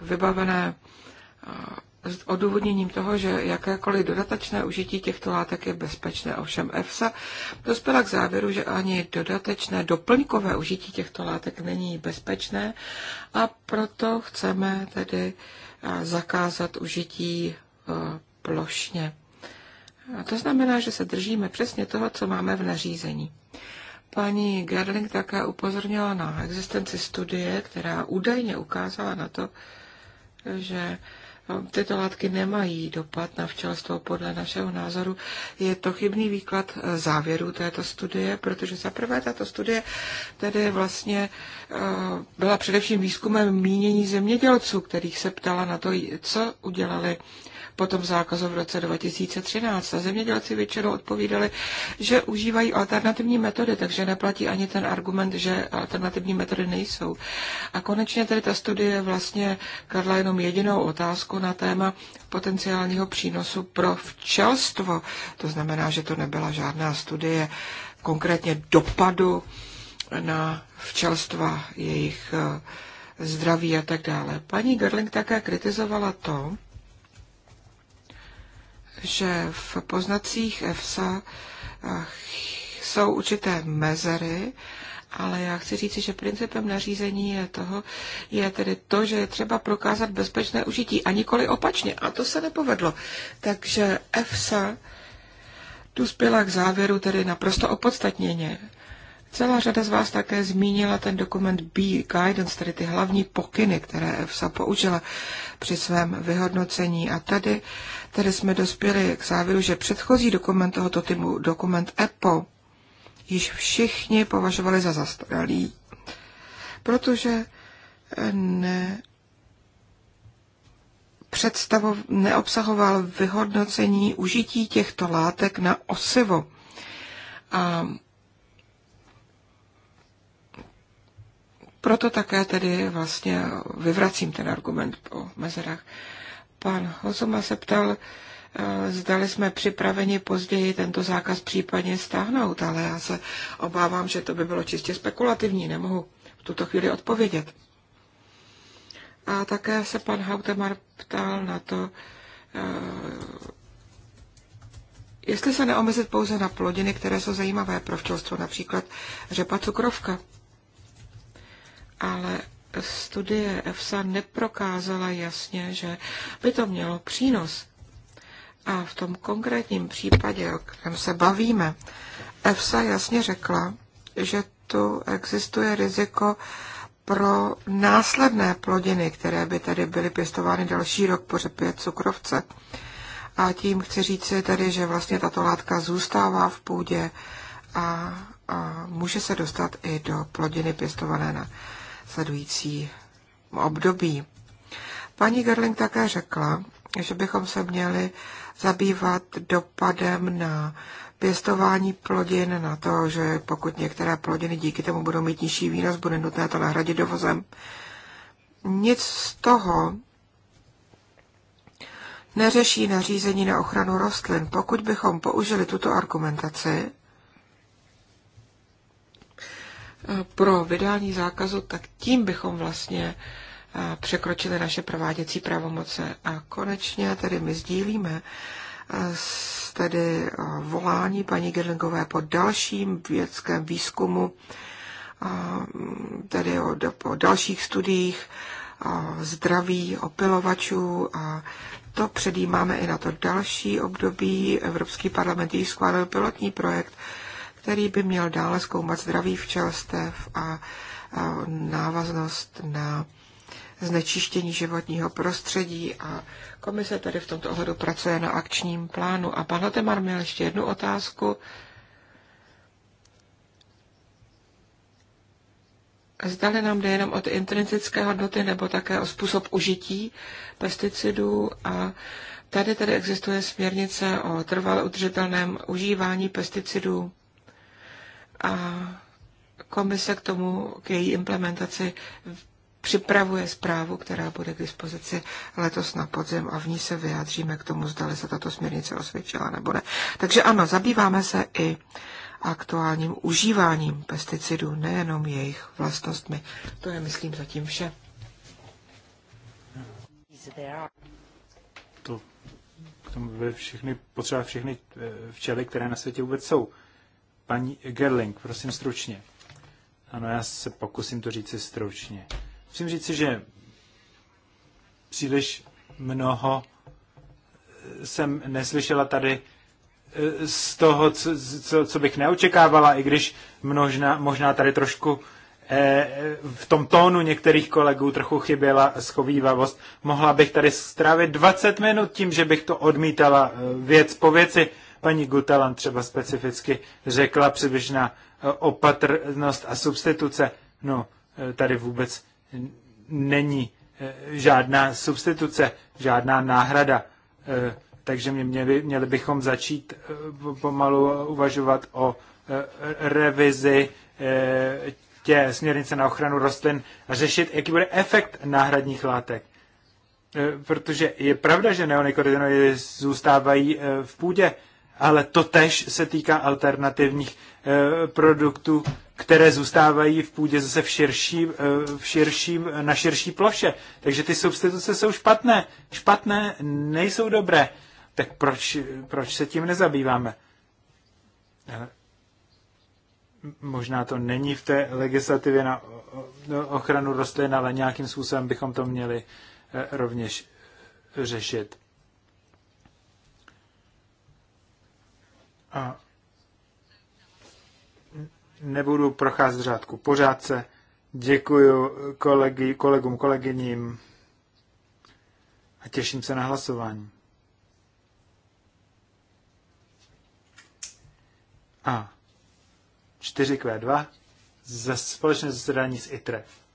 vybavené s odůvodněním toho, že jakékoliv dodatečné užití těchto látek je bezpečné. Ovšem EFSA dospěla k závěru, že ani dodatečné doplňkové užití těchto látek není bezpečné a proto chceme tedy zakázat užití plošně. A to znamená, že se držíme přesně toho, co máme v nařízení. Paní Gerling také upozornila na existenci studie, která údajně ukázala na to, že no, tyto látky nemají dopad na včelstvo. Podle našeho názoru je to chybný výklad závěru této studie, protože zaprvé tato studie tedy vlastně eh, byla především výzkumem mínění zemědělců, kterých se ptala na to, co udělali po tom zákazu v roce 2013. A zemědělci většinou odpovídali, že užívají alternativní metody, takže neplatí ani ten argument, že alternativní metody nejsou. A konečně tedy ta studie vlastně kladla jenom jedinou otázku na téma potenciálního přínosu pro včelstvo. To znamená, že to nebyla žádná studie konkrétně dopadu na včelstva, jejich eh, zdraví a tak dále. Paní Gerling také kritizovala to, že v poznacích EFSA jsou určité mezery, ale já chci říci, že principem nařízení je toho, je tedy to, že je třeba prokázat bezpečné užití a nikoli opačně. A to se nepovedlo. Takže EFSA spěla k závěru tedy naprosto opodstatněně. Celá řada z vás také zmínila ten dokument B Guidance, tedy ty hlavní pokyny, které EFSA použila při svém vyhodnocení. A tady Tedy jsme dospěli k závěru, že předchozí dokument tohoto typu, dokument EPO, již všichni považovali za zastaralý, protože eh, ne, představov, neobsahoval vyhodnocení užití těchto látek na osivo. A proto také tedy vlastně vyvracím ten argument o mezerách. Pan Hozoma se ptal, eh, zdali jsme připraveni později tento zákaz případně stáhnout, ale já se obávám, že to by bylo čistě spekulativní, nemohu v tuto chvíli odpovědět. A také se pan Hautemar ptal na to, eh, jestli se neomezit pouze na plodiny, které jsou zajímavé pro včelstvo, například řepa cukrovka. Ale studie EFSA neprokázala jasně, že by to mělo přínos. A v tom konkrétním případě, o kterém se bavíme, EFSA jasně řekla, že tu existuje riziko pro následné plodiny, které by tady byly pěstovány další rok po řepě cukrovce. A tím chci říci tedy, že vlastně tato látka zůstává v půdě a, a může se dostat i do plodiny pěstované na sledující období. Paní Gerling také řekla, že bychom se měli zabývat dopadem na pěstování plodin, na to, že pokud některé plodiny díky tomu budou mít nižší výnos, bude nutné to nahradit dovozem. Nic z toho neřeší nařízení na ochranu rostlin. Pokud bychom použili tuto argumentaci, pro vydání zákazu, tak tím bychom vlastně překročili naše prováděcí pravomoce. A konečně tedy my sdílíme tedy volání paní Gerlingové po dalším vědeckém výzkumu, tedy o, o dalších studiích zdraví opilovačů a to předjímáme i na to další období. Evropský parlament již schválil pilotní projekt který by měl dále zkoumat zdraví včelstev a návaznost na znečištění životního prostředí a komise tady v tomto ohledu pracuje na akčním plánu. A pan Hotemar měl ještě jednu otázku. Zdali nám jde jenom o ty intrinsické hodnoty nebo také o způsob užití pesticidů a tady tedy existuje směrnice o trvale udržitelném užívání pesticidů a komise k tomu, k její implementaci připravuje zprávu, která bude k dispozici letos na podzim a v ní se vyjádříme k tomu, zda se tato směrnice osvědčila nebo ne. Takže ano, zabýváme se i aktuálním užíváním pesticidů, nejenom jejich vlastnostmi. To je, myslím, zatím vše. To k tomu by všechny, potřeba všechny eh, včely, které na světě vůbec jsou. Paní Gerling, prosím stručně. Ano, já se pokusím to říci stručně. Musím říci, že příliš mnoho eh, jsem neslyšela tady eh, z toho, co, co, co bych neočekávala, i když možná možná tady trošku eh, v tom tónu některých kolegů trochu chyběla schovývavost. Mohla bych tady strávit 20 minut tím, že bych to odmítala věc po věci. Paní Gutalan třeba specificky řekla přibližná eh, opatrnost a substituce. No, eh, tady vůbec není eh, žádná substituce, žádná náhrada. Takže měli, měli bychom začít pomalu uvažovat o revizi tě směrnice na ochranu rostlin a řešit, jaký bude efekt náhradních látek. Protože je pravda, že neonikotinoidy zůstávají v půdě ale to tež se týká alternativních eh, produktů, které zůstávají v půdě zase v širší, eh, v širší, na širší ploše. Takže ty substituce jsou špatné. Špatné nejsou dobré. Tak proč, proč se tím nezabýváme? Eh, možná to není v té legislativě na ochranu rostlin, ale nějakým způsobem bychom to měli rovněž řešit. A nebudu procházet řádku Pořád se Děkuji kolegy, kolegům, kolegyním a těším se na hlasování. A 4Q2 ze společné zasedání s ITREF.